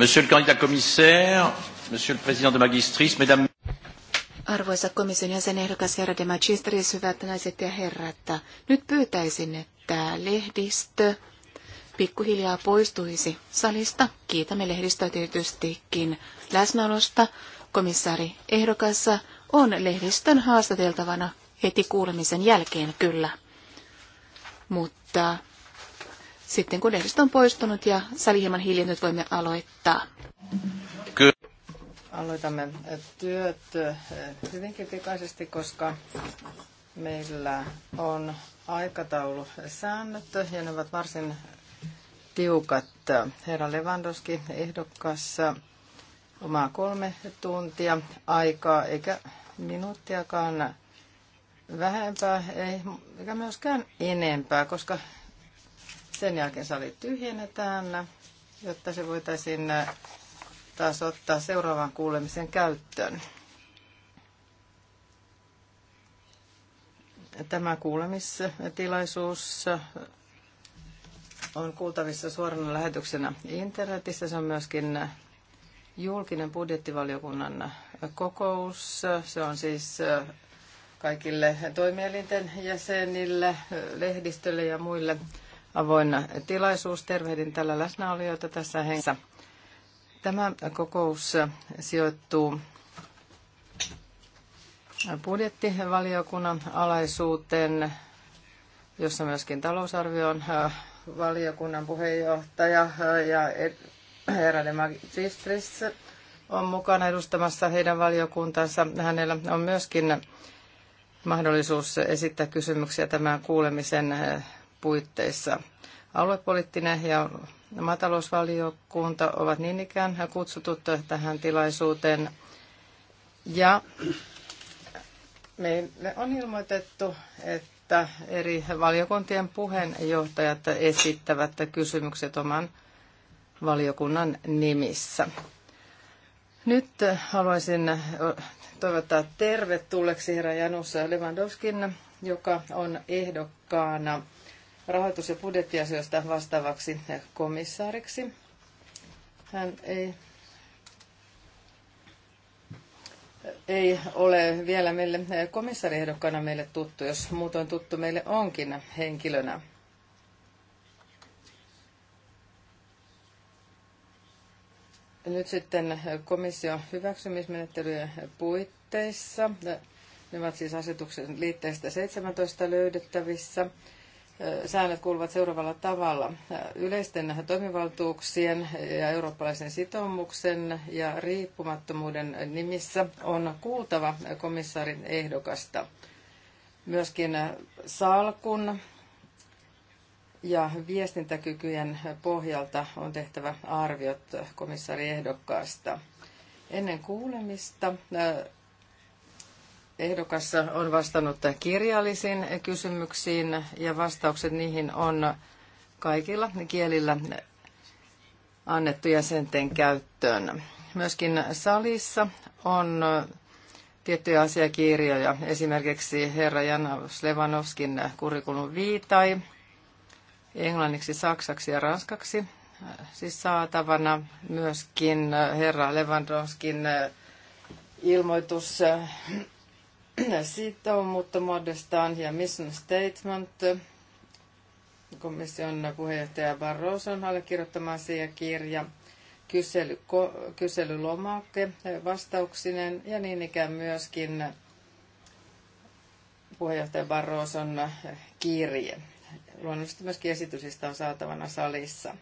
Monsieur le candidat commissaire, monsieur le président de magistris, mesdames... Arvoisa komission jäsenehdokas herra de magistris, hyvät naiset ja herrat, nyt pyytäisin, että lehdistö pikkuhiljaa poistuisi salista. Kiitämme lehdistöä tietystikin läsnäolosta. Komissaari ehdokassa on lehdistön haastateltavana heti kuulemisen jälkeen kyllä. Mutta sitten kun lehdistö on poistunut ja sali hieman hiljennyt, voimme aloittaa. Aloitamme työt eh, hyvinkin pikaisesti, koska meillä on aikataulu säännöt ja ne ovat varsin tiukat. Herra Lewandowski ehdokkaassa omaa kolme tuntia aikaa, eikä minuuttiakaan vähempää, eikä myöskään enempää, koska sen jälkeen sali tyhjennetään, jotta se voitaisiin äh, taas ottaa seuraavan kuulemisen käyttöön. Tämä kuulemistilaisuus äh, on kuultavissa suorana lähetyksenä internetissä. Se on myöskin äh, julkinen budjettivaliokunnan kokous. Se on siis kaikille toimielinten jäsenille, lehdistölle ja muille avoin tilaisuus. Tervehdin tällä läsnäolijoita tässä hengessä. Tämä kokous sijoittuu budjettivaliokunnan alaisuuteen, jossa myöskin talousarvion äh, valiokunnan puheenjohtaja äh, ja herra de Magistris on mukana edustamassa heidän valiokuntansa. Hänellä on myöskin mahdollisuus esittää kysymyksiä tämän kuulemisen äh, puitteissa. Aluepoliittinen ja maatalousvaliokunta ovat niin ikään kutsutut tähän tilaisuuteen. Ja meille on ilmoitettu, että eri valiokuntien puheenjohtajat esittävät kysymykset oman valiokunnan nimissä. Nyt haluaisin toivottaa tervetulleeksi herra Janus Lewandowskin, joka on ehdokkaana rahoitus- ja budjettiasioista vastaavaksi komissaariksi. Hän ei, ei ole vielä meille komissaariehdokkaana meille tuttu, jos muutoin tuttu meille onkin henkilönä. Nyt sitten komission hyväksymismenettelyjen puitteissa, ne ovat siis asetuksen liitteestä 17 löydettävissä, säännöt kuuluvat seuraavalla tavalla. Yleisten toimivaltuuksien ja eurooppalaisen sitoumuksen ja riippumattomuuden nimissä on kuultava komissaarin ehdokasta. Myöskin salkun ja viestintäkykyjen pohjalta on tehtävä arviot komissaariehdokkaasta. Ennen kuulemista ehdokas on vastannut kirjallisiin kysymyksiin ja vastaukset niihin on kaikilla kielillä annettu jäsenten käyttöön. Myöskin salissa on tiettyjä asiakirjoja, esimerkiksi herra Jan Slevanovskin kurikulun viitai, englanniksi, saksaksi ja ranskaksi siis saatavana myöskin herra Lewandowskin ilmoitus siitä, sitoumattomuudestaan ja mission statement komission puheenjohtaja on allekirjoittama kirja. kysely, ko, kyselylomake eh, vastauksinen ja niin ikään myöskin puheenjohtaja Barroson eh, kirje. Luonnollisesti myöskin esitysistä on saatavana salissa.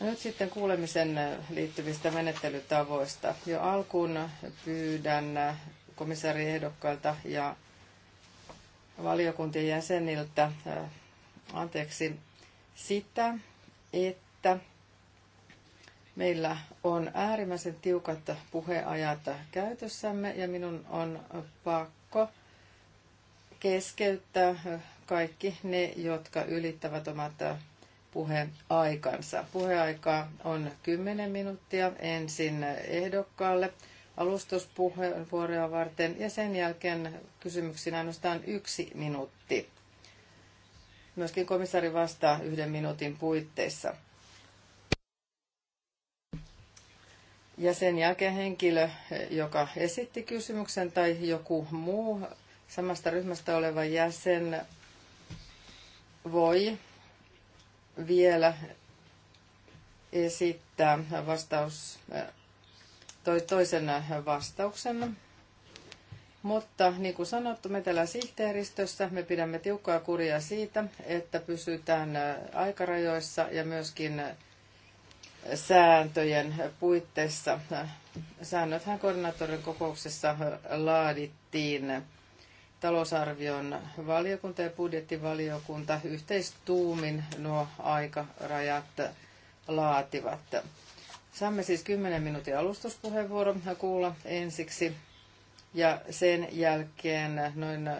Nyt sitten kuulemisen eh, liittyvistä menettelytavoista. Jo alkuun pyydän komissaariehdokkailta ja valiokuntien jäseniltä äh, anteeksi sitä, että meillä on äärimmäisen tiukat puheajat käytössämme ja minun on pakko keskeyttää äh, kaikki ne, jotka ylittävät omat äh, puheaikansa. Puheaika on 10 minuuttia ensin ehdokkaalle alustuspuheenvuoroja varten ja sen jälkeen kysymyksiin ainoastaan yksi minuutti. Myöskin komissaari vastaa yhden minuutin puitteissa. Ja sen jälkeen henkilö, joka esitti kysymyksen tai joku muu samasta ryhmästä oleva jäsen voi vielä esittää vastaus toi, toisen vastauksen. Mutta niin kuin sanottu, me täällä sihteeristössä me pidämme tiukkaa kuria siitä, että pysytään aikarajoissa ja myöskin sääntöjen puitteissa. Säännöthän koordinaattorin kokouksessa laadittiin talousarvion valiokunta ja budjettivaliokunta yhteistuumin nuo aikarajat laativat. Saamme siis 10 minuutin alustuspuheenvuoro kuulla ensiksi ja sen jälkeen noin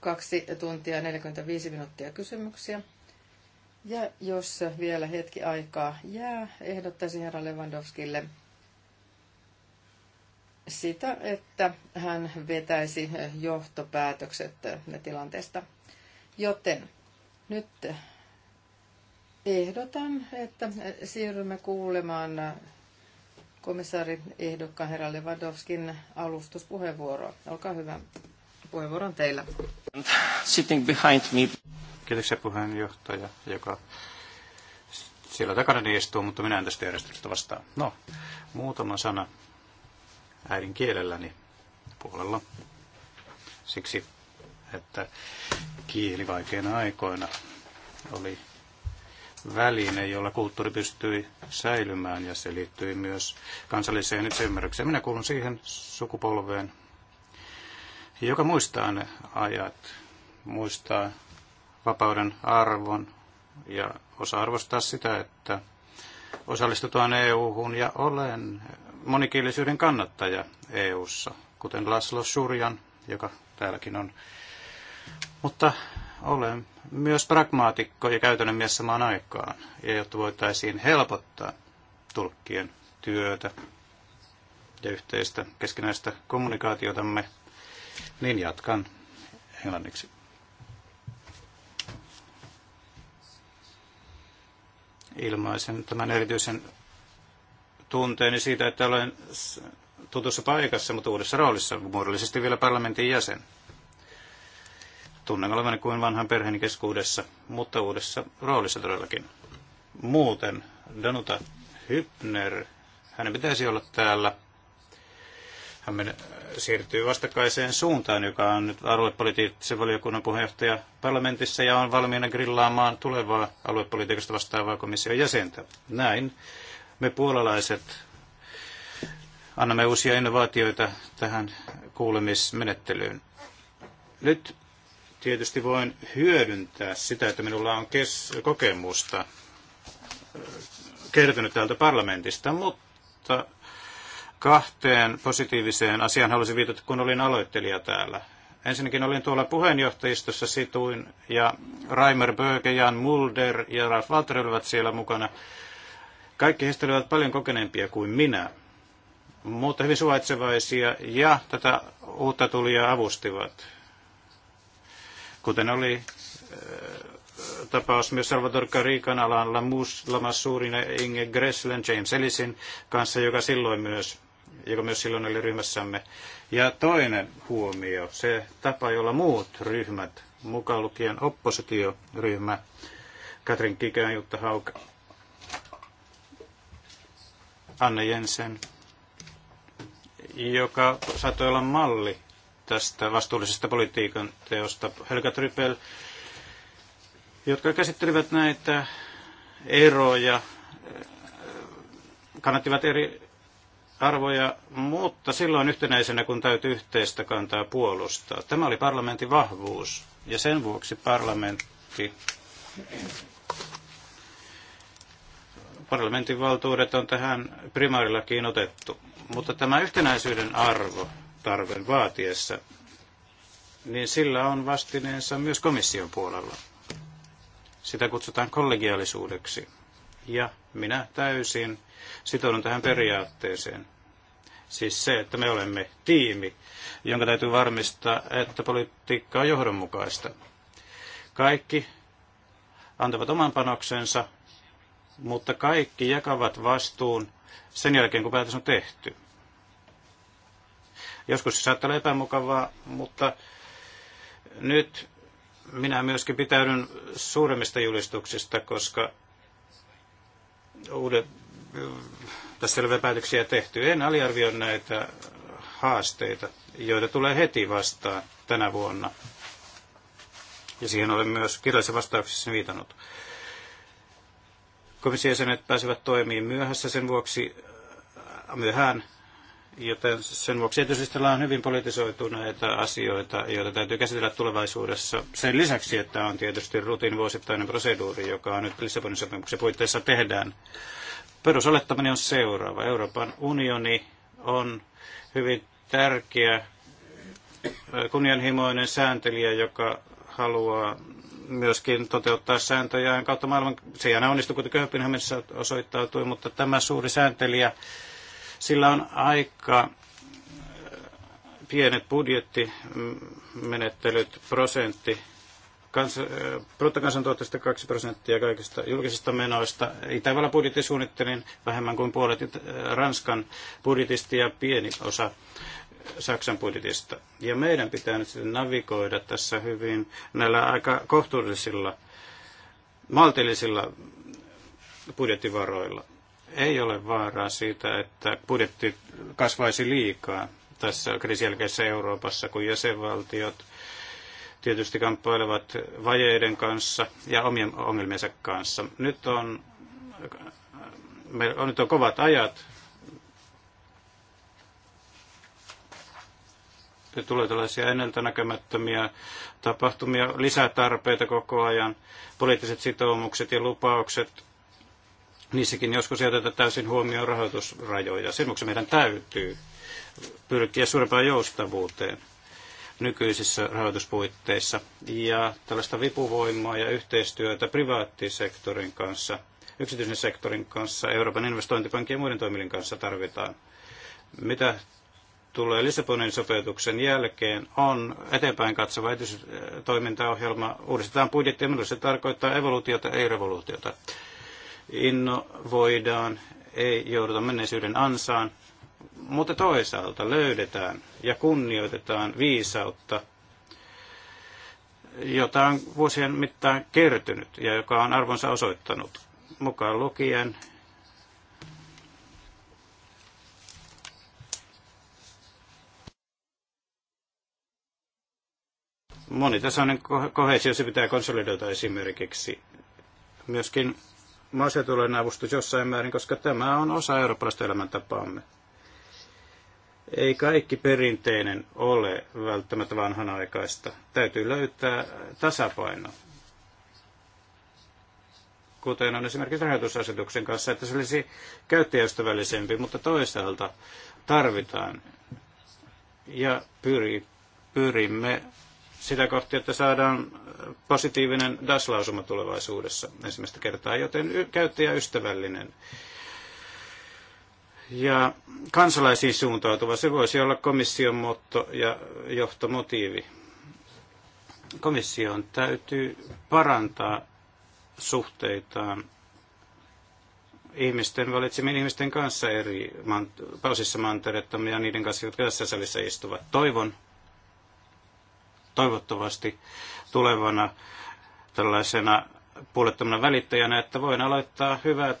2 tuntia 45 minuuttia kysymyksiä. Ja jos vielä hetki aikaa jää, ehdottaisin herra Lewandowskille sitä, että hän vetäisi johtopäätökset tilanteesta. Joten nyt ehdotan, että siirrymme kuulemaan komissaari ehdokkaan herra Levadovskin alustuspuheenvuoroa. Olkaa hyvä. Puheenvuoro on teillä. Sitting behind me. Kiitoksia puheenjohtaja, joka siellä takana niin istuu, mutta minä en tästä järjestelystä vastaan. No, muutama sana äidinkielelläni puolella. Siksi, että kieli vaikeina aikoina oli väline, jolla kulttuuri pystyi säilymään ja se liittyi myös kansalliseen itseymmärrykseen. Minä kuulun siihen sukupolveen, joka muistaa ne ajat, muistaa vapauden arvon ja osaa arvostaa sitä, että osallistutaan EU-hun ja olen monikielisyyden kannattaja EU-ssa, kuten Laszlo Surjan, joka täälläkin on. Mutta olen myös pragmaatikko ja käytännön mies samaan aikaan, ja jotta voitaisiin helpottaa tulkkien työtä ja yhteistä keskinäistä kommunikaatiotamme, niin jatkan englanniksi. Ilmaisen tämän erityisen tunteeni siitä, että olen tutussa paikassa, mutta uudessa roolissa, muodollisesti vielä parlamentin jäsen. Tunnen olevani kuin vanhan perheeni keskuudessa, mutta uudessa roolissa todellakin. Muuten Danuta Hypner, hänen pitäisi olla täällä. Hän meni siirtyy vastakkaiseen suuntaan, joka on nyt aluepolitiikkisen valiokunnan puheenjohtaja parlamentissa ja on valmiina grillaamaan tulevaa aluepolitiikasta vastaavaa komission jäsentä. Näin me puolalaiset annamme uusia innovaatioita tähän kuulemismenettelyyn. Nyt Tietysti voin hyödyntää sitä, että minulla on kes- kokemusta äh, kertynyt täältä parlamentista, mutta kahteen positiiviseen asiaan halusin viitata, kun olin aloittelija täällä. Ensinnäkin olin tuolla puheenjohtajistossa situin ja Raimer Böge, Jan Mulder ja Ralf Walter olivat siellä mukana. Kaikki heistä olivat paljon kokeneempia kuin minä, mutta hyvin suvaitsevaisia ja tätä uutta tulijaa avustivat kuten oli äh, tapaus myös Salvador Carican alalla Lamassuurin Inge Gresslen James Ellisin kanssa, joka silloin myös joka myös silloin oli ryhmässämme. Ja toinen huomio, se tapa, jolla muut ryhmät, mukaan lukien oppositioryhmä, Katrin Kikään, Jutta Hauk, Anne Jensen, joka saattoi olla malli tästä vastuullisesta politiikan teosta Helga Trypel, jotka käsittelivät näitä eroja, eh, kannattivat eri arvoja, mutta silloin yhtenäisenä, kun täytyy yhteistä kantaa puolustaa. Tämä oli parlamentin vahvuus, ja sen vuoksi parlamentti parlamentin valtuudet on tähän primaarillakin otettu. Mutta tämä yhtenäisyyden arvo tarven vaatiessa, niin sillä on vastineensa myös komission puolella. Sitä kutsutaan kollegiaalisuudeksi. Ja minä täysin sitoudun tähän periaatteeseen. Siis se, että me olemme tiimi, jonka täytyy varmistaa, että politiikka on johdonmukaista. Kaikki antavat oman panoksensa, mutta kaikki jakavat vastuun sen jälkeen, kun päätös on tehty. Joskus se saattaa olla epämukavaa, mutta nyt minä myöskin pitäydyn suuremmista julistuksista, koska uudet tässä ei ole päätöksiä tehty. En aliarvio näitä haasteita, joita tulee heti vastaan tänä vuonna. Ja siihen olen myös kirjallisen vastauksessa viitannut. Komission jäsenet pääsevät toimiin myöhässä sen vuoksi myöhään Joten sen vuoksi tietysti on hyvin politisoituneita asioita, joita täytyy käsitellä tulevaisuudessa. Sen lisäksi, että on tietysti rutin vuosittainen proseduuri, joka nyt Lissabonin sopimuksen puitteissa tehdään. Perusolettaminen on seuraava. Euroopan unioni on hyvin tärkeä kunnianhimoinen sääntelijä, joka haluaa myöskin toteuttaa sääntöjään kautta maailman. Se ei aina onnistu, kuten Kööpenhaminassa osoittautui, mutta tämä suuri sääntelijä sillä on aika äh, pienet budjettimenettelyt, prosentti, kans, äh, bruttokansantuotteesta 2 prosenttia kaikista julkisista menoista. Itävallan budjetti suunnittelin vähemmän kuin puolet äh, Ranskan budjetista ja pieni osa Saksan budjetista. Ja meidän pitää nyt sitten navigoida tässä hyvin näillä aika kohtuullisilla, maltillisilla budjettivaroilla ei ole vaaraa siitä, että budjetti kasvaisi liikaa tässä kriisijälkeisessä Euroopassa, kun jäsenvaltiot tietysti kamppailevat vajeiden kanssa ja omien ongelmiensa kanssa. Nyt on, me on, nyt on kovat ajat. Ja tulee tällaisia ennalta näkemättömiä tapahtumia, lisätarpeita koko ajan, poliittiset sitoumukset ja lupaukset Niissäkin joskus ei oteta täysin huomioon rahoitusrajoja. Sen vuoksi meidän täytyy pyrkiä suurempaan joustavuuteen nykyisissä rahoituspuitteissa ja tällaista vipuvoimaa ja yhteistyötä privaattisektorin kanssa, yksityisen sektorin kanssa, Euroopan investointipankin ja muiden toimielin kanssa tarvitaan. Mitä tulee Lissabonin sopeutuksen jälkeen, on eteenpäin katsova toimintaohjelma. Uudistetaan budjetti se tarkoittaa evoluutiota, ei revoluutiota innovoidaan, ei jouduta menneisyyden ansaan, mutta toisaalta löydetään ja kunnioitetaan viisautta, jota on vuosien mittaan kertynyt ja joka on arvonsa osoittanut mukaan lukien monitasoinen kohesio, se pitää konsolidoida esimerkiksi myöskin maaseutujen avustus jossain määrin, koska tämä on osa eurooppalaista elämäntapaamme. Ei kaikki perinteinen ole välttämättä vanhanaikaista. Täytyy löytää tasapaino. Kuten on esimerkiksi rahoitusasetuksen kanssa, että se olisi käyttäjäystävällisempi, mutta toisaalta tarvitaan ja pyri, pyrimme sitä kohti, että saadaan positiivinen DAS-lausuma tulevaisuudessa ensimmäistä kertaa, joten käyttäjäystävällinen ja kansalaisiin suuntautuva. Se voisi olla komission motto ja johtomotiivi. Komission täytyy parantaa suhteitaan ihmisten, valitsemien ihmisten kanssa eri man, osissa mantereettomia ja niiden kanssa, jotka tässä salissa istuvat. Toivon, toivottavasti tulevana tällaisena puolettomana välittäjänä, että voin aloittaa hyvät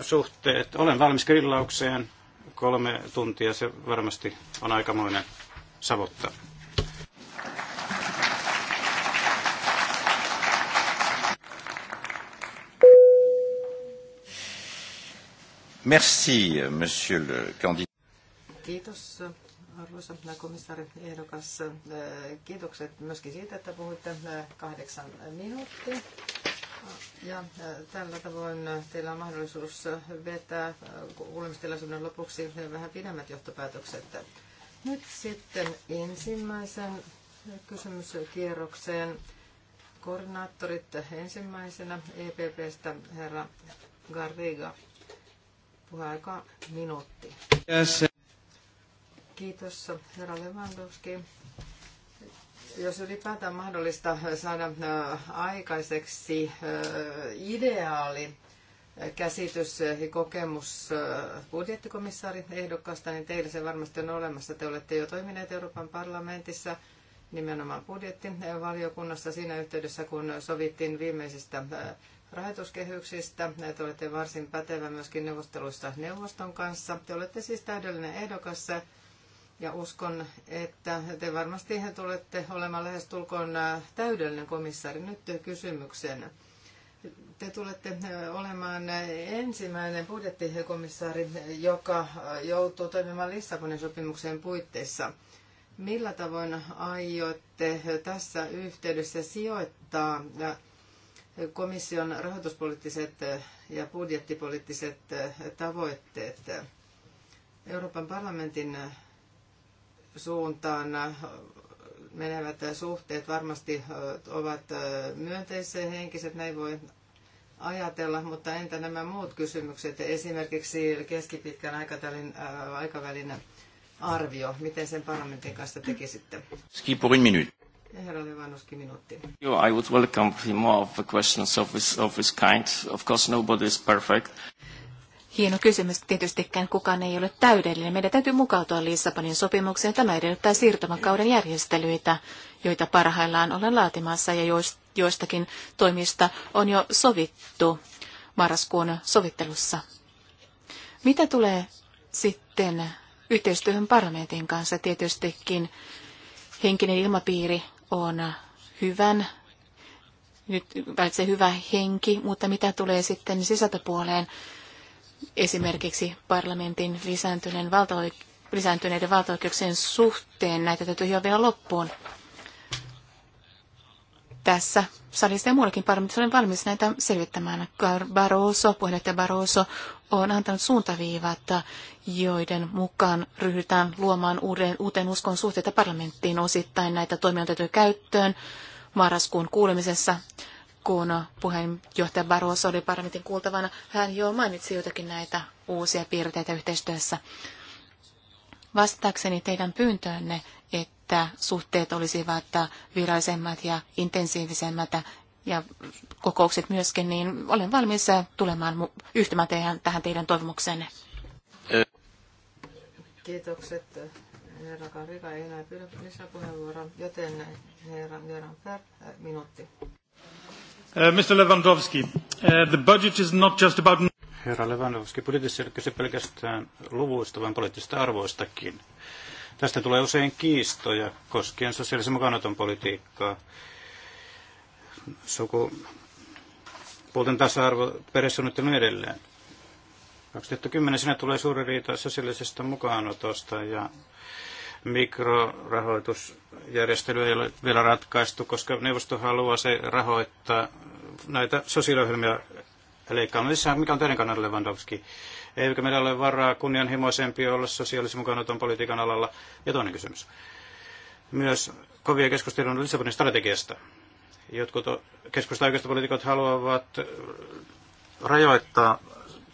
suhteet. Olen valmis grillaukseen. Kolme tuntia se varmasti on aikamoinen savotta. Merci, monsieur le candidat. Kiitos Arvoisa komissaari ehdokas, äh, kiitokset myöskin siitä, että puhuitte äh, kahdeksan minuuttia. Ja äh, tällä tavoin teillä on mahdollisuus vetää kuulemistilaisuuden lopuksi vähän pidemmät johtopäätökset. Nyt sitten ensimmäisen kysymyskierrokseen. Koordinaattorit ensimmäisenä EPPstä herra Garriga. Puheaika minuutti. Yes. Kiitos, herra Lewandowski. Jos ylipäätään mahdollista saada äh, aikaiseksi äh, ideaali äh, käsitys ja kokemus budjettikomissaarin ehdokkaasta, niin teillä se varmasti on olemassa. Te olette jo toimineet Euroopan parlamentissa nimenomaan budjettivaliokunnassa siinä yhteydessä, kun sovittiin viimeisistä rahoituskehyksistä. Te olette varsin pätevä myöskin neuvosteluissa neuvoston kanssa. Te olette siis täydellinen ehdokas ja uskon, että te varmasti tulette olemaan lähes tulkoon äh, täydellinen komissaari. Nyt kysymyksen. Te tulette äh, olemaan ensimmäinen budjettikomissaari, joka äh, joutuu toimimaan Lissabonin sopimuksen puitteissa. Millä tavoin aiotte tässä yhteydessä sijoittaa komission rahoituspoliittiset ja budjettipoliittiset tavoitteet? Euroopan parlamentin suuntaan menevät suhteet varmasti ovat myönteisen henkiset, näin voi ajatella, mutta entä nämä muut kysymykset, esimerkiksi keskipitkän aikavälin, aikavälin arvio, miten sen parlamentin kanssa tekisitte? Ski pour une minute. Herra Levanuski, minuutti. I would welcome more of the questions of this, of this kind. Of course, nobody is perfect hieno kysymys. Tietystikään kukaan ei ole täydellinen. Meidän täytyy mukautua Lissabonin sopimukseen. Tämä edellyttää siirtomakauden järjestelyitä, joita parhaillaan ollaan laatimassa ja joistakin toimista on jo sovittu marraskuun sovittelussa. Mitä tulee sitten yhteistyöhön parlamentin kanssa? Tietystikin henkinen ilmapiiri on hyvän nyt välitsee hyvä henki, mutta mitä tulee sitten sisältöpuoleen, esimerkiksi parlamentin lisääntyneen valtaoik- lisääntyneiden valtaoikeuksien suhteen näitä täytyy hioa loppuun. Tässä salissa ja muuallakin parlamentissa olen valmis näitä selvittämään. Barroso, puheenjohtaja Barroso, on antanut suuntaviivat, joiden mukaan ryhdytään luomaan uuden, uuteen uskon suhteita parlamenttiin osittain. Näitä toimia on käyttöön marraskuun kuulemisessa kun puheenjohtaja Barroso oli parlamentin kuultavana, hän jo mainitsi jotakin näitä uusia piirteitä yhteistyössä. Vastaakseni teidän pyyntöönne, että suhteet olisivat virallisemmat ja intensiivisemmät ja kokoukset myöskin, niin olen valmis tulemaan yhtymään teidän, tähän teidän toivomukseenne. Kiitokset. Herra Karika ei enää pyydä lisäpuheenvuoroa, joten herra Göran Per, minuutti. Uh, Mr. Lewandowski, uh, the budget is not just about... Herra Lewandowski, budjetissa ei ole kyse pelkästään luvuista, vaan poliittisista arvoistakin. Tästä tulee usein kiistoja koskien sosiaalisen mukanaton politiikkaa. puolten tasa-arvo, peressuunnittelu edelleen. 2010 sinä tulee suuri riita sosiaalisesta mukaanotosta ja mikrorahoitusjärjestelyä ei ole vielä ratkaistu, koska neuvosto haluaa se rahoittaa näitä sosiaaliohjelmia leikkaamisessa, siis mikä on teidän kannalta Lewandowski. Eikö meillä ole varaa kunnianhimoisempi olla sosiaalisen mukanoton politiikan alalla? Ja toinen kysymys. Myös kovia keskusteluja Lissabonin strategiasta. Jotkut keskusta poliitikot haluavat rajoittaa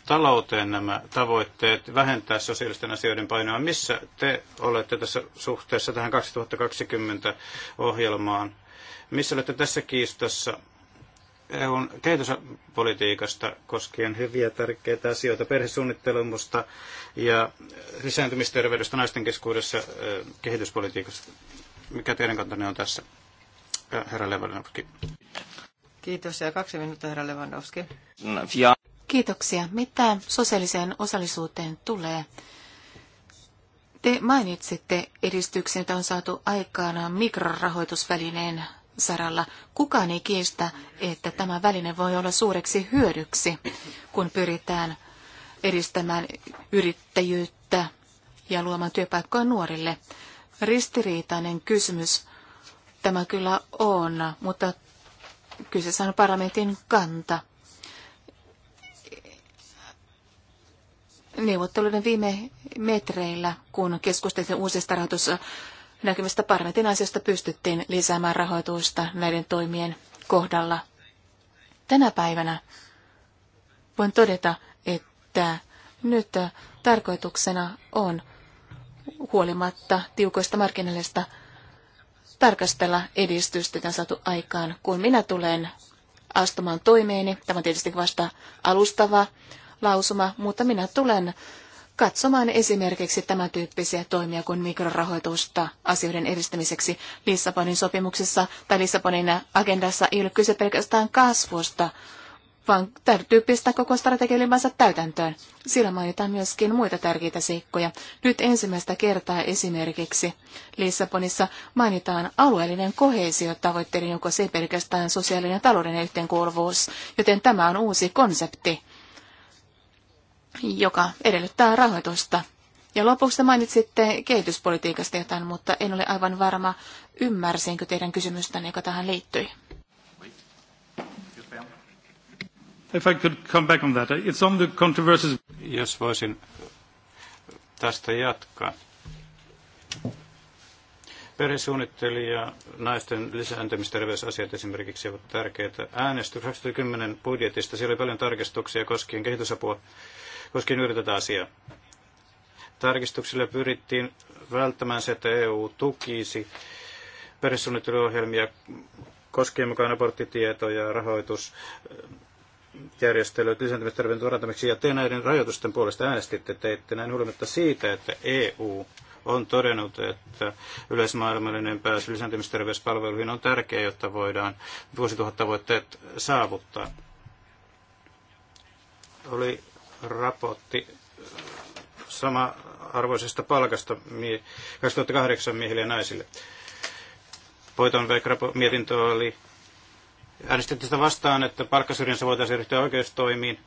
talouteen nämä tavoitteet, vähentää sosiaalisten asioiden painoa. Missä te olette tässä suhteessa tähän 2020 ohjelmaan? Missä olette tässä kiistassa EUn kehityspolitiikasta koskien hyviä tärkeitä asioita, perhesuunnittelumusta ja lisääntymisterveydestä naisten keskuudessa kehityspolitiikasta? Mikä teidän kantanne on tässä, herra Lewandowski? Kiitos ja kaksi minuuttia, herra Lewandowski. No, Kiitoksia. Mitä sosiaaliseen osallisuuteen tulee? Te mainitsitte edistyksen, että on saatu aikana mikrorahoitusvälineen saralla. Kukaan ei kiistä, että tämä väline voi olla suureksi hyödyksi, kun pyritään edistämään yrittäjyyttä ja luomaan työpaikkoja nuorille. Ristiriitainen kysymys tämä kyllä on, mutta kyseessä on parlamentin kanta. neuvotteluiden viime metreillä, kun keskusteltiin uusista näkymistä parlamentin asioista, pystyttiin lisäämään rahoitusta näiden toimien kohdalla. Tänä päivänä voin todeta, että nyt tarkoituksena on huolimatta tiukoista markkinoista tarkastella edistystä, jota saatu aikaan. Kun minä tulen astumaan toimeeni, tämä on tietysti vasta alustava lausuma, mutta minä tulen katsomaan esimerkiksi tämän tyyppisiä toimia kuin mikrorahoitusta asioiden edistämiseksi Lissabonin sopimuksessa tai Lissabonin agendassa ei ole kyse pelkästään kasvusta, vaan täytyy pistää koko strategia täytäntöön. Sillä mainitaan myöskin muita tärkeitä seikkoja. Nyt ensimmäistä kertaa esimerkiksi Lissabonissa mainitaan alueellinen kohesio tavoitteiden, joko se pelkästään sosiaalinen ja taloudellinen yhteenkuuluvuus, joten tämä on uusi konsepti joka edellyttää rahoitusta. Ja lopuksi mainitsitte kehityspolitiikasta jotain, mutta en ole aivan varma, ymmärsinkö teidän kysymystänne, joka tähän liittyi. If I could come back on that. It's on the controversies. Jos voisin tästä jatkaa. Perhesuunnittelija naisten lisääntymisterveysasiat esimerkiksi ovat tärkeitä. Äänestys 2010 budjetista, siellä oli paljon tarkistuksia koskien kehitysapua koskien juuri tätä asiaa. Tarkistuksille pyrittiin välttämään se, että EU tukisi perhesuunnitteluohjelmia koskien mukaan aborttitietoja, rahoitusjärjestelyt, lisääntymisterveyden lisääntymistarpeen ja te näiden rajoitusten puolesta äänestitte, teitte näin huolimatta siitä, että EU on todennut, että yleismaailmallinen pääsy lisääntymisterveyspalveluihin on tärkeä, jotta voidaan vuosituhattavoitteet saavuttaa. Oli raportti sama arvoisesta palkasta 2008 miehille ja naisille. Poiton mietintö oli äänestetty sitä vastaan, että palkkasyrjensä voitaisiin ryhtyä oikeustoimiin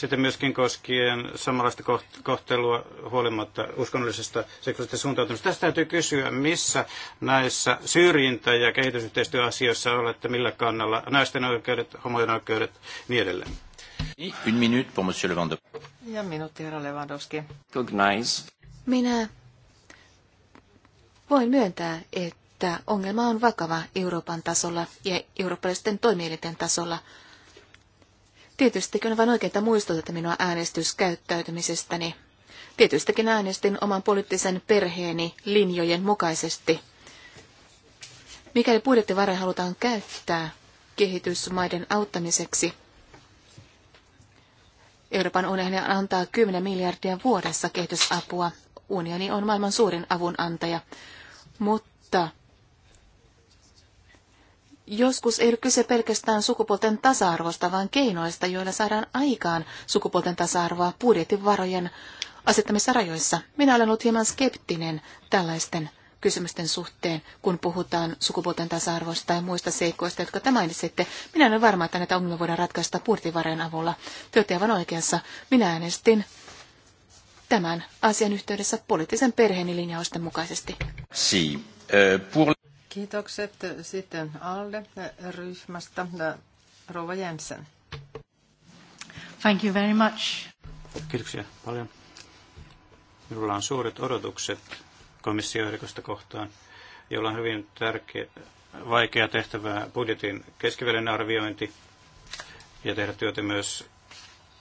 Sitten myöskin koskien samanlaista kohtelua huolimatta uskonnollisesta seksuaalista suuntautumisesta. Tästä täytyy kysyä, missä näissä syrjintä- ja kehitysyhteistyöasioissa olette, millä kannalla naisten oikeudet, homojen oikeudet niin edelleen. Une minute pour Monsieur Lewandowski. Ja minuutti herra Lewandowski. Cognize. Minä voin myöntää, että ongelma on vakava Euroopan tasolla ja eurooppalaisten toimielinten tasolla – Tietystikin on vain oikein, että minua äänestyskäyttäytymisestäni. Tietystikin äänestin oman poliittisen perheeni linjojen mukaisesti. Mikäli budjettivaroja halutaan käyttää kehitysmaiden auttamiseksi, Euroopan unioni antaa 10 miljardia vuodessa kehitysapua. Unioni on maailman suurin avunantaja, mutta Joskus ei ole kyse pelkästään sukupuolten tasa-arvosta, vaan keinoista, joilla saadaan aikaan sukupuolten tasa-arvoa varojen asettamissa rajoissa. Minä olen ollut hieman skeptinen tällaisten kysymysten suhteen, kun puhutaan sukupuolten tasa-arvosta ja muista seikoista, jotka te mainitsitte. Minä olen varma, että näitä ongelmia voidaan ratkaista budjettivarojen avulla. Te olette aivan oikeassa. Minä äänestin tämän asian yhteydessä poliittisen perheeni linjausten mukaisesti. Si, eh, pour... Kiitokset sitten ALDE-ryhmästä. Rova Jensen. Thank you very much. Kiitoksia paljon. Minulla on suuret odotukset komissioehdokasta kohtaan, jolla on hyvin tärkeä, vaikea tehtävä budjetin keskivälinen arviointi ja tehdä työtä myös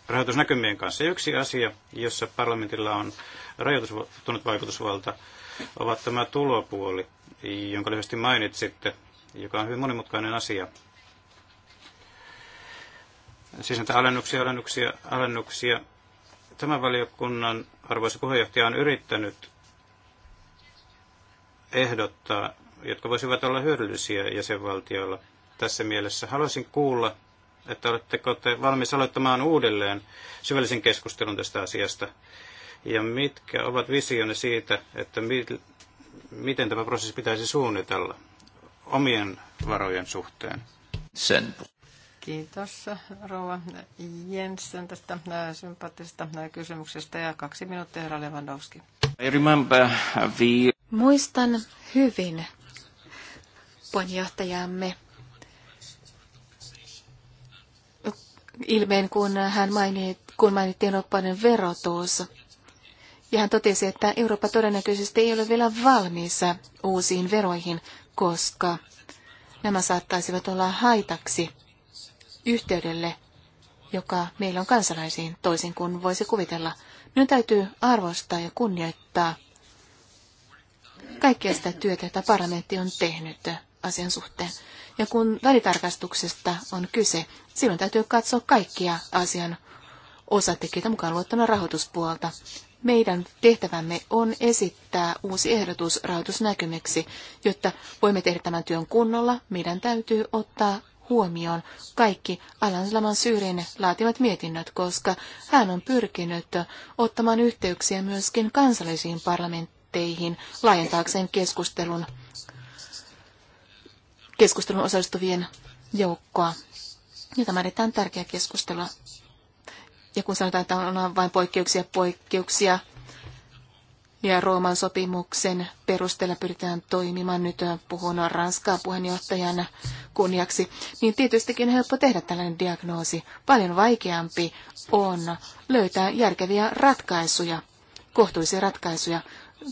rahoitusnäkymien kanssa. Yksi asia, jossa parlamentilla on rajoitustunut vaikutusvalta, ovat tämä tulopuoli – jonka lyhyesti mainitsitte, joka on hyvin monimutkainen asia. Siis näitä alennuksia, alennuksia, alennuksia. Tämän valiokunnan arvoisa puheenjohtaja on yrittänyt ehdottaa, jotka voisivat olla hyödyllisiä jäsenvaltioilla tässä mielessä. Haluaisin kuulla, että oletteko te valmis aloittamaan uudelleen syvällisen keskustelun tästä asiasta ja mitkä ovat visionne siitä, että miten tämä prosessi pitäisi suunnitella omien varojen suhteen? Sen. Kiitos Rova Jensen tästä äh, sympaattisesta äh, kysymyksestä ja kaksi minuuttia herra Lewandowski. I remember Muistan hyvin puheenjohtajamme ilmeen, kun hän mainit, kun mainittiin oppainen verotus. Ja hän totesi, että Eurooppa todennäköisesti ei ole vielä valmiissa uusiin veroihin, koska nämä saattaisivat olla haitaksi yhteydelle, joka meillä on kansalaisiin, toisin kuin voisi kuvitella. Minun täytyy arvostaa ja kunnioittaa kaikkea sitä työtä, jota parlamentti on tehnyt asian suhteen. Ja kun välitarkastuksesta on kyse, silloin täytyy katsoa kaikkia asian osatekijöitä mukaan luettuna rahoituspuolta. Meidän tehtävämme on esittää uusi ehdotus rahoitusnäkymäksi, jotta voimme tehdä tämän työn kunnolla. Meidän täytyy ottaa huomioon kaikki Alan Slaman Syyrin laatimat mietinnöt, koska hän on pyrkinyt ottamaan yhteyksiä myöskin kansallisiin parlamentteihin laajentaakseen keskustelun, keskustelun osallistuvien joukkoa. Ja tämä erittäin tärkeä keskustelu. Ja kun sanotaan, että on vain poikkeuksia, poikkeuksia, ja Rooman sopimuksen perusteella pyritään toimimaan, nyt puhun Ranskaa puheenjohtajana kunniaksi, niin tietystikin helppo tehdä tällainen diagnoosi. Paljon vaikeampi on löytää järkeviä ratkaisuja, kohtuullisia ratkaisuja,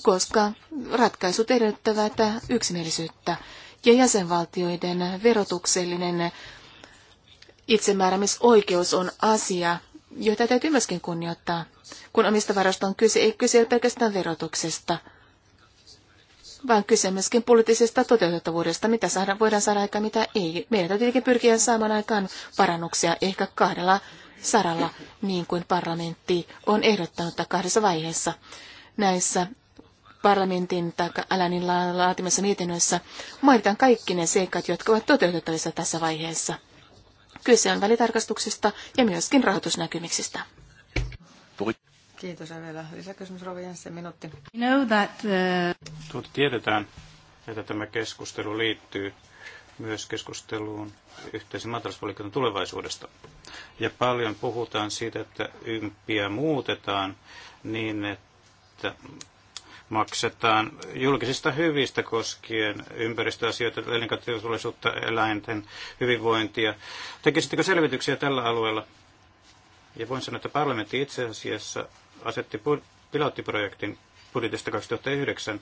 koska ratkaisut edellyttävät yksimielisyyttä ja jäsenvaltioiden verotuksellinen itsemääräämisoikeus on asia, joita täytyy myöskin kunnioittaa. Kun omista varoista on kyse, ei kyse ole pelkästään verotuksesta, vaan kyse myöskin poliittisesta toteutettavuudesta, mitä saada, voidaan saada aikaan, mitä ei. Meidän täytyy tietenkin pyrkiä saamaan aikaan parannuksia ehkä kahdella saralla, niin kuin parlamentti on ehdottanut kahdessa vaiheessa. Näissä parlamentin tai Alanin laatimassa mietinnöissä. mainitaan kaikki ne seikat, jotka ovat toteutettavissa tässä vaiheessa – Kyse on välitarkastuksista ja myöskin rahoitusnäkymiksistä. Kiitos vielä lisäkysymys Rovi Jensen, minuutti. Know that, uh, Tuota tiedetään, että tämä keskustelu liittyy myös keskusteluun yhteisen maatalouspolitiikan tulevaisuudesta. Ja paljon puhutaan siitä, että ympiä muutetaan niin, että maksetaan julkisista hyvistä koskien ympäristöasioita, elinkaturvallisuutta, eläinten hyvinvointia. Tekisittekö selvityksiä tällä alueella? Ja voin sanoa, että parlamentti itse asiassa asetti pilottiprojektin budjetista 2009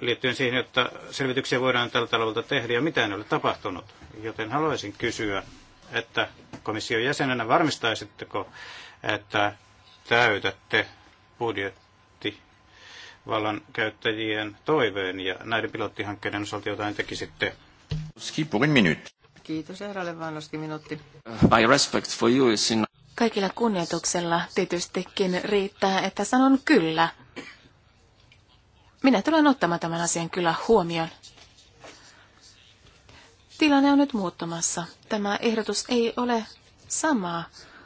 liittyen siihen, että selvityksiä voidaan tältä alueelta tehdä ja mitään ei ole tapahtunut. Joten haluaisin kysyä, että komission jäsenenä varmistaisitteko, että täytätte budjet, vallankäyttäjien käyttäjien toiveen ja näiden pilottihankkeiden osalta jotain tekisitte? Skippuin minuutti. Kiitos Eeralle Vannoski minuutti. Uh, my respect for you is in... Kaikilla kunnioituksella tietystikin riittää, että sanon kyllä. Minä tulen ottamaan tämän asian kyllä huomioon. Tilanne on nyt muuttumassa. Tämä ehdotus ei ole samaa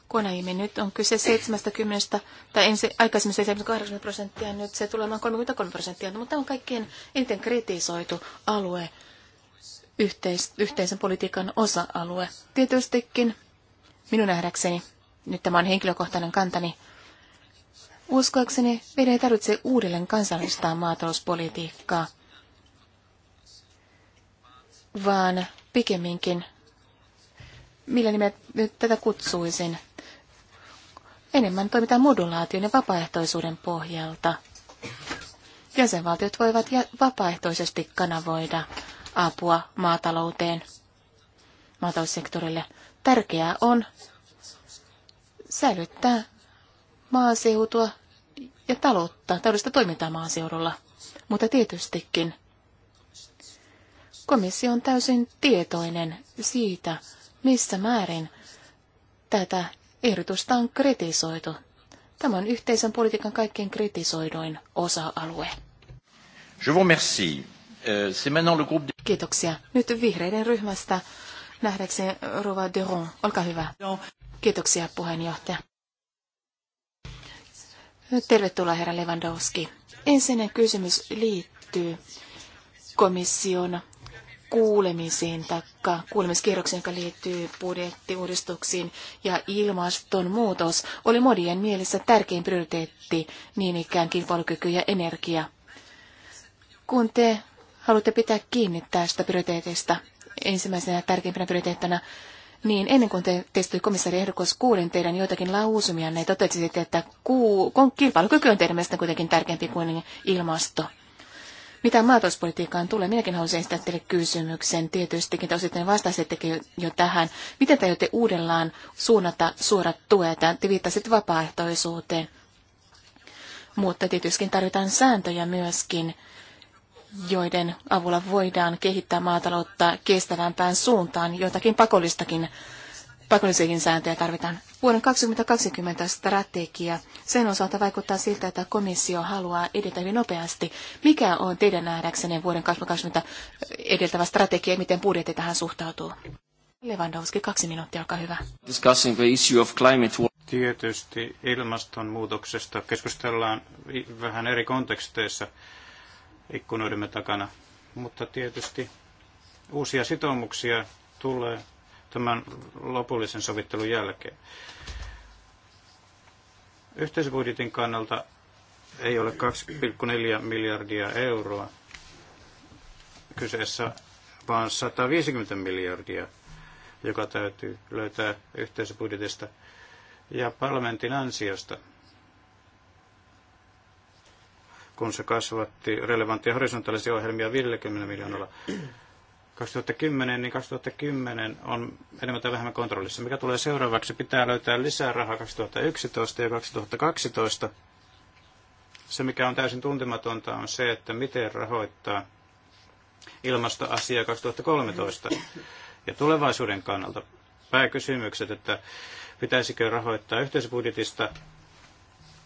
Konaimi. Nyt on kyse 70, tai ensi, aikaisemmin 78 prosenttia, nyt se tulee olemaan 33 prosenttia, no, mutta tämä on kaikkein eniten kritisoitu alue, yhteis, yhteisen politiikan osa-alue. Tietystikin minun nähdäkseni, nyt tämä on henkilökohtainen kantani, uskoakseni meidän ei tarvitse uudelleen kansallistaa maatalouspolitiikkaa, vaan pikemminkin millä nimet nyt tätä kutsuisin. Enemmän toimitaan modulaation ja vapaaehtoisuuden pohjalta. Jäsenvaltiot voivat vapaaehtoisesti kanavoida apua maatalouteen, maataloussektorille. Tärkeää on säilyttää maaseutua ja taloutta, taloudellista toimintaa maaseudulla. Mutta tietystikin komissio on täysin tietoinen siitä, missä määrin tätä Ehdotusta on kritisoitu. Tämä on yhteisen politiikan kaikkein kritisoidoin osa-alue. Je vous remercie. Euh, c'est maintenant le groupe... Kiitoksia. Nyt vihreiden ryhmästä nähdäkseni Rova Duron. Olkaa hyvä. Kiitoksia puheenjohtaja. Tervetuloa herra Lewandowski. Ensinnäkin kysymys liittyy komission kuulemisiin tai kuulemiskierrokseen, joka liittyy budjettiuudistuksiin ja ilmastonmuutos, oli modien mielessä tärkein prioriteetti niin ikään kilpailukyky ja energia. Kun te haluatte pitää kiinni tästä prioriteetista ensimmäisenä tärkeimpänä prioriteettina, niin ennen kuin te testui komissaari ehdokas kuulin teidän joitakin lausumia, ne totesitte, että kuu, kilpailukyky on teidän mielestä kuitenkin tärkeämpi kuin ilmasto. Mitä maatalouspolitiikkaan tulee, minäkin haluaisin esittää teille kysymyksen. Tietystikin te osittain vastasittekin jo tähän. Miten te aiotte uudellaan suunnata suorat tuet? Te viittasitte vapaaehtoisuuteen. Mutta tietysti tarvitaan sääntöjä myöskin, joiden avulla voidaan kehittää maataloutta kestävämpään suuntaan. Jotakin pakollistakin pakollisiakin sääntöjä tarvitaan. Vuoden 2020 strategia. Sen osalta vaikuttaa siltä, että komissio haluaa edetä hyvin nopeasti. Mikä on teidän nähdäksenne vuoden 2020 edeltävä strategia ja miten budjetti tähän suhtautuu? Lewandowski, kaksi minuuttia, olkaa hyvä. Discussing the issue of climate Tietysti ilmastonmuutoksesta keskustellaan vähän eri konteksteissa ikkunoidemme takana, mutta tietysti uusia sitoumuksia tulee tämän lopullisen sovittelun jälkeen. Yhteisbudjetin kannalta ei ole 2,4 miljardia euroa kyseessä, vaan 150 miljardia, joka täytyy löytää yhteisbudjetista ja parlamentin ansiosta, kun se kasvatti relevanttia horisontaalisia ohjelmia 50 miljoonalla. 2010, niin 2010 on enemmän tai vähemmän kontrollissa. Mikä tulee seuraavaksi? Pitää löytää lisää rahaa 2011 ja 2012. Se, mikä on täysin tuntematonta, on se, että miten rahoittaa ilmastoasiaa 2013. Ja tulevaisuuden kannalta pääkysymykset, että pitäisikö rahoittaa yhteisbudjetista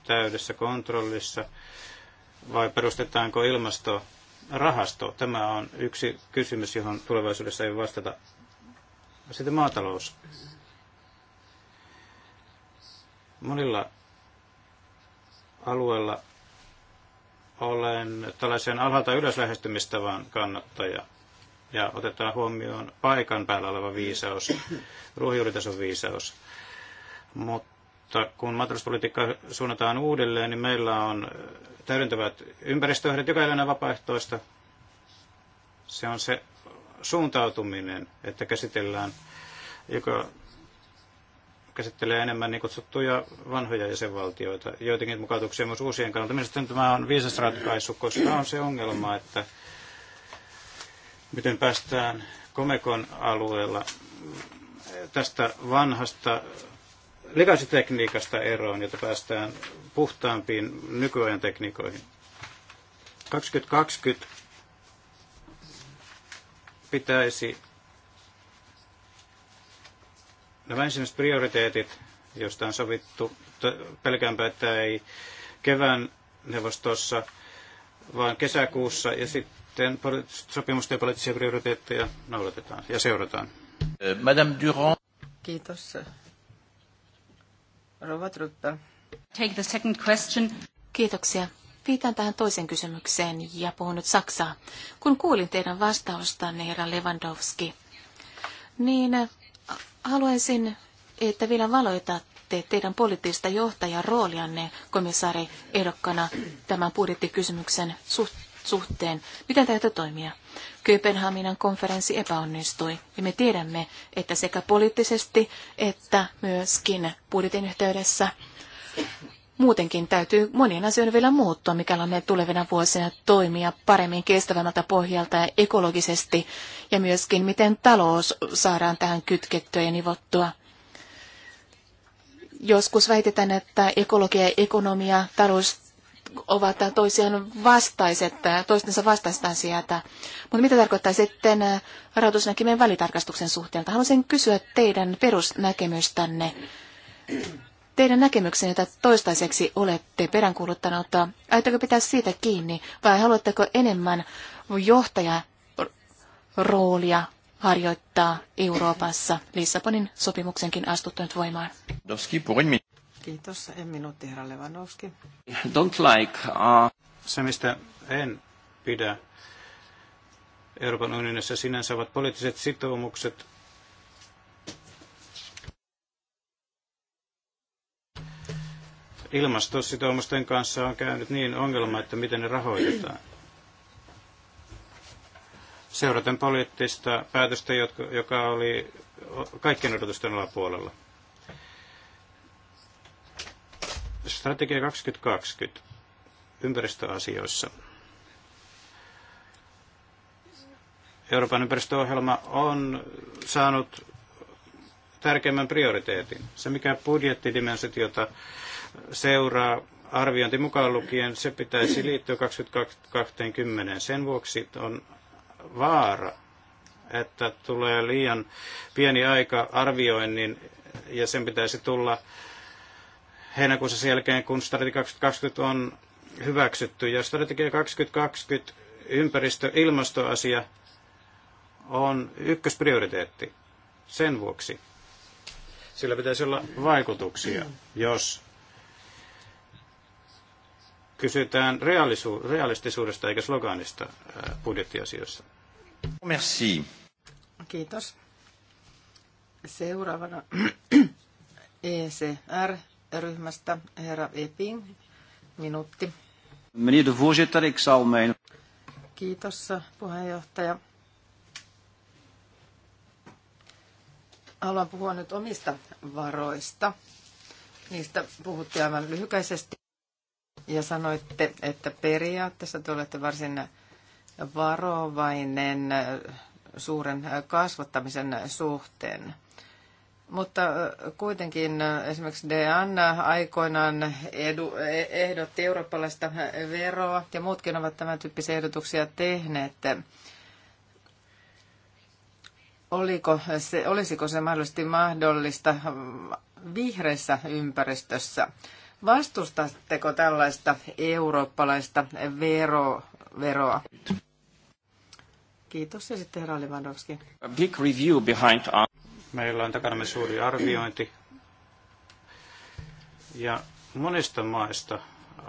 täydessä kontrollissa vai perustetaanko ilmasto rahasto. Tämä on yksi kysymys, johon tulevaisuudessa ei vastata. Sitten maatalous. Monilla alueilla olen tällaisen alhaalta ylös vaan kannattaja. Ja otetaan huomioon paikan päällä oleva viisaus, ruohonjuuritason viisaus. Mutta mutta kun maatalouspolitiikka suunnataan uudelleen, niin meillä on äh, täydentävät ympäristöohjeet, joka ei vapaaehtoista. Se on se suuntautuminen, että käsitellään, joka käsittelee enemmän niin kutsuttuja vanhoja jäsenvaltioita, joitakin mukautuksia myös uusien kannalta. Mielestäni tämä on viisas ratkaisu, koska on se ongelma, että miten päästään Komekon alueella tästä vanhasta legacy-tekniikasta eroon, jotta päästään puhtaampiin nykyajan tekniikoihin. 2020 pitäisi nämä ensimmäiset prioriteetit, joista on sovittu, pelkäänpä, että ei kevään neuvostossa, vaan kesäkuussa ja sitten sopimusten ja poliittisia prioriteetteja noudatetaan ja seurataan. Madame Durand. Kiitos. Take the second question. Kiitoksia. Viitan tähän toisen kysymykseen ja puhun nyt Saksaa. Kun kuulin teidän vastaustanne, herra Lewandowski, niin haluaisin, että vielä valoitatte teidän poliittista johtajan roolianne komissaari ehdokkana tämän budjettikysymyksen suhteen suhteen. Miten täytyy toimia? Kööpenhaminan konferenssi epäonnistui ja me tiedämme, että sekä poliittisesti että myöskin budjetin yhteydessä Muutenkin täytyy monien asioiden vielä muuttua, mikä on meidän tulevina vuosina toimia paremmin kestävämmältä pohjalta ja ekologisesti, ja myöskin miten talous saadaan tähän kytkettyä ja nivottua. Joskus väitetään, että ekologia ja ekonomia, talous ovat toisiaan vastaiset, toistensa vastaiset asiat. Mutta mitä tarkoittaa sitten rahoitusnäkymien välitarkastuksen suhteelta? Haluaisin kysyä teidän perusnäkemystänne. Teidän näkemyksenne, jota toistaiseksi olette peräänkuuluttaneet. aiotteko pitää siitä kiinni vai haluatteko enemmän johtaja roolia harjoittaa Euroopassa Lissabonin sopimuksenkin astuttanut voimaan? Kiitos. En minuutti, herra Don't like, uh... Se, mistä en pidä Euroopan unionissa sinänsä ovat poliittiset sitoumukset, Ilmastositoumusten kanssa on käynyt niin ongelma, että miten ne rahoitetaan. Seuraten poliittista päätöstä, joka oli kaikkien odotusten alapuolella. Strategia 2020 ympäristöasioissa. Euroopan ympäristöohjelma on saanut tärkeimmän prioriteetin. Se, mikä budjettidimensiota seuraa arviointi mukaan lukien, se pitäisi liittyä 2020. Sen vuoksi on vaara, että tulee liian pieni aika arvioinnin ja sen pitäisi tulla heinäkuussa sen jälkeen, kun strategia 2020 on hyväksytty. Ja strategia 2020 ympäristö- ilmastoasia on ykkösprioriteetti sen vuoksi. Sillä pitäisi olla vaikutuksia, jos kysytään realisu- realistisuudesta eikä sloganista budjettiasioissa. Merci. Kiitos. Seuraavana ECR e ryhmästä herra Epping, minuutti. Meneer de voorzitter, ik zal mijn... Kiitos puheenjohtaja. Haluan puhua nyt omista varoista. Niistä puhuttiin aivan lyhykäisesti ja sanoitte, että periaatteessa te olette varsin varovainen suuren kasvattamisen suhteen. Mutta äh, kuitenkin äh, esimerkiksi DN aikoinaan edu, e, ehdotti eurooppalaista äh, veroa ja muutkin ovat tämän tyyppisiä ehdotuksia tehneet. Oliko se, olisiko se mahdollisesti mahdollista vihreässä ympäristössä? Vastustatteko tällaista eurooppalaista vero, veroa? Kiitos ja sitten herra big review behind Meillä on takanamme suuri arviointi. Ja monista maista,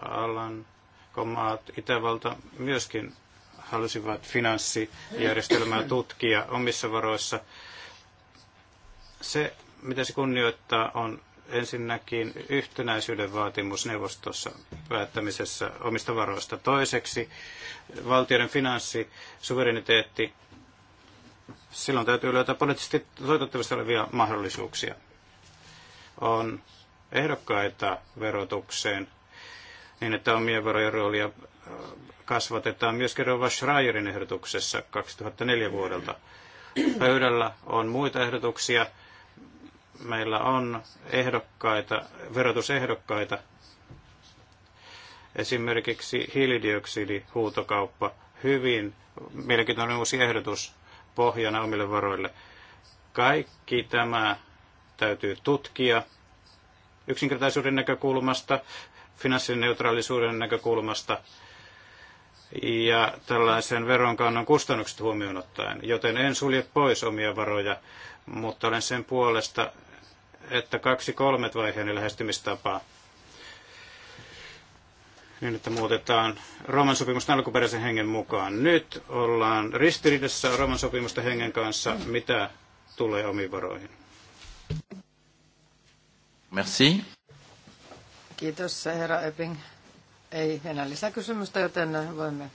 alan komaat Itävalta myöskin halusivat finanssijärjestelmää tutkia omissa varoissa. Se, mitä se kunnioittaa, on ensinnäkin yhtenäisyyden vaatimus neuvostossa päättämisessä omista varoista. Toiseksi valtioiden finanssisuvereniteetti silloin täytyy löytää poliittisesti toivottavasti olevia mahdollisuuksia. On ehdokkaita verotukseen niin, että omien varojen roolia äh, kasvatetaan myös Rova Schreierin ehdotuksessa 2004 vuodelta. Pöydällä on muita ehdotuksia. Meillä on ehdokkaita, verotusehdokkaita, esimerkiksi hiilidioksidihuutokauppa, hyvin mielenkiintoinen uusi ehdotus, pohjana omille varoille. Kaikki tämä täytyy tutkia yksinkertaisuuden näkökulmasta, finanssineutraalisuuden näkökulmasta ja tällaisen veronkannon kustannukset huomioon ottaen. Joten en sulje pois omia varoja, mutta olen sen puolesta, että kaksi kolmet vaiheen lähestymistapaa niin että muutetaan Rooman sopimusta alkuperäisen hengen mukaan. Nyt ollaan ristiriidassa Rooman sopimusta hengen kanssa, mitä tulee omiin varoihin. Merci. Kiitos herra Epping. Ei enää lisäkysymystä, joten voimme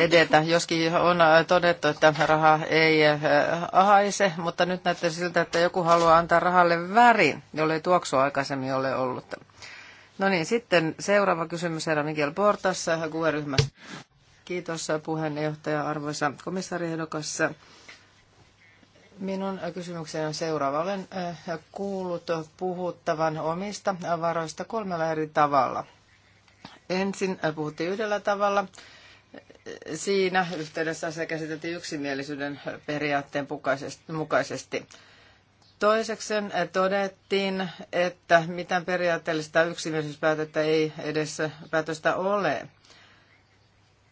edetä, joskin on äh, todettu, että raha ei äh, haise, mutta nyt näyttää siltä, että joku haluaa antaa rahalle värin, jolle ei tuoksu aikaisemmin ole ollut. No niin, sitten seuraava kysymys herra Miguel Portas, QR-ryhmä. Kiitos puheenjohtaja, arvoisa komissaariehdokas. Minun kysymykseni on seuraava. Olen äh, kuullut puhuttavan omista varoista kolmella eri tavalla. Ensin puhuttiin yhdellä tavalla, siinä yhteydessä se käsiteltiin yksimielisyyden periaatteen mukaisesti. Toiseksi todettiin, että mitään periaatteellista yksimielisyyspäätöstä ei edes päätöstä ole.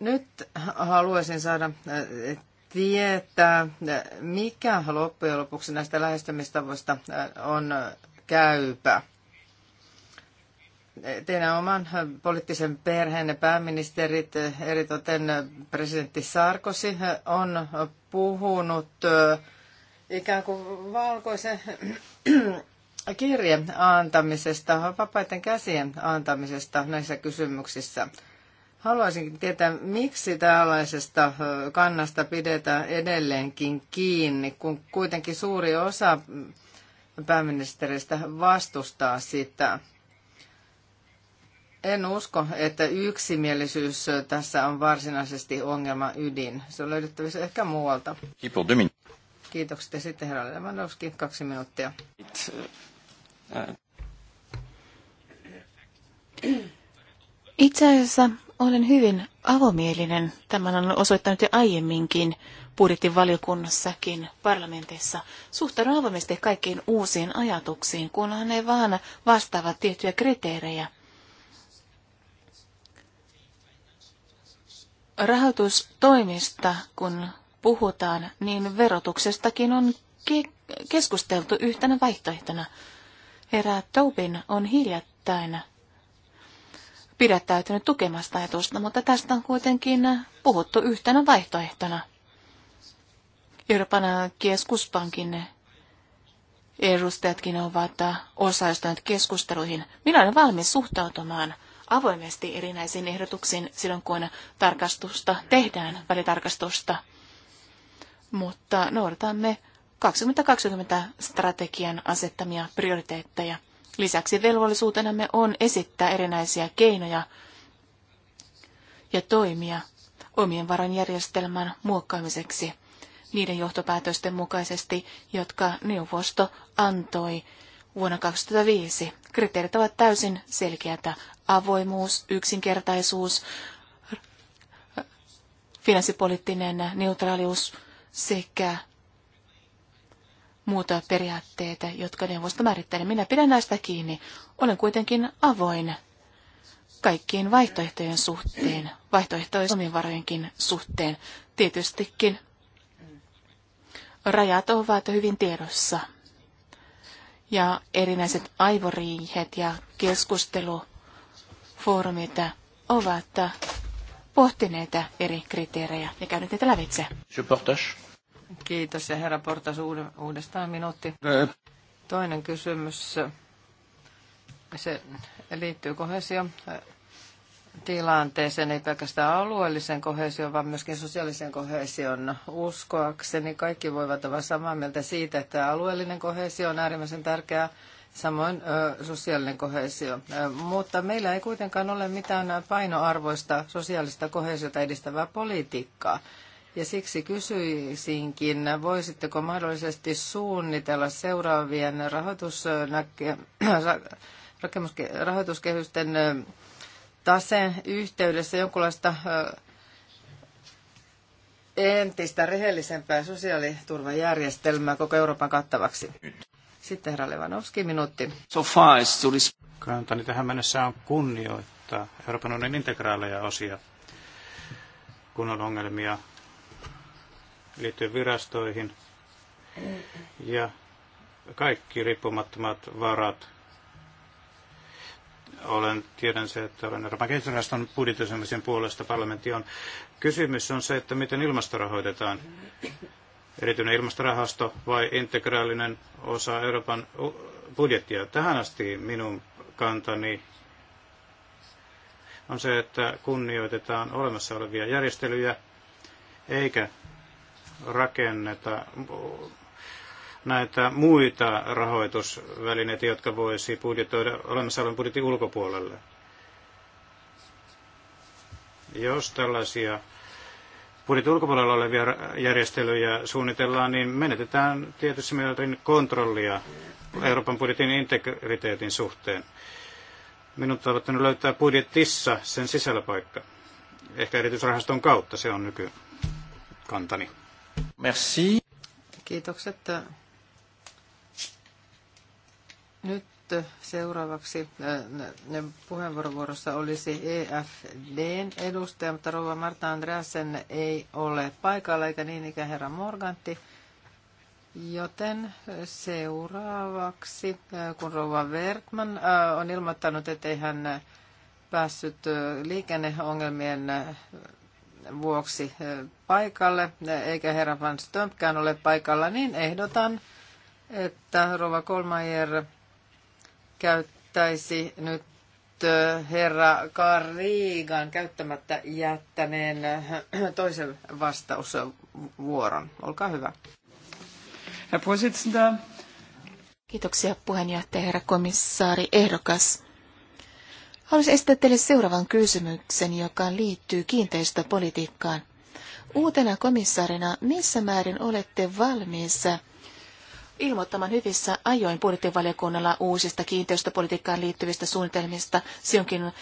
Nyt haluaisin saada eh, tietää, mikä loppujen lopuksi näistä lähestymistavoista eh, on käypä teidän oman poliittisen perheenne pääministerit, eritoten presidentti Sarkosi, on puhunut ikään kuin valkoisen kirjeen antamisesta, vapaiden käsien antamisesta näissä kysymyksissä. Haluaisinkin tietää, miksi tällaisesta kannasta pidetään edelleenkin kiinni, kun kuitenkin suuri osa pääministeristä vastustaa sitä. En usko, että yksimielisyys tässä on varsinaisesti ongelma ydin. Se on löydettävissä ehkä muualta. Kiitokset ja sitten herra Lewandowski, kaksi minuuttia. Itse asiassa olen hyvin avomielinen. Tämän on osoittanut jo aiemminkin valiokunnassakin, parlamentissa. Suhtaudun avoimesti kaikkiin uusiin ajatuksiin, kunhan ne vaan vastaavat tiettyjä kriteerejä – rahoitustoimista, kun puhutaan, niin verotuksestakin on ke- keskusteltu yhtenä vaihtoehtona. Herra Tobin on hiljattain pidättäytynyt tukemasta ajatusta, mutta tästä on kuitenkin puhuttu yhtenä vaihtoehtona. Euroopan keskuspankin edustajatkin ovat osaistuneet keskusteluihin. Minä olen valmis suhtautumaan – avoimesti erinäisiin ehdotuksiin silloin, kun tarkastusta tehdään, välitarkastusta. Mutta noudatamme 2020 strategian asettamia prioriteetteja. Lisäksi velvollisuutenamme on esittää erinäisiä keinoja ja toimia omien varan järjestelmän muokkaamiseksi niiden johtopäätösten mukaisesti, jotka neuvosto antoi vuonna 2005. Kriteerit ovat täysin selkeätä avoimuus, yksinkertaisuus, finanssipoliittinen neutraalius sekä muuta periaatteita, jotka neuvosto määrittelee. Minä pidän näistä kiinni. Olen kuitenkin avoin kaikkien vaihtoehtojen suhteen, vaihtoehtojen omien varojenkin suhteen. Tietystikin rajat ovat hyvin tiedossa. Ja erinäiset aivoriihet ja keskustelu foorumit ovat pohtineet eri kriteerejä ja käyneet niitä lävitse. Kiitos ja herra Portas uudestaan minuutti. Toinen kysymys, se liittyy kohesio tilanteeseen, ei pelkästään alueellisen kohesion, vaan myöskin sosiaalisen kohesion uskoakseni. Kaikki voivat olla samaa mieltä siitä, että alueellinen kohesio on äärimmäisen tärkeää samoin sosiaalinen kohesio. Mutta meillä ei kuitenkaan ole mitään painoarvoista sosiaalista kohesiota edistävää politiikkaa. Ja siksi kysyisinkin, voisitteko mahdollisesti suunnitella seuraavien rahoitusnäke- rahoituskehysten taseen yhteydessä jonkinlaista entistä rehellisempää sosiaaliturvajärjestelmää koko Euroopan kattavaksi? Sitten herra Levanovski, minuutti. So far as to Kantani tähän mennessä on kunnioittaa Euroopan unionin integraaleja osia, kun on ongelmia liittyen virastoihin ja kaikki riippumattomat varat. Olen, tiedän se, että olen Euroopan kehitysrahaston budjetisemisen puolesta parlamentti on. Kysymys on se, että miten ilmasto rahoitetaan erityinen ilmastorahasto vai integraalinen osa Euroopan budjettia. Tähän asti minun kantani on se, että kunnioitetaan olemassa olevia järjestelyjä eikä rakenneta näitä muita rahoitusvälineitä, jotka voisi budjetoida olemassa olevan budjetin ulkopuolelle. Jos tällaisia budjetin ulkopuolella olevia järjestelyjä suunnitellaan, niin menetetään tietysti määrin kontrollia Euroopan budjetin integriteetin suhteen. Minun tavoitteeni löytää budjetissa sen sisälläpaikka. Ehkä erityisrahaston kautta se on nykykantani. Merci. Kiitokset. Nyt seuraavaksi puheenvuorovuorossa olisi EFDn edustaja, mutta rouva Marta Andreasen ei ole paikalla, eikä niin ikään herra Morganti. Joten seuraavaksi, kun rouva Wertman on ilmoittanut, ettei hän päässyt liikenneongelmien vuoksi paikalle, eikä herra Van Stömpkään ole paikalla, niin ehdotan, että Rova Kolmajer käyttäisi nyt äh, herra Kariigan käyttämättä jättäneen äh, toisen vastausvuoron. Olkaa hyvä. Herr Vorsitzender. Kiitoksia puheenjohtaja, herra komissaari ehdokas. Haluaisin esittää teille seuraavan kysymyksen, joka liittyy kiinteistöpolitiikkaan. Uutena komissaarina, missä määrin olette valmiissa ilmoittamaan hyvissä ajoin budjettivaliokunnalla uusista kiinteistöpolitiikkaan liittyvistä suunnitelmista. Silloinkin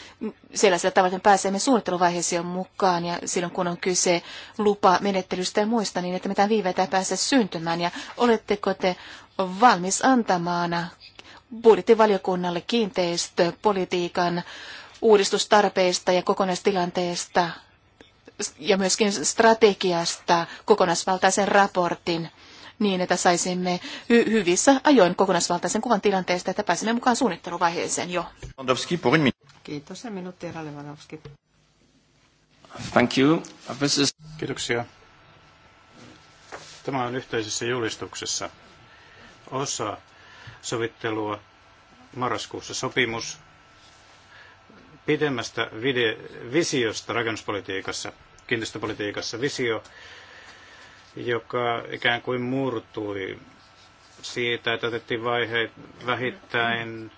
sellaisella tavalla pääsemme suunnitteluvaiheeseen mukaan ja silloin kun on kyse lupamenettelystä ja muista, niin että mitään viiveitä ei pääse syntymään. Ja oletteko te valmis antamaan budjettivaliokunnalle kiinteistöpolitiikan uudistustarpeista ja kokonaistilanteesta ja myöskin strategiasta kokonaisvaltaisen raportin niin, että saisimme hy- hyvissä ajoin kokonaisvaltaisen kuvan tilanteesta, että pääsemme mukaan suunnitteluvaiheeseen jo. Kiitos ja minuutti Ralevanovski. Thank you. is... Kiitoksia. Tämä on yhteisessä julistuksessa osa sovittelua marraskuussa sopimus pidemmästä vide, visiosta rakennuspolitiikassa, kiinteistöpolitiikassa visio, joka ikään kuin murtui siitä, että otettiin vaiheet vähittäin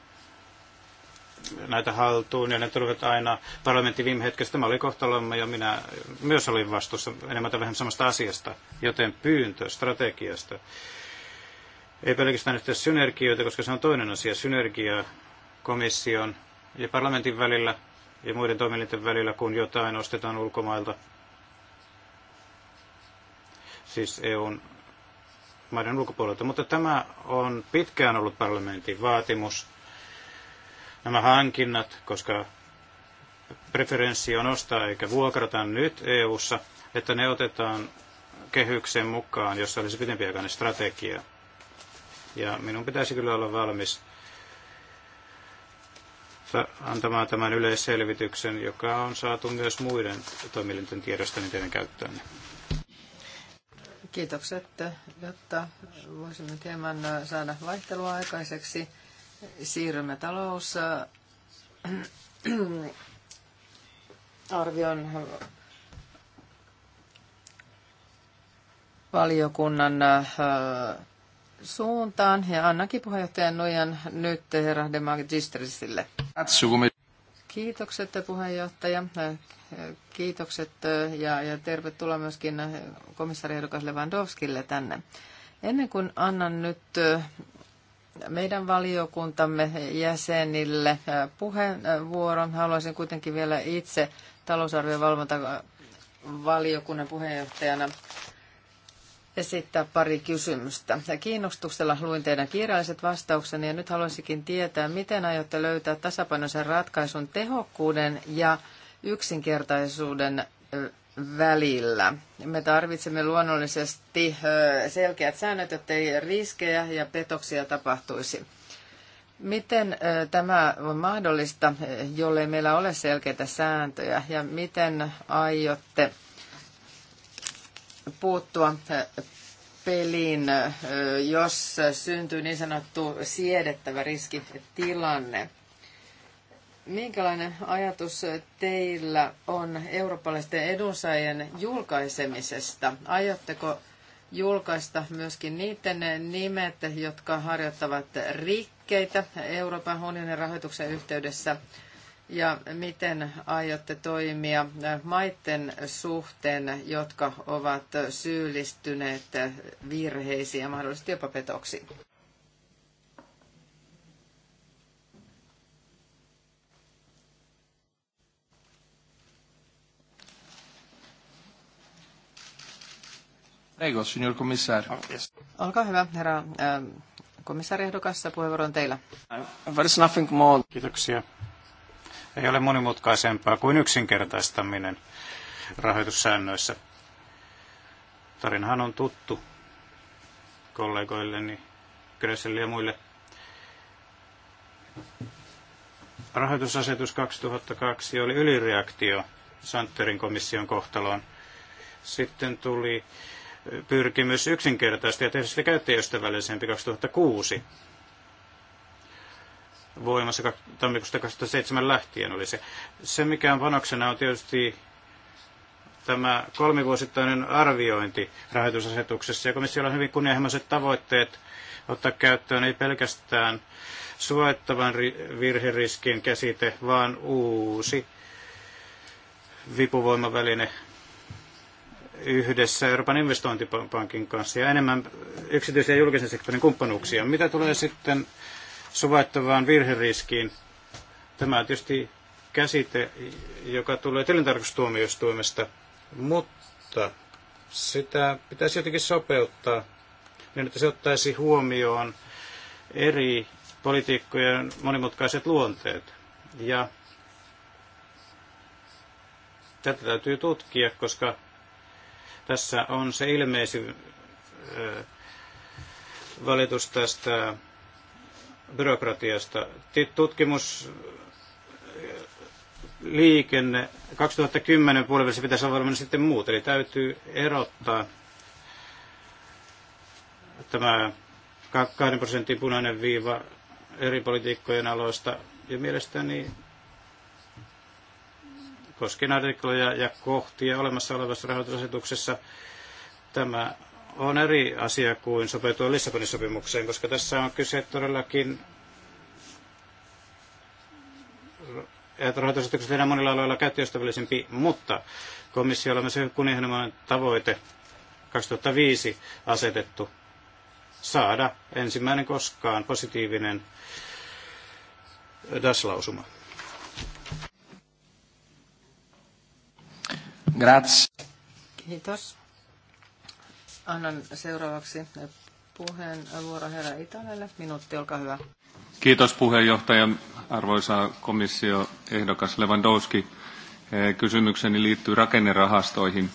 näitä haltuun ja ne tulivat aina parlamentti viime hetkessä Tämä oli kohtalomme ja minä myös olin vastuussa enemmän tai vähemmän samasta asiasta, joten pyyntö strategiasta. Ei pelkästään yhteydessä synergioita, koska se on toinen asia. Synergia komission ja parlamentin välillä ja muiden toimielinten välillä, kun jotain ostetaan ulkomailta siis EUn maiden ulkopuolelta. Mutta tämä on pitkään ollut parlamentin vaatimus, nämä hankinnat, koska preferenssi on ostaa eikä vuokrata nyt EUssa, että ne otetaan kehyksen mukaan, jossa olisi pitempiaikainen strategia. Ja minun pitäisi kyllä olla valmis antamaan tämän yleisselvityksen, joka on saatu myös muiden toimielinten tiedosta niiden käyttöön. Kiitokset, jotta voisimme hieman äh, saada vaihtelua aikaiseksi. Siirrymme talous äh, arvion äh, valiokunnan suuntaan ja annankin puheenjohtajan nojan nyt herra de Magistrisille. Kiitokset puheenjohtaja. Kiitokset ja, ja tervetuloa myöskin komissariehdokas Lewandowskille tänne. Ennen kuin annan nyt meidän valiokuntamme jäsenille puheenvuoron, haluaisin kuitenkin vielä itse talousarvion valvontavaliokunnan puheenjohtajana esittää pari kysymystä. Kiinnostuksella luin teidän kirjalliset vastauksenne ja nyt haluaisinkin tietää, miten aiotte löytää tasapainoisen ratkaisun tehokkuuden ja yksinkertaisuuden välillä. Me tarvitsemme luonnollisesti selkeät säännöt, ei riskejä ja petoksia tapahtuisi. Miten tämä on mahdollista, jollei meillä ole selkeitä sääntöjä ja miten aiotte puuttua peliin, jos syntyy niin sanottu siedettävä riskitilanne. Minkälainen ajatus teillä on eurooppalaisten edunsaajien julkaisemisesta? Aiotteko julkaista myöskin niiden nimet, jotka harjoittavat rikkeitä Euroopan unionin rahoituksen yhteydessä – ja miten aiotte toimia maiden suhteen, jotka ovat syyllistyneet virheisiin ja mahdollisesti jopa petoksiin? Prego, signor commissario. Olkaa hyvä, herra äh, komissaariehdokas, puheenvuoro on teillä. nothing more. Kiitoksia ei ole monimutkaisempaa kuin yksinkertaistaminen rahoitussäännöissä. Tarinahan on tuttu kollegoilleni, Kreselle ja muille. Rahoitusasetus 2002 oli ylireaktio Santerin komission kohtaloon. Sitten tuli pyrkimys yksinkertaisesti ja tehdä sitä käyttäjäystävällisempi 2006 voimassa tammikuusta 2007 lähtien oli se. Se, mikä on panoksena, on tietysti tämä kolmivuosittainen arviointi rahoitusasetuksessa, ja komissiolla on hyvin kunnianhimoiset tavoitteet ottaa käyttöön ei pelkästään suojattavan virheriskin käsite, vaan uusi vipuvoimaväline yhdessä Euroopan investointipankin kanssa ja enemmän yksityisen ja julkisen sektorin kumppanuuksia. Mitä tulee sitten suvaittavaan virheriskiin. Tämä on tietysti käsite, joka tulee tilintarkastustuomioistuimesta, mutta sitä pitäisi jotenkin sopeuttaa niin, että se ottaisi huomioon eri politiikkojen monimutkaiset luonteet. Ja tätä täytyy tutkia, koska tässä on se ilmeisin valitus tästä byrokratiasta. Tutkimus liikenne 2010 puolivälissä pitäisi olla varmaan sitten muut, eli täytyy erottaa tämä 2 prosentin punainen viiva eri politiikkojen aloista. Ja mielestäni koskien artikloja ja kohtia olemassa olevassa rahoitusasetuksessa tämä on eri asia kuin sopeutua Lissabonin sopimukseen, koska tässä on kyse todellakin että rahoitusasetukset tehdään monilla aloilla käyttöystävällisempi, mutta komissiolla on myös kunnianhimoinen tavoite 2005 asetettu saada ensimmäinen koskaan positiivinen DAS-lausuma. Grazie. Kiitos. Annan seuraavaksi puheenvuoro herra Italelle. Minuutti, olkaa hyvä. Kiitos puheenjohtaja, arvoisa komissio ehdokas Lewandowski. Eh, kysymykseni liittyy rakennerahastoihin.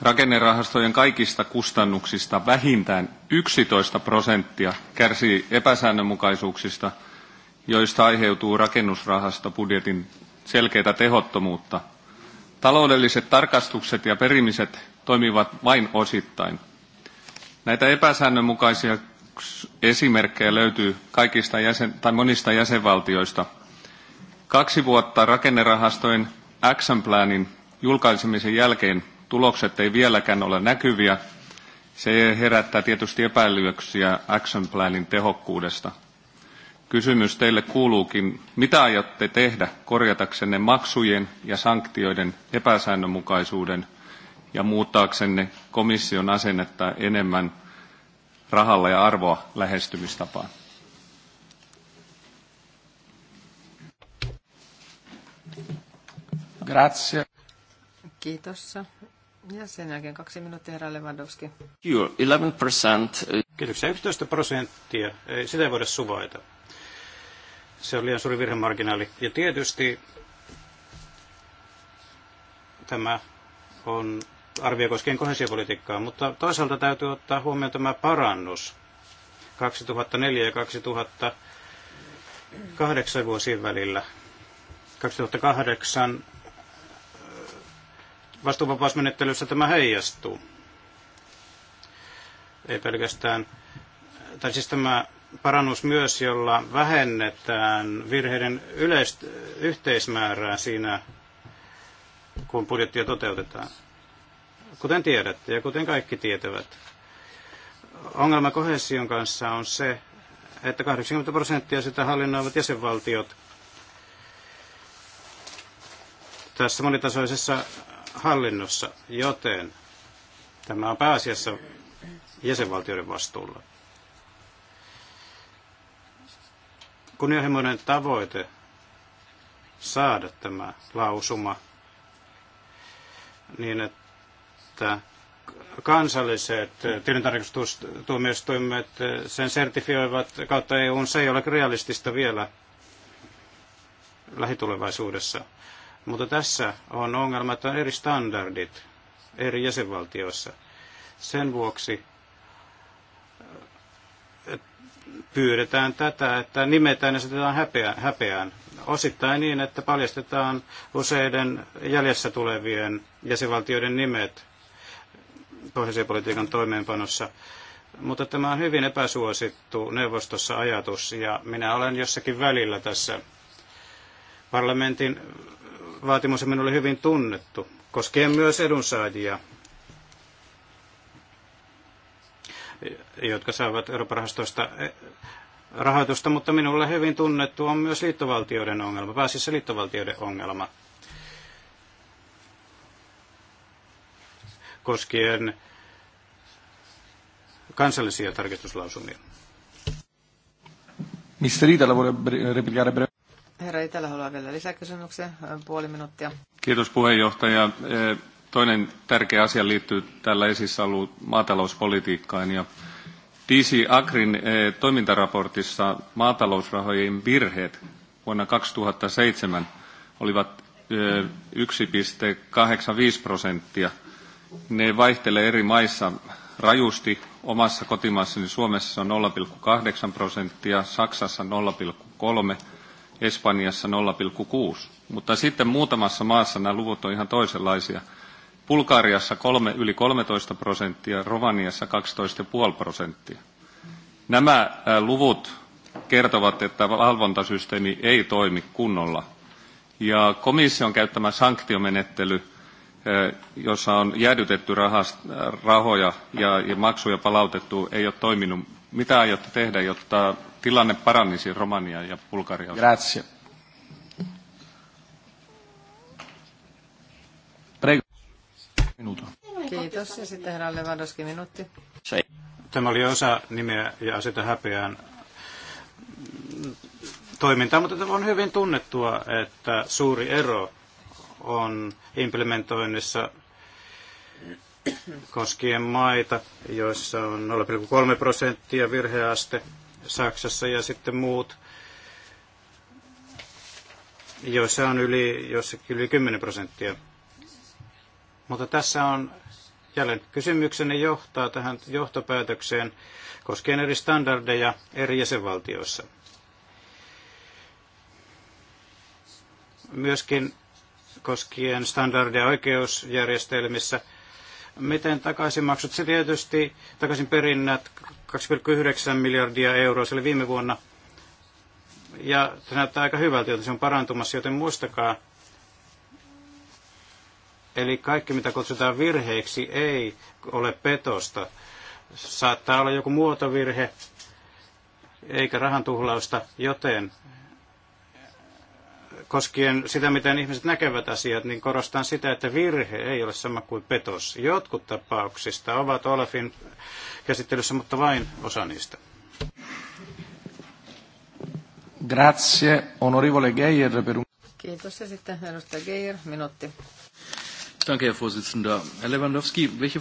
Rakennerahastojen kaikista kustannuksista vähintään 11 prosenttia kärsii epäsäännönmukaisuuksista, joista aiheutuu budjetin selkeitä tehottomuutta. Taloudelliset tarkastukset ja perimiset toimivat vain osittain – Näitä epäsäännönmukaisia esimerkkejä löytyy kaikista jäsen, tai monista jäsenvaltioista. Kaksi vuotta rakennerahastojen Action-planin julkaisemisen jälkeen tulokset ei vieläkään ole näkyviä. Se herättää tietysti epäilyksiä Action-planin tehokkuudesta. Kysymys teille kuuluukin, mitä aiotte tehdä korjataksenne maksujen ja sanktioiden epäsäännönmukaisuuden – ja muuttaaksenne komission asennetta enemmän rahalla ja arvoa lähestymistapaan? Grazie. Kiitos. Ja sen jälkeen kaksi minuuttia herra Lewandowski. 11%. Eh. Kiitoksia. 11 prosenttia. Sitä ei voida suvaita. Se on liian suuri virhemarginaali. Ja tietysti tämä on arvio koskien kohesiopolitiikkaa, mutta toisaalta täytyy ottaa huomioon tämä parannus 2004 ja 2008 vuosien välillä. 2008 äh, vastuuvapausmenettelyssä tämä heijastuu. Ei pelkästään, tai siis tämä parannus myös, jolla vähennetään virheiden yleist- yhteismäärää siinä, kun budjettia toteutetaan. Kuten tiedätte ja kuten kaikki tietävät, ongelma kohesion kanssa on se, että 80 prosenttia sitä hallinnoivat jäsenvaltiot tässä monitasoisessa hallinnossa, joten tämä on pääasiassa jäsenvaltioiden vastuulla. Kunnianhimoinen tavoite saada tämä lausuma niin, että että kansalliset tilintarkastustuomioistuimet eh, sen sertifioivat kautta EUn, se ei ole realistista vielä lähitulevaisuudessa. Mutta tässä on ongelma, että on eri standardit eri jäsenvaltioissa. Sen vuoksi eh, pyydetään tätä, että nimetään ja asetetaan häpeään. Osittain niin, että paljastetaan useiden jäljessä tulevien jäsenvaltioiden nimet kohesiopolitiikan toimeenpanossa. Mutta tämä on hyvin epäsuosittu neuvostossa ajatus ja minä olen jossakin välillä tässä. Parlamentin vaatimus on minulle hyvin tunnettu, koskien myös edunsaajia, jotka saavat Euroopan rahastoista eh, rahoitusta, mutta minulle hyvin tunnettu on myös liittovaltioiden ongelma, pääasiassa liittovaltioiden ongelma. koskien kansallisia tarkistuslausumia. Itälä voi Herra Itälä haluaa vielä lisäkysymyksen, puoli minuuttia. Kiitos puheenjohtaja. E, toinen tärkeä asia liittyy tällä esissä ollut maatalouspolitiikkaan ja DC Agrin e, toimintaraportissa maatalousrahojen virheet vuonna 2007 olivat 1,85 e, prosenttia – ne vaihtelee eri maissa rajusti. Omassa kotimaassani Suomessa on 0,8 prosenttia, Saksassa 0,3, Espanjassa 0,6. Mutta sitten muutamassa maassa nämä luvut on ihan toisenlaisia. Bulgariassa kolme, yli 13 prosenttia, Rovaniassa 12,5 prosenttia. Nämä luvut kertovat, että valvontasysteemi ei toimi kunnolla. Ja komission käyttämä sanktiomenettely jossa on jäädytetty rahoja ja, maksuja palautettu, ei ole toiminut. Mitä aiotte tehdä, jotta tilanne parannisi Romania ja Bulgaria? Grazie. Prego. Minuto. Kiitos. Ja sitten herra Lewandowski minuutti. Tämä oli osa nimeä ja sitä häpeään toimintaa, mutta tämä on hyvin tunnettua, että suuri ero on implementoinnissa koskien maita, joissa on 0,3 prosenttia virheaste Saksassa ja sitten muut, joissa on yli, jossakin yli 10 prosenttia. Mutta tässä on jälleen kysymykseni johtaa tähän johtopäätökseen koskien eri standardeja eri jäsenvaltioissa. Myöskin koskien standardeja oikeusjärjestelmissä. Miten takaisinmaksut? Se tietysti takaisinperinnät 2,9 miljardia euroa, se oli viime vuonna. Ja se näyttää aika hyvältä, joten se on parantumassa, joten muistakaa. Eli kaikki, mitä kutsutaan virheiksi, ei ole petosta. Saattaa olla joku muotovirhe, eikä rahan tuhlausta, joten koskien sitä, miten ihmiset näkevät asiat, niin korostan sitä, että virhe ei ole sama kuin petos. Jotkut tapauksista ovat Olafin käsittelyssä, mutta vain osa niistä. Grazie, onorevole Geier. Per... Kiitos ja sitten edustaja Geier, minuutti. Danke, Herr Vorsitzender. Herr Lewandowski, welche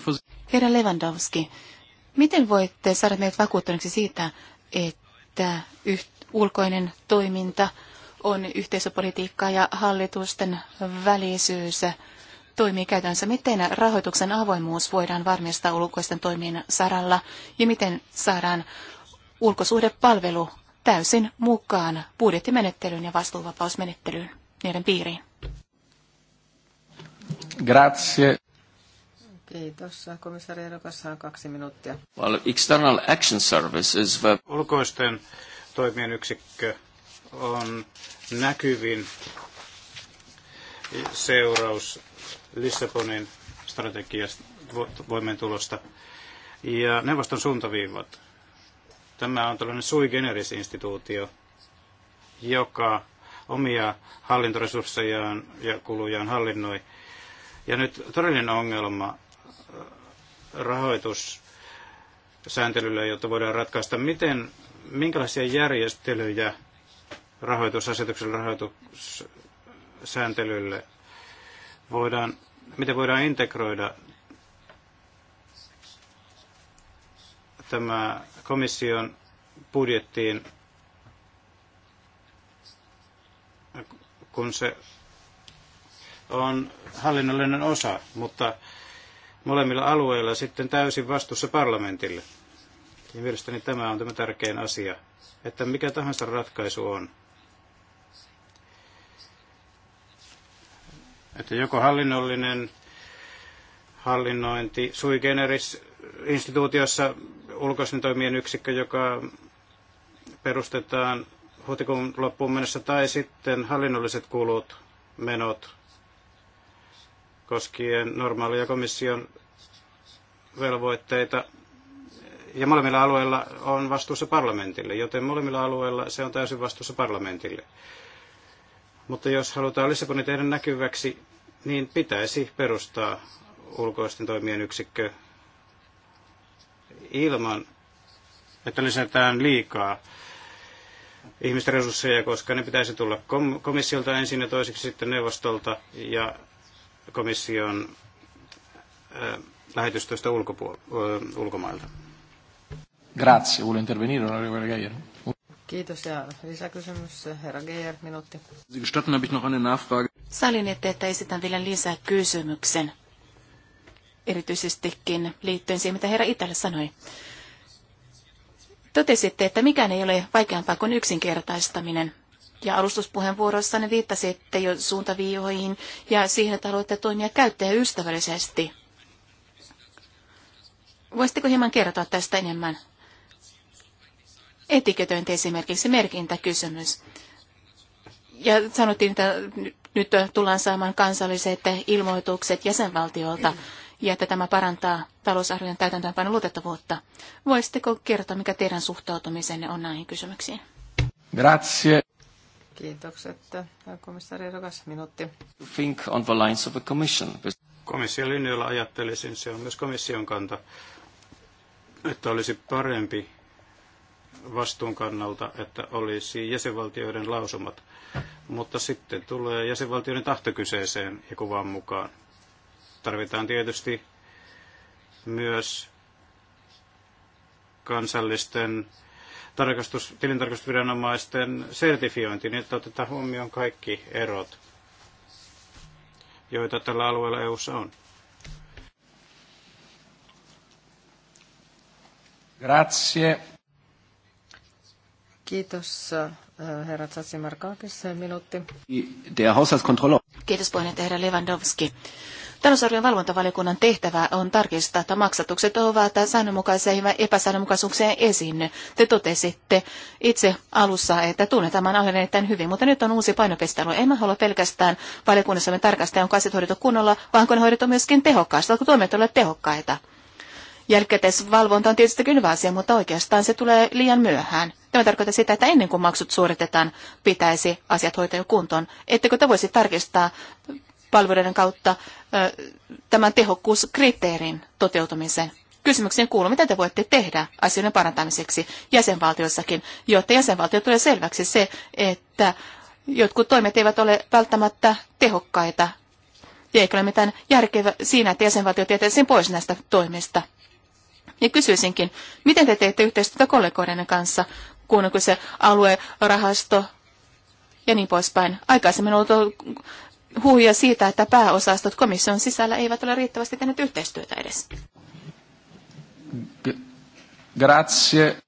Herra Lewandowski, miten voitte saada meidät vakuuttuneeksi siitä, että yht, ulkoinen toiminta – on yhteisöpolitiikka ja hallitusten välisyys toimii käytännössä? Miten rahoituksen avoimuus voidaan varmistaa ulkoisten toimien saralla ja miten saadaan ulkosuhdepalvelu täysin mukaan budjettimenettelyyn ja vastuuvapausmenettelyyn niiden piiriin? Grazie. Kiitos. Komissaari Ehdokas kaksi minuuttia. Well, external action service is... Ulkoisten toimien yksikkö on näkyvin seuraus Lissabonin strategiasta tulosta ja neuvoston suuntaviivat. Tämä on tällainen sui generis instituutio, joka omia hallintoresurssejaan ja kulujaan hallinnoi. Ja nyt todellinen ongelma äh, rahoitus sääntelyllä, jotta voidaan ratkaista, miten, minkälaisia järjestelyjä rahoitusasetuksen rahoitussääntelylle voidaan, miten voidaan integroida tämä komission budjettiin, kun se on hallinnollinen osa, mutta molemmilla alueilla sitten täysin vastuussa parlamentille. Ja mielestäni tämä on tämä tärkein asia, että mikä tahansa ratkaisu on, Että joko hallinnollinen hallinnointi sui generis instituutiossa ulkoisen toimien yksikkö, joka perustetaan huhtikuun loppuun mennessä, tai sitten hallinnolliset kulut, menot, koskien normaalia komission velvoitteita. Ja molemmilla alueilla on vastuussa parlamentille, joten molemmilla alueilla se on täysin vastuussa parlamentille. Mutta jos halutaan Lissaboni tehdä näkyväksi niin pitäisi perustaa ulkoisten toimien yksikkö ilman, että lisätään liikaa ihmisten resursseja, koska ne pitäisi tulla komissiolta ensin ja toiseksi sitten neuvostolta ja komission äh, lähetystöstä äh, ulkomailta. Grazie. Vuole intervenire, onorevole Geijer. Kiitos ja lisäkysymys, herra Geijer, minuutti. Gestatten habe ich noch eine Nachfrage. Salin eteen, että esitän vielä lisää kysymyksen, erityisestikin liittyen siihen, mitä herra Itälä sanoi. Totesitte, että mikään ei ole vaikeampaa kuin yksinkertaistaminen. Ja ne viittasitte jo suuntaviivoihin ja siihen, että haluatte toimia ystävällisesti. Voisitteko hieman kertoa tästä enemmän? Etiketöinti esimerkiksi merkintäkysymys ja sanottiin, että nyt tullaan saamaan kansalliset ilmoitukset jäsenvaltiolta ja että tämä parantaa talousarvion täytäntöönpanon luotettavuutta. Voisitteko kertoa, mikä teidän suhtautumisenne on näihin kysymyksiin? Grazie. Kiitokset, komissaari Rokas, minuutti. Think on the lines of the commission. Komission linjoilla ajattelisin, se on myös komission kanta, että olisi parempi vastuun kannalta, että olisi jäsenvaltioiden lausumat, mutta sitten tulee jäsenvaltioiden tahto kyseeseen ja kuvan mukaan. Tarvitaan tietysti myös kansallisten tarkastus, tilintarkastusviranomaisten sertifiointi, niin että otetaan huomioon kaikki erot, joita tällä alueella EU:ssa on. Grazie. Kiitos äh, herra Tsatsimarkakis, minuutti. Kiitos puheenjohtaja herra Lewandowski. Talousarvion valvontavaliokunnan tehtävä on tarkistaa, että maksatukset ovat säännönmukaisia ja epäsäännönmukaisuuksia esiin. Te totesitte itse alussa, että tunnen tämän on erittäin hyvin, mutta nyt on uusi painopistealue. Emme halua pelkästään valiokunnassamme tarkastaa, onko asiat hoidettu kunnolla, vaan onko ne hoidettu myöskin tehokkaasti, onko toimet ole tehokkaita. Jälkikäteisvalvonta on tietysti hyvä asia, mutta oikeastaan se tulee liian myöhään. Tämä tarkoittaa sitä, että ennen kuin maksut suoritetaan, pitäisi asiat hoitaa jo kuntoon. Ettekö te voisi tarkistaa palveluiden kautta tämän tehokkuuskriteerin toteutumisen? Kysymykseen kuuluu, mitä te voitte tehdä asioiden parantamiseksi jäsenvaltioissakin, jotta jäsenvaltio tulee selväksi se, että jotkut toimet eivät ole välttämättä tehokkaita. Ja eikö ole mitään järkevää siinä, että jäsenvaltio tietäisi pois näistä toimista. Ja kysyisinkin, miten te teette yhteistyötä kollegoiden kanssa, kun on se aluerahasto ja niin poispäin. Aikaisemmin on ollut huhuja siitä, että pääosastot komission sisällä eivät ole riittävästi tehneet yhteistyötä edes. Grazie.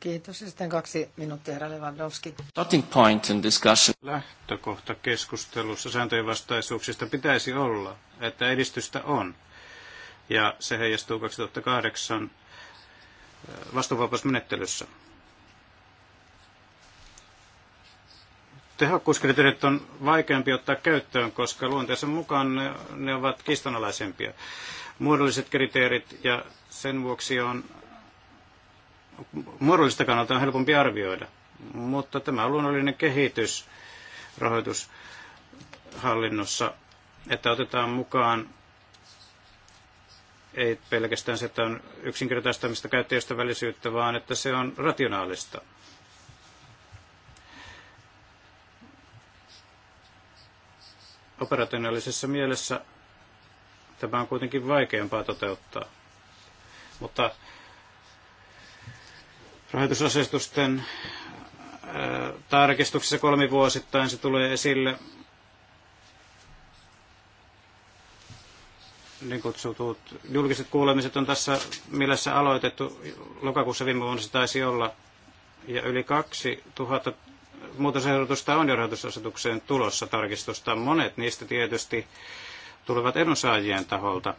Kiitos. Ja sitten kaksi minuuttia, herra Lewandowski. Starting point in discussion. Lähtökohta keskustelussa sääntöjen vastaisuuksista pitäisi olla, että edistystä on ja se heijastuu 2008 äh, vastuunvapausmenettelyssä. Tehokkuuskriteerit on vaikeampi ottaa käyttöön, koska luonteensa mukaan ne, ne ovat kiistanalaisempia. Muodolliset kriteerit ja sen vuoksi on muodollista kannalta on helpompi arvioida. Mutta tämä luonnollinen kehitys rahoitushallinnossa, että otetaan mukaan ei pelkästään se, että on yksinkertaistamista välisyyttä, vaan että se on rationaalista. Operationaalisessa mielessä tämä on kuitenkin vaikeampaa toteuttaa. Mutta rahoitusasetusten tarkistuksessa kolmivuosittain se tulee esille niin kutsutut julkiset kuulemiset on tässä mielessä aloitettu. Lokakuussa viime vuonna se taisi olla. Ja yli 2000 muutosehdotusta on jo rahoitusasetukseen tulossa tarkistusta. Monet niistä tietysti tulevat edunsaajien taholta.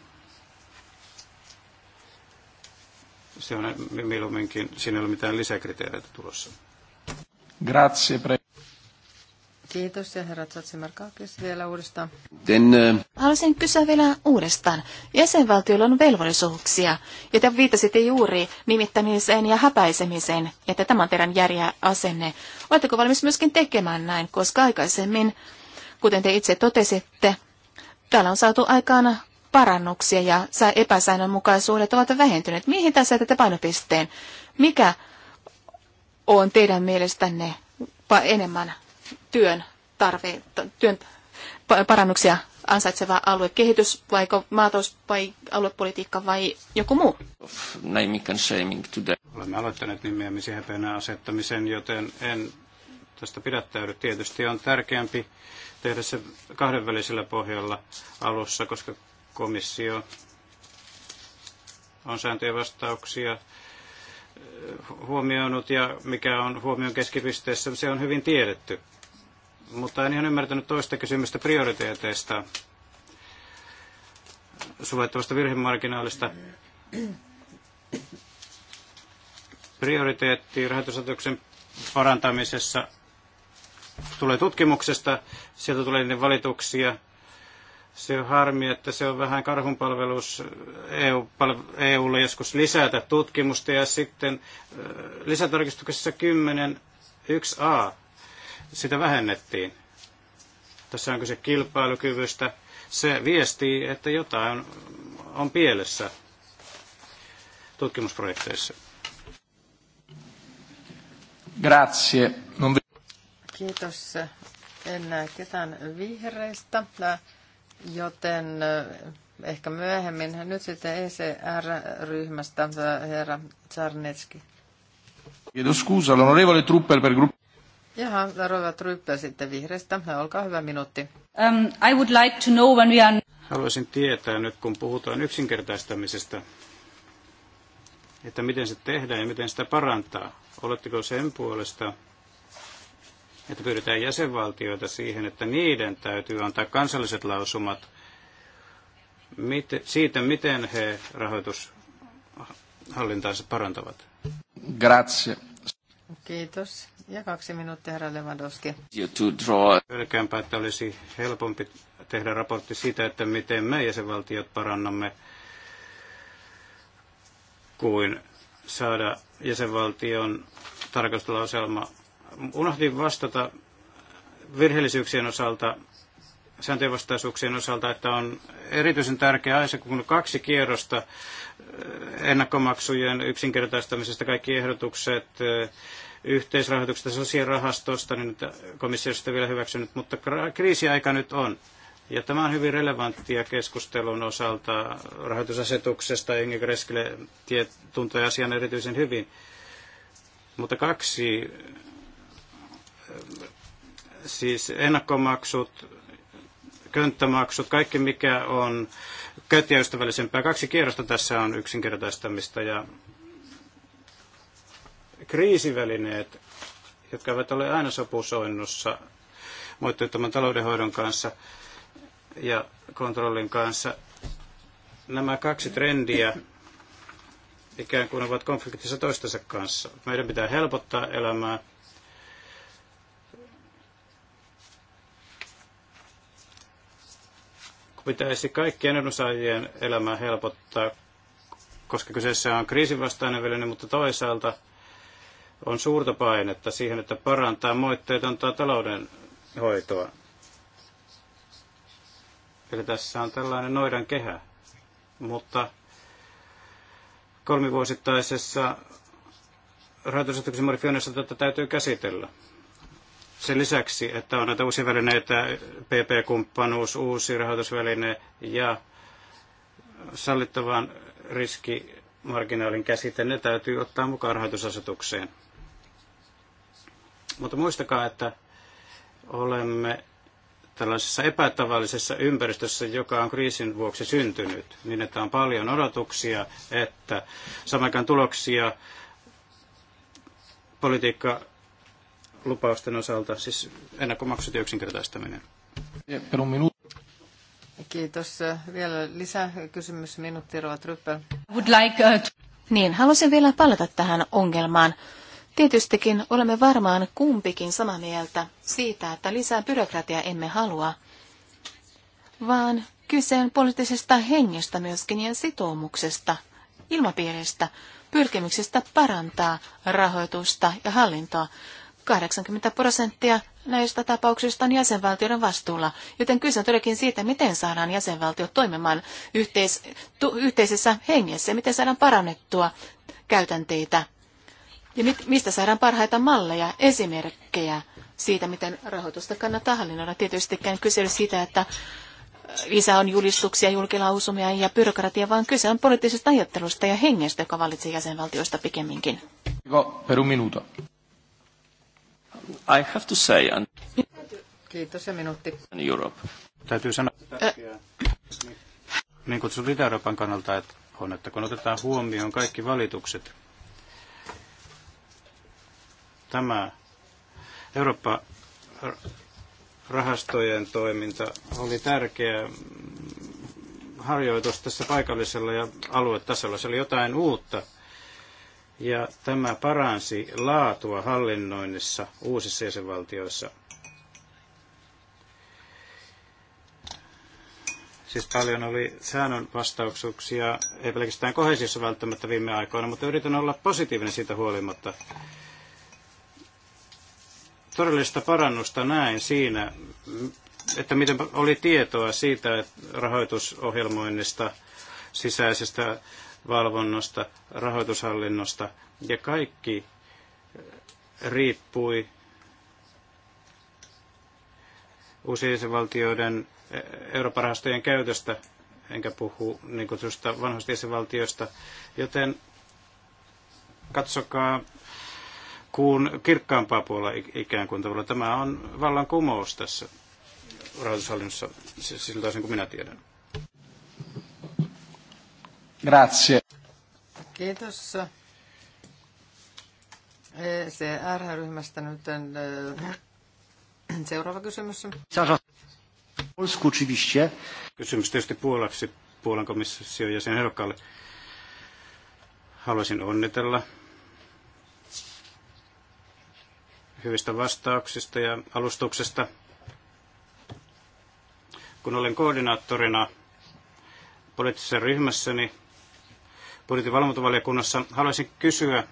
Se on milloinkin, siinä ei ole mitään lisäkriteereitä tulossa. Grazie, pre- Kiitos ja herra Tsatsimarkakis vielä uudestaan. Den, uh... Haluaisin kysyä vielä uudestaan. Jäsenvaltioilla on velvollisuuksia, ja te viittasitte juuri nimittämiseen ja häpäisemiseen, että tämä on teidän järjä asenne. Oletteko valmis myöskin tekemään näin, koska aikaisemmin, kuten te itse totesitte, täällä on saatu aikaan parannuksia ja epäsäännönmukaisuudet ovat vähentyneet. Mihin tässä jätätte painopisteen? Mikä on teidän mielestänne enemmän työn tarve, työn parannuksia ansaitseva aluekehitys vai maatalous vai aluepolitiikka vai joku muu? Of naming and shaming today. Olemme aloittaneet nimeämisen häpeänä asettamisen, joten en tästä pidättäydy. Tietysti on tärkeämpi tehdä se kahdenvälisellä pohjalla alussa, koska komissio on sääntöjen vastauksia eh, huomioinut ja mikä on huomion keskipisteessä, se on hyvin tiedetty. Mutta en ihan ymmärtänyt toista kysymystä prioriteeteista, suvettavasta virhemarginaalista. Prioriteetti rahoitusasetuksen parantamisessa tulee tutkimuksesta, sieltä tulee niiden valituksia. Se on harmi, että se on vähän karhunpalvelus EU, EUlle joskus lisätä tutkimusta ja sitten äh, lisätarkistuksessa 101 1a sitä vähennettiin. Tässä on kyse kilpailukyvystä. Se viestii, että jotain on pielessä tutkimusprojekteissa. Grazie. Non... Kiitos. En näe ketään vihreistä, joten eh, ehkä myöhemmin. Nyt sitten ECR-ryhmästä eh, herra Czarnecki. Chiedo scusa, l'onorevole Truppel per gruppo. Jaha, Rova Tryppel sitten vihreästä. Olkaa hyvä minuutti. Um, I would like to know when we are... Haluaisin tietää nyt, kun puhutaan yksinkertaistamisesta, että miten se tehdään ja miten sitä parantaa. Oletteko sen puolesta, että pyydetään jäsenvaltioita siihen, että niiden täytyy antaa kansalliset lausumat siitä, miten he rahoitushallintaansa parantavat? Grazie. Kiitos. Ja kaksi minuuttia, herra Lewandowski. Pelkäänpä, että olisi helpompi tehdä raportti siitä, että miten me jäsenvaltiot parannamme kuin saada jäsenvaltion tarkasteluasema. Unohdin vastata virheellisyyksien osalta sääntövastaisuuksien osalta, että on erityisen tärkeää aina, kun kaksi kierrosta eh, ennakkomaksujen yksinkertaistamisesta kaikki ehdotukset eh, yhteisrahoituksesta, sosiaalirahastosta, niin komissiosta vielä hyväksynyt, mutta kriisiaika nyt on. Ja tämä on hyvin relevanttia keskustelun osalta rahoitusasetuksesta. Inge Greskille tuntui asian erityisen hyvin. Mutta kaksi, eh, siis ennakkomaksut könttämaksut, kaikki mikä on käyttäjäystävällisempää. Kaksi kierrosta tässä on yksinkertaistamista ja kriisivälineet, jotka eivät ole aina sopusoinnussa moitteettoman taloudenhoidon kanssa ja kontrollin kanssa. Nämä kaksi trendiä ikään kuin ovat konfliktissa toistensa kanssa. Meidän pitää helpottaa elämää Pitäisi kaikkien edunsaajien elämää helpottaa, koska kyseessä on kriisinvastainen väline, mutta toisaalta on suurta painetta siihen, että parantaa moitteetonta talouden hoitoa. Eli tässä on tällainen noidan kehä, mutta kolmivuosittaisessa rahoitusasetuksen modifioinnissa tätä täytyy käsitellä. Sen lisäksi, että on näitä uusia välineitä, PP-kumppanuus, uusi rahoitusväline ja sallittavan riskimarginaalin käsite, ne täytyy ottaa mukaan rahoitusasetukseen. Mutta muistakaa, että olemme tällaisessa epätavallisessa ympäristössä, joka on kriisin vuoksi syntynyt, niin että on paljon odotuksia, että samankaan tuloksia politiikka lupausten osalta, siis ennakkomaksut ja yksinkertaistaminen. Kiitos. Vielä lisäkysymys, minuutti Rova Tryppel. Would like uh, to... Niin, halusin vielä palata tähän ongelmaan. Tietystikin olemme varmaan kumpikin samaa mieltä siitä, että lisää byrokratiaa emme halua, vaan kyse on poliittisesta hengestä myöskin ja sitoumuksesta, ilmapiiristä, pyrkimyksestä parantaa rahoitusta ja hallintoa. 80 prosenttia näistä tapauksista on jäsenvaltioiden vastuulla, joten kyse on todellakin siitä, miten saadaan jäsenvaltiot toimimaan yhteis- tu- yhteisessä hengessä, miten saadaan parannettua käytänteitä ja mit- mistä saadaan parhaita malleja, esimerkkejä siitä, miten rahoitusta kannattaa hallinnoida. Tietystikään kyse on siitä, että äh, isä on julistuksia, julkilausumia ja byrokratia, vaan kyse on poliittisesta ajattelusta ja hengestä, joka valitsee jäsenvaltioista pikemminkin. Per un minuto. I have to say... And... Kiitos minuutti. In Europe. Täytyy sanoa, että tärkeää, niin kutsut Itä-Euroopan kannalta että on, että kun otetaan huomioon kaikki valitukset, tämä Eurooppa-rahastojen toiminta oli tärkeä harjoitus tässä paikallisella ja aluetasolla. Se oli jotain uutta ja tämä paransi laatua hallinnoinnissa uusissa jäsenvaltioissa. Siis paljon oli säännön vastauksuuksia, ei pelkästään kohesiossa välttämättä viime aikoina, mutta yritän olla positiivinen siitä huolimatta. Todellista parannusta näin siinä, että miten oli tietoa siitä että rahoitusohjelmoinnista, sisäisestä valvonnasta, rahoitushallinnosta ja kaikki riippui uusien valtioiden rahastojen käytöstä, enkä puhu niin kutsusta vanhoista jäsenvaltioista, joten katsokaa kuun kirkkaampaa puolella ikään kuin tavalla. Tämä on vallankumous tässä rahoitushallinnossa, siltä osin kuin minä tiedän. Grazie. Kiitos. ECR-ryhmästä nyt äh, seuraava kysymys. Polsku oczywiście. Kysymys tietysti Puolaksi, Puolan komission jäsen ehdokkaalle. Haluaisin onnitella hyvistä vastauksista ja alustuksesta. Kun olen koordinaattorina poliittisessa ryhmässäni, niin budjetin valvontavaliokunnassa. Haluaisin kysyä,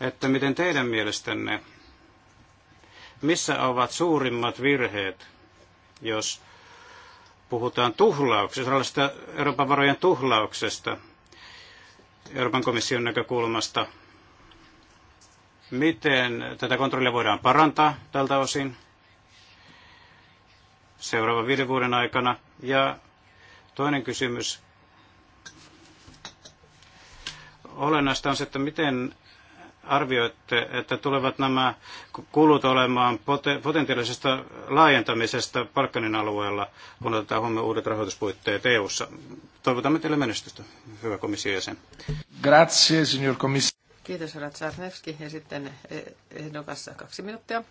että miten teidän mielestänne, missä ovat suurimmat virheet, jos puhutaan tuhlauksesta, Euroopan varojen tuhlauksesta Euroopan komission näkökulmasta. Miten tätä kontrollia voidaan parantaa tältä osin seuraavan viiden vuoden aikana? Ja toinen kysymys, olennaista on se, että miten arvioitte, että tulevat nämä kulut olemaan potentiaalisesta laajentamisesta Balkanin alueella, kun otetaan huomioon uudet rahoituspuitteet EU-ssa? Toivotamme teille menestystä, hyvä komission jäsen. Grazie, signor komissio. Kiitos, herra Czarnewski. Ja sitten eh, ehdokassa kaksi minuuttia.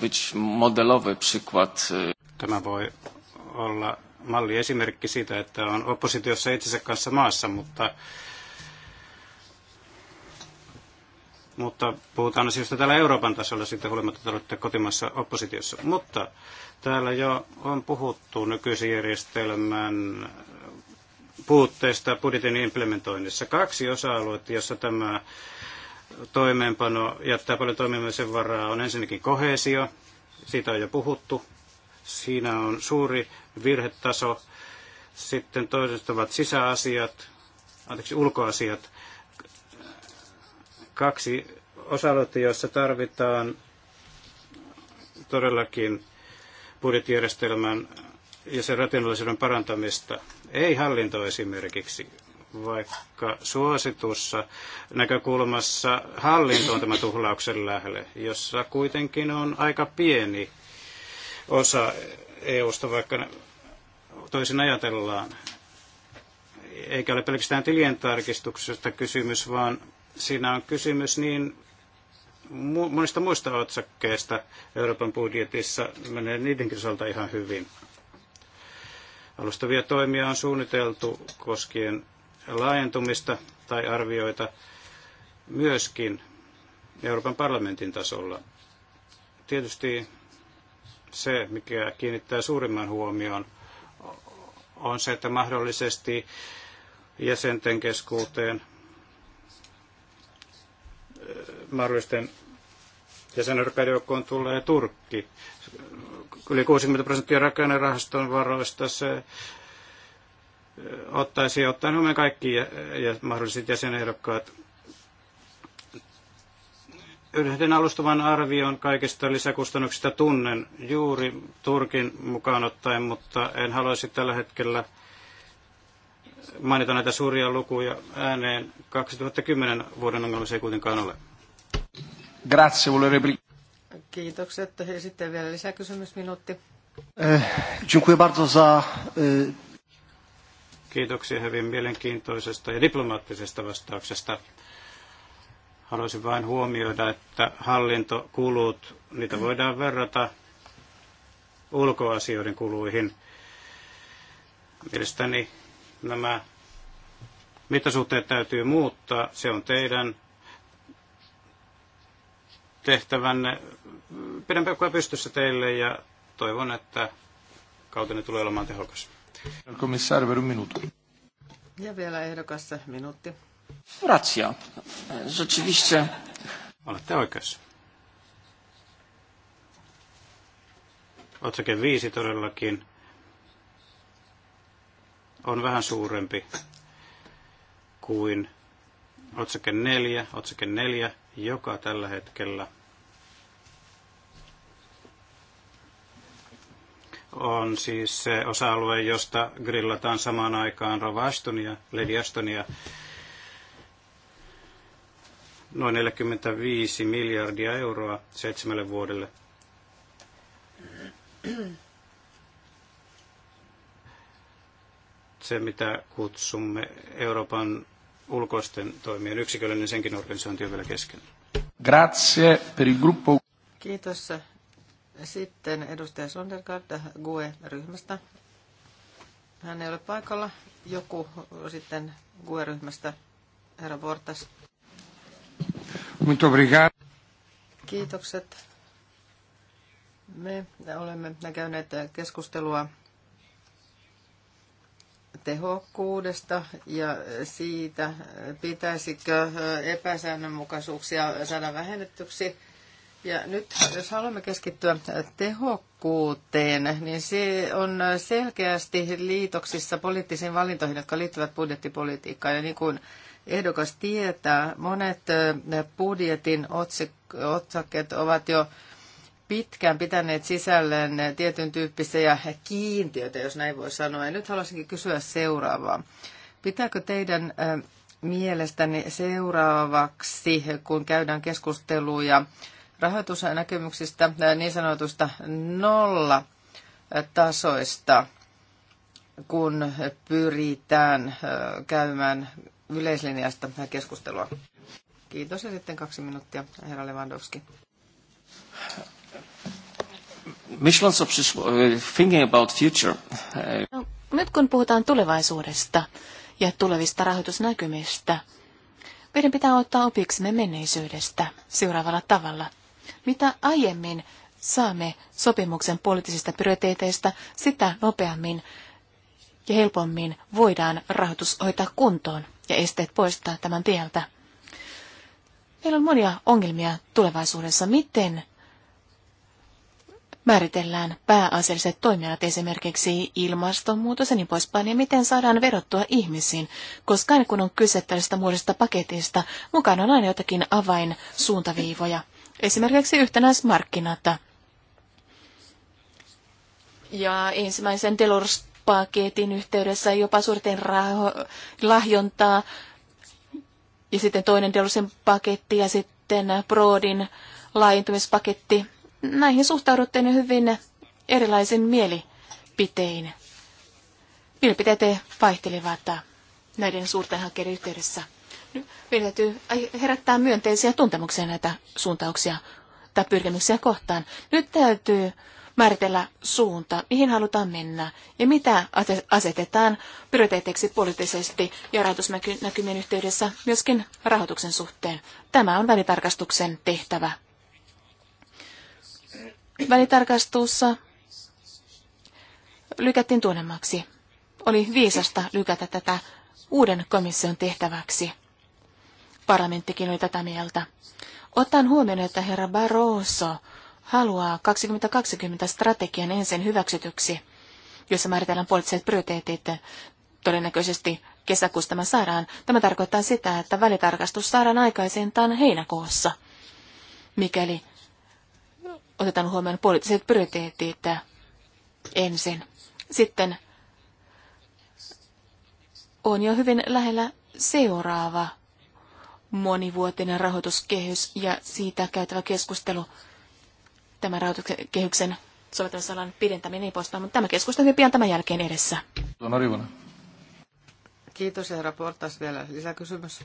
być modelowy przykład. Tämä voi olla malliesimerkki siitä, että on oppositiossa itsensä kanssa maassa, mutta mutta puhutaan asioista täällä Euroopan tasolla, sitten huolimatta olette kotimaassa oppositiossa. Mutta täällä jo on puhuttu nykyisen järjestelmän puutteista budjetin implementoinnissa. Kaksi osa-aluetta, jossa tämä toimeenpano jättää paljon toimimisen varaa, on ensinnäkin kohesio, siitä on jo puhuttu. Siinä on suuri virhetaso. Sitten toiset ovat sisäasiat, anteeksi ulkoasiat, kaksi osa joissa tarvitaan todellakin budjettijärjestelmän ja sen rationaalisuuden parantamista. Ei hallinto esimerkiksi, vaikka suositussa näkökulmassa hallinto on tämä tuhlauksen lähelle, jossa kuitenkin on aika pieni osa EUsta, vaikka toisin ajatellaan. Eikä ole pelkästään tilien tarkistuksesta kysymys, vaan Siinä on kysymys niin monista muista otsakkeista Euroopan budjetissa menee niidenkin osalta ihan hyvin. Alustavia toimia on suunniteltu koskien laajentumista tai arvioita myöskin Euroopan parlamentin tasolla. Tietysti se, mikä kiinnittää suurimman huomioon, on se, että mahdollisesti jäsenten keskuuteen – mahdollisten jäsenyrpäiden joukkoon tulee Turkki. Yli 60 prosenttia rakennerahaston varoista se ottaisi ottaen huomioon kaikki ja, ja mahdolliset jäsenehdokkaat. Yhden alustavan arvion kaikista lisäkustannuksista tunnen juuri Turkin mukaan ottaen, mutta en haluaisi tällä hetkellä mainita näitä suuria lukuja ääneen. 2010 vuoden ongelma se ei kuitenkaan ole. Grazie, Kiitokset. Ja sitten vielä lisäkysymys, minuutti. Eh, bardzo za... Eh... Kiitoksia hyvin mielenkiintoisesta ja diplomaattisesta vastauksesta. Haluaisin vain huomioida, että hallintokulut, niitä voidaan verrata ulkoasioiden kuluihin. Mielestäni Nämä mittasuhteet täytyy muuttaa. Se on teidän tehtävänne. Pidän pekkoa pystyssä teille ja toivon, että kautenne tulee olemaan tehokas. Komissaari, minuutti. Ja vielä ehdokas minuutti. Ratsia. Rzeczywiście. Olette oikeassa. Otsake 5 todellakin on vähän suurempi kuin otsake 4, otsake 4, joka tällä hetkellä on siis se osa-alue, josta grillataan samaan aikaan Rova Astonia, Lady Astonia, noin 45 miljardia euroa seitsemälle vuodelle. se, mitä kutsumme Euroopan ulkoisten toimien yksikölle, niin senkin organisointi on vielä kesken. Grazie per il gruppo. Kiitos. Sitten edustaja Sondergaard GUE-ryhmästä. Hän ei ole paikalla. Joku sitten GUE-ryhmästä. Herra Vortas. Muito obrigado. Kiitokset. Me olemme käyneet keskustelua tehokkuudesta ja siitä, pitäisikö epäsäännönmukaisuuksia saada vähennettyksi. Ja nyt jos haluamme keskittyä tehokkuuteen, niin se on selkeästi liitoksissa poliittisiin valintoihin, jotka liittyvät budjettipolitiikkaan. Ja niin kuin ehdokas tietää, monet eh, budjetin otsakkeet ovat jo pitkään pitäneet sisällään tietyn tyyppisiä kiintiöitä, jos näin voi sanoa. Ja nyt haluaisinkin kysyä seuraavaa. Pitääkö teidän mielestäni seuraavaksi, kun käydään keskusteluja rahoitusnäkemyksistä, niin sanotusta nolla tasoista, kun pyritään käymään yleislinjasta keskustelua. Kiitos ja sitten kaksi minuuttia, herra Lewandowski. Uh, thinking about future. Uh, no, nyt kun puhutaan tulevaisuudesta ja tulevista rahoitusnäkymistä, meidän pitää ottaa opiksemme menneisyydestä seuraavalla tavalla. Mitä aiemmin saamme sopimuksen poliittisista prioriteeteista, sitä nopeammin ja helpommin voidaan rahoitus hoitaa kuntoon ja esteet poistaa tämän tieltä. Meillä on monia ongelmia tulevaisuudessa. Miten määritellään pääasialliset toimijat, esimerkiksi ilmastonmuutos ja niin poispäin, ja miten saadaan verottua ihmisiin, koska aina kun on kyse tällaista muodosta paketista, mukana on aina jotakin avainsuuntaviivoja, esimerkiksi yhtenäismarkkinata. Ja ensimmäisen Delors-paketin yhteydessä jopa suurten raho- lahjontaa, ja sitten toinen Delorsin paketti ja sitten Broadin laajentumispaketti, näihin suhtaudutte ne hyvin erilaisin mielipitein. Mielipiteet vaihtelevat näiden suurten hankkeiden yhteydessä. Meidän täytyy herättää myönteisiä tuntemuksia näitä suuntauksia tai pyrkimyksiä kohtaan. Nyt täytyy määritellä suunta, mihin halutaan mennä ja mitä asetetaan prioriteeteiksi poliittisesti ja rahoitusnäkymien yhteydessä myöskin rahoituksen suhteen. Tämä on välitarkastuksen tehtävä välitarkastuussa lykättiin tuonemmaksi. Oli viisasta lykätä tätä uuden komission tehtäväksi. Parlamenttikin oli tätä mieltä. Otan huomioon, että herra Barroso haluaa 2020 strategian ensin hyväksytyksi, jossa määritellään poliittiset prioriteetit. Todennäköisesti kesäkuussa tämä saadaan. Tämä tarkoittaa sitä, että välitarkastus saadaan aikaisintaan heinäkuussa. Mikäli otetaan huomioon poliittiset prioriteetit ensin. Sitten on jo hyvin lähellä seuraava monivuotinen rahoituskehys ja siitä käytävä keskustelu tämän rahoituskehyksen soveltamisalan pidentäminen ei niin poistaa, mutta tämä keskustelu on pian tämän jälkeen edessä. Kiitos ja Portas vielä lisäkysymys.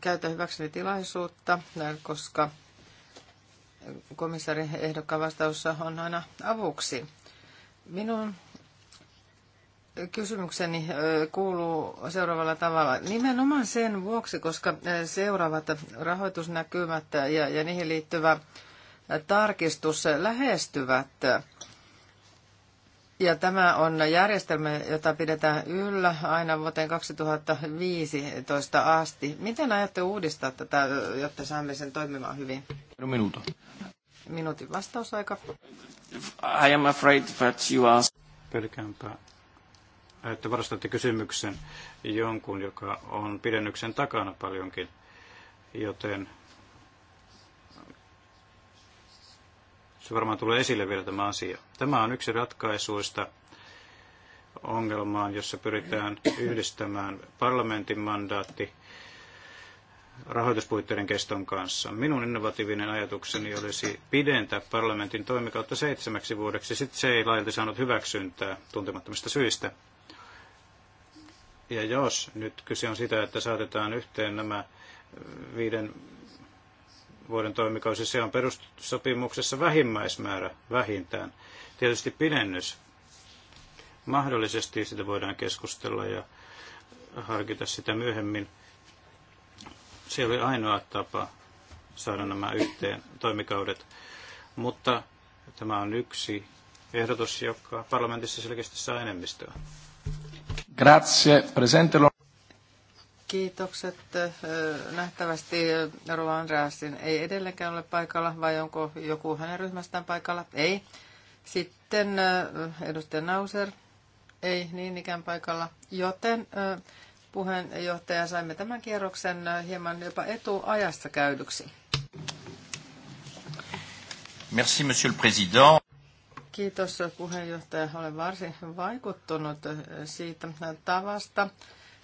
Käytä hyväkseni tilaisuutta, koska komissarin ehdokkaan vastaus on aina avuksi. Minun kysymykseni kuuluu seuraavalla tavalla. Nimenomaan sen vuoksi, koska seuraavat rahoitusnäkymät ja, ja niihin liittyvä tarkistus lähestyvät ja tämä on järjestelmä, jota pidetään yllä aina vuoteen 2015 asti. Miten ajatte uudistaa tätä, jotta saamme sen toimimaan hyvin? Minuutin. Minuutin vastausaika. I am afraid that you are... Pelkäänpä, että varastatte kysymyksen jonkun, joka on pidennyksen takana paljonkin, joten Se varmaan tulee esille vielä tämä asia. Tämä on yksi ratkaisuista ongelmaan, jossa pyritään yhdistämään parlamentin mandaatti rahoituspuitteiden keston kanssa. Minun innovatiivinen ajatukseni olisi pidentää parlamentin toimikautta seitsemäksi vuodeksi. Sitten se ei laajalti saanut hyväksyntää tuntemattomista syistä. Ja jos nyt kyse on sitä, että saatetaan yhteen nämä viiden vuoden toimikausi, se on perussopimuksessa vähimmäismäärä vähintään. Tietysti pidennys. Mahdollisesti sitä voidaan keskustella ja harkita sitä myöhemmin. Se oli ainoa tapa saada nämä yhteen toimikaudet. Mutta tämä on yksi ehdotus, joka parlamentissa selkeästi saa enemmistöä. Grazie. Kiitokset. Nähtävästi Rova Andreasin ei edelleenkään ole paikalla, vai onko joku hänen ryhmästään paikalla? Ei. Sitten edustaja Nauser ei niin ikään paikalla, joten puheenjohtaja saimme tämän kierroksen hieman jopa etuajassa käydyksi. Merci, monsieur le président. Kiitos puheenjohtaja. Olen varsin vaikuttunut siitä tavasta,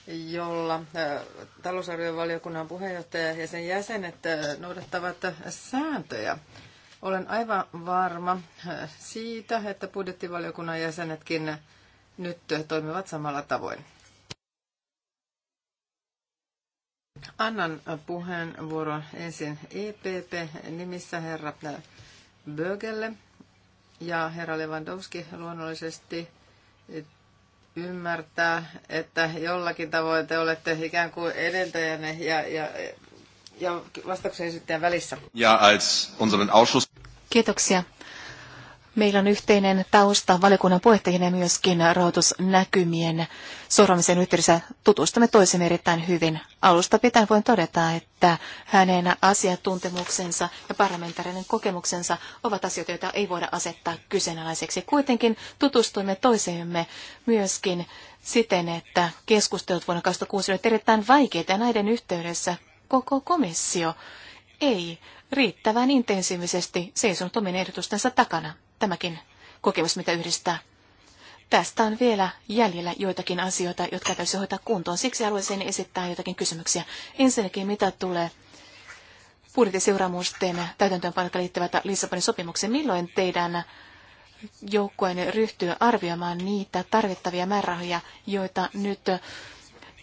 jolla äh, talousarviovaliokunnan puheenjohtaja ja sen jäsenet äh, noudattavat sääntöjä. Olen aivan varma äh, siitä, että budjettivaliokunnan jäsenetkin nyt toimivat samalla tavoin. Annan puheenvuoron ensin EPP-nimissä herra Bögelle ja herra Lewandowski luonnollisesti ymmärtää, että jollakin tavoin te olette ikään kuin edeltäjänne ja, ja, ja vastauksen esittäjän välissä. Ja als unseren Ausschuss... Kiitoksia. Meillä on yhteinen tausta valiokunnan puheenjohtajana myöskin rahoitusnäkymien sorvamisen yhteydessä tutustumme toisemme erittäin hyvin. Alusta pitäen voin todeta, että hänen asiantuntemuksensa ja parlamentaarinen kokemuksensa ovat asioita, joita ei voida asettaa kyseenalaiseksi. Kuitenkin tutustuimme toisemme myöskin siten, että keskustelut vuonna 2006 olivat erittäin vaikeita ja näiden yhteydessä koko komissio ei riittävän intensiivisesti seisonut omien ehdotustensa takana tämäkin kokemus, mitä yhdistää. Tästä on vielä jäljellä joitakin asioita, jotka täytyy hoitaa kuntoon. Siksi haluaisin esittää jotakin kysymyksiä. Ensinnäkin, mitä tulee budjettiseuraamusten täytäntöönpanokka liittyvät Lissabonin sopimukseen. Milloin teidän joukkueen ryhtyy arvioimaan niitä tarvittavia määrärahoja, joita nyt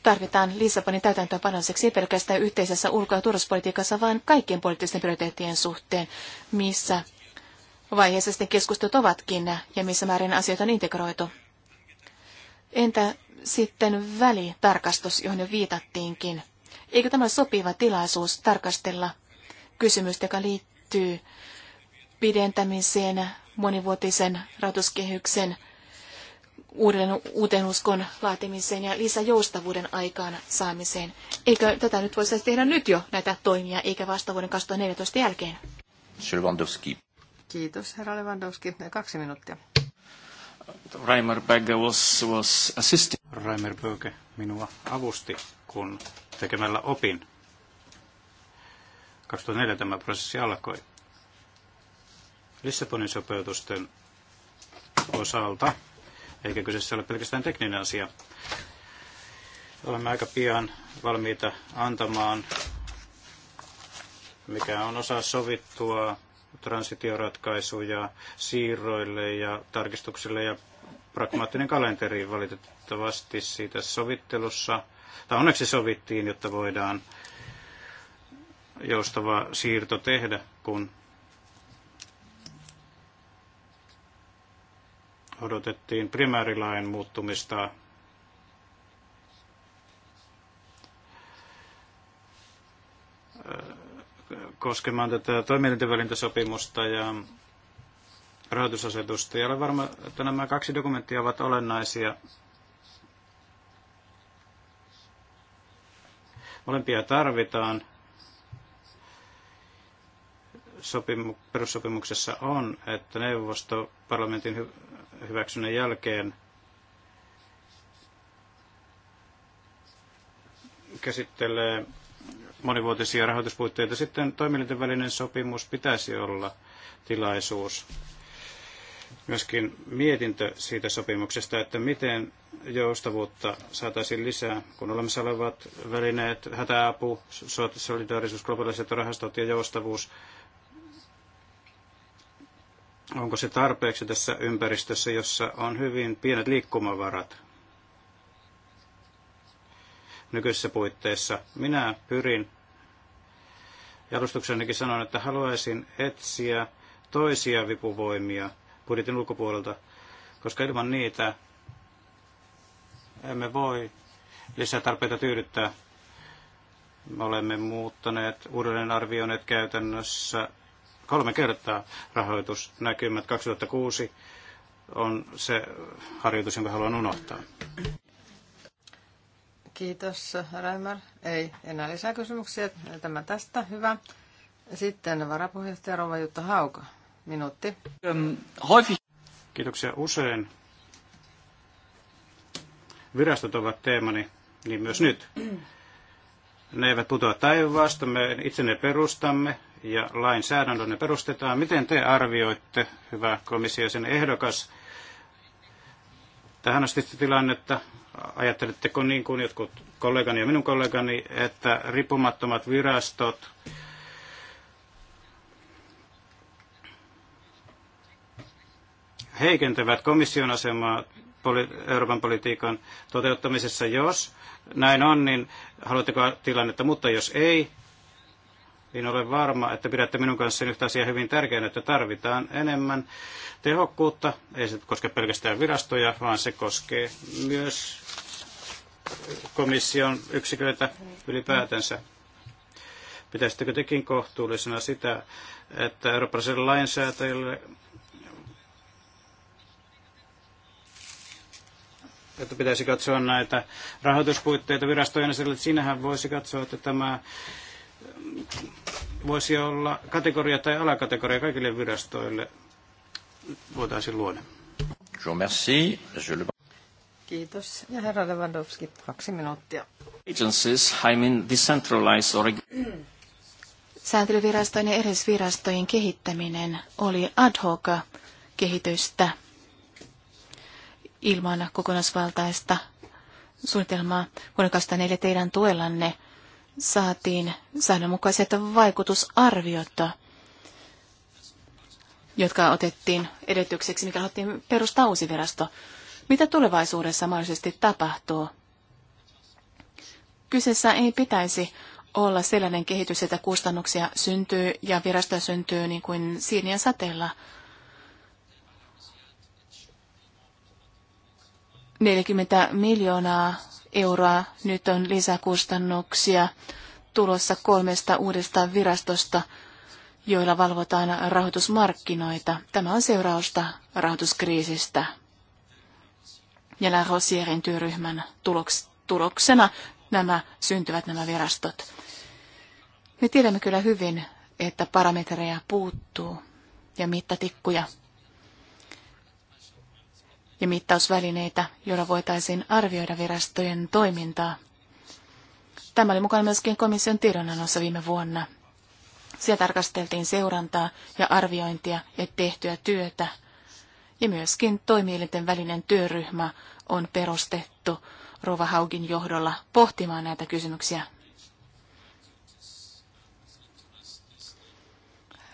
tarvitaan Lissabonin täytäntöönpanoiseksi ei pelkästään yhteisessä ulko- ja turvallisuuspolitiikassa, vaan kaikkien poliittisten prioriteettien suhteen, missä vaiheessa sitten keskustelut ovatkin ja missä määrin asioita on integroitu. Entä sitten välitarkastus, johon jo viitattiinkin? Eikö tämä ole sopiva tilaisuus tarkastella kysymystä, joka liittyy pidentämiseen, monivuotisen rahoituskehyksen, uuden, uuteen uskon laatimiseen ja lisäjoustavuuden aikaan saamiseen. Eikö tätä nyt voisi tehdä nyt jo näitä toimia, eikä vasta vuoden 2014 jälkeen? Sylvandowski. Kiitos, herra Lewandowski. Kaksi minuuttia. Reimer Böge was, was assisting. Reimer Böge minua avusti, kun tekemällä opin. 2004 tämä prosessi alkoi. Lissabonin sopeutusten osalta, eikä kyseessä ole pelkästään tekninen asia. Olemme aika pian valmiita antamaan, mikä on osa sovittua transitioratkaisuja siirroille ja tarkistuksille ja pragmaattinen kalenteri valitettavasti siitä sovittelussa, tai onneksi sovittiin, jotta voidaan joustava siirto tehdä, kun odotettiin primäärilain muuttumista koskemaan tätä toimielintävälintäsopimusta ja rahoitusasetusta. Ja olen varma, että nämä kaksi dokumenttia ovat olennaisia Molempia tarvitaan. Sopimu- perussopimuksessa on, että neuvosto parlamentin hy- hyväksynnän jälkeen käsittelee monivuotisia rahoituspuitteita. Sitten toimielinten välinen sopimus pitäisi olla tilaisuus. Myöskin mietintö siitä sopimuksesta, että miten joustavuutta saataisiin lisää, kun olemassa olevat välineet, hätäapu, solidaarisuus, globaaliset rahastot ja joustavuus, onko se tarpeeksi tässä ympäristössä, jossa on hyvin pienet liikkumavarat nykyisissä puitteissa. Minä pyrin, alustuksenikin sanon, että haluaisin etsiä toisia vipuvoimia budjetin ulkopuolelta, koska ilman niitä emme voi tarpeita tyydyttää. Me olemme muuttaneet, uudelleen arvioineet käytännössä kolme kertaa rahoitusnäkymät. 2006 on se harjoitus, jonka haluan unohtaa. Kiitos, Raimer. Ei enää lisää kysymyksiä. Tämä tästä. Hyvä. Sitten varapuheenjohtaja Rova Jutta Hauka. Minuutti. Ähm, Kiitoksia usein. Virastot ovat teemani, niin myös nyt. Ne eivät putoa taivaasta, me itse ne perustamme ja lainsäädännön ne perustetaan. Miten te arvioitte, hyvä komissio, sen ehdokas, tähän asti tilannetta ajatteletteko niin kuin jotkut kollegani ja minun kollegani, että riippumattomat virastot heikentävät komission asemaa Euroopan politiikan toteuttamisessa, jos näin on, niin haluatteko tilannetta, mutta jos ei, niin olen varma, että pidätte minun sen yhtä asiaa hyvin tärkeänä, että tarvitaan enemmän tehokkuutta. Ei se koske pelkästään virastoja, vaan se koskee myös komission yksiköitä ylipäätänsä. Pitäisittekö tekin kohtuullisena sitä, että eurooppalaiselle lainsäätäjille että pitäisi katsoa näitä rahoituspuitteita virastojen sillä, että siinähän voisi katsoa, että tämä voisi olla kategoria tai alakategoria kaikille virastoille voitaisiin luoda. Kiitos. Ja herra Lewandowski, kaksi minuuttia. Agencies, I mean decentralized or... Sääntelyvirastojen ja virastojen kehittäminen oli ad hoc kehitystä ilman kokonaisvaltaista suunnitelmaa. Vuonna 2004 teidän tuellanne saatiin säännönmukaiset vaikutusarviot, jotka otettiin edetykseksi, mikä haluttiin perustaa uusi virasto. Mitä tulevaisuudessa mahdollisesti tapahtuu? Kyseessä ei pitäisi olla sellainen kehitys, että kustannuksia syntyy ja virasto syntyy niin kuin siiniä sateella. 40 miljoonaa euroa. Nyt on lisäkustannuksia tulossa kolmesta uudesta virastosta, joilla valvotaan rahoitusmarkkinoita. Tämä on seurausta rahoituskriisistä ja La Rosierin työryhmän tuloksena nämä syntyvät nämä virastot. Me tiedämme kyllä hyvin, että parametreja puuttuu ja mittatikkuja – ja mittausvälineitä, joilla voitaisiin arvioida virastojen toimintaa. Tämä oli mukana myöskin komission tiedonannossa viime vuonna. Siellä tarkasteltiin seurantaa ja arviointia ja tehtyä työtä. Ja myöskin toimielinten välinen työryhmä on perustettu Rova Haugin johdolla pohtimaan näitä kysymyksiä.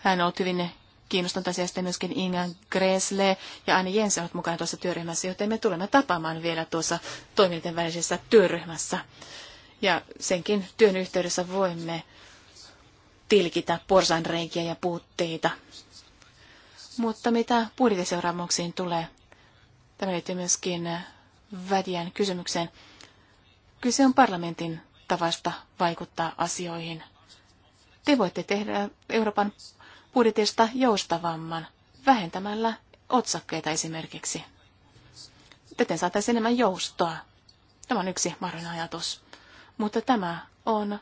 Hän on hyvin kiinnostunut asiasta myöskin Inga Gresle ja Anne Jensen ovat mukana tuossa työryhmässä, joten me tulemme tapaamaan vielä tuossa toimijoiden välisessä työryhmässä. Ja senkin työn yhteydessä voimme tilkitä porsanreikiä ja puutteita. Mutta mitä budjettiseuraamuksiin tulee, tämä liittyy myöskin Vädiän kysymykseen. Kyse on parlamentin tavasta vaikuttaa asioihin. Te voitte tehdä Euroopan budjetista joustavamman, vähentämällä otsakkeita esimerkiksi. Täten saataisiin enemmän joustoa. Tämä on yksi mahdollinen ajatus. Mutta tämä on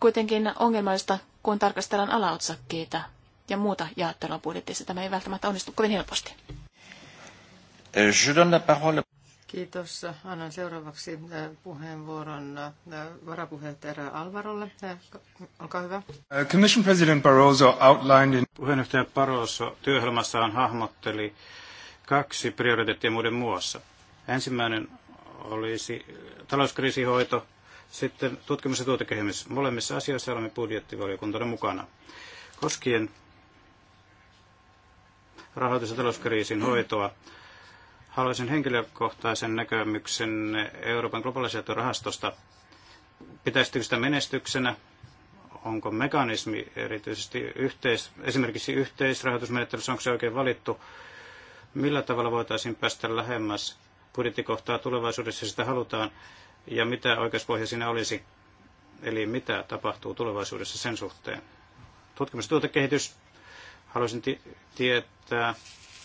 kuitenkin ongelmallista, kun tarkastellaan alaotsakkeita ja muuta jaottelua budjetissa. Tämä ei välttämättä onnistu kovin helposti. Kiitos. Annan seuraavaksi äh, puheenvuoron äh, varapuheenjohtaja Alvarolle. Äh, olkaa hyvä. Uh, Commission President Barroso outlined in... Puheenjohtaja Barroso työohjelmassaan hahmotteli kaksi prioriteettia muiden muassa. Ensimmäinen olisi talouskriisihoito, sitten tutkimus- ja tuotekehitys. Molemmissa asioissa olemme budjettivaliokuntana mukana. Koskien rahoitus- ja talouskriisin hoitoa, mm Haluaisin henkilökohtaisen näkemyksen Euroopan globalisaatiorahastosta. Pitäisikö sitä menestyksenä? Onko mekanismi erityisesti yhteis, esimerkiksi yhteisrahoitusmenettelyssä, onko se oikein valittu? Millä tavalla voitaisiin päästä lähemmäs budjettikohtaa tulevaisuudessa, sitä halutaan, ja mitä oikeuspohja siinä olisi? Eli mitä tapahtuu tulevaisuudessa sen suhteen? Tutkimus- ja tuotekehitys. Haluaisin tietää,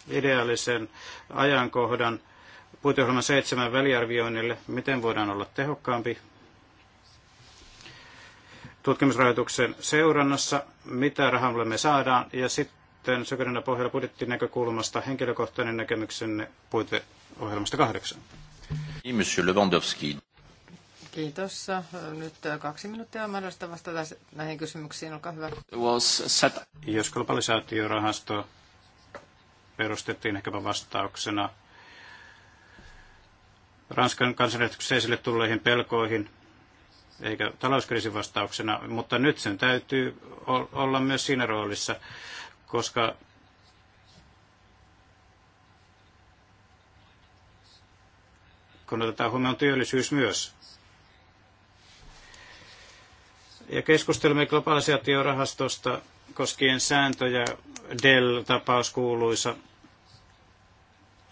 ideaalisen ajankohdan puiteohjelman seitsemän väliarvioinnille, miten voidaan olla tehokkaampi tutkimusrahoituksen seurannassa, mitä rahamme me saadaan, ja sitten sykärinä pohjalla budjettinäkökulmasta henkilökohtainen näkemyksenne puiteohjelmasta kahdeksan. Niin, monsieur Lewandowski. Kiitos. Nyt kaksi minuuttia on mahdollista vastata näihin kysymyksiin. Olkaa hyvä. Was set... Jos globalisaatiorahasto perustettiin ehkäpä vastauksena Ranskan kansanäänestyksessä esille tulleihin pelkoihin, eikä talouskriisin vastauksena, mutta nyt sen täytyy olla myös siinä roolissa, koska kun otetaan huomioon työllisyys myös. Ja keskustelemme globalisaatiorahastosta koskien sääntöjä, Dell-tapaus kuuluisa –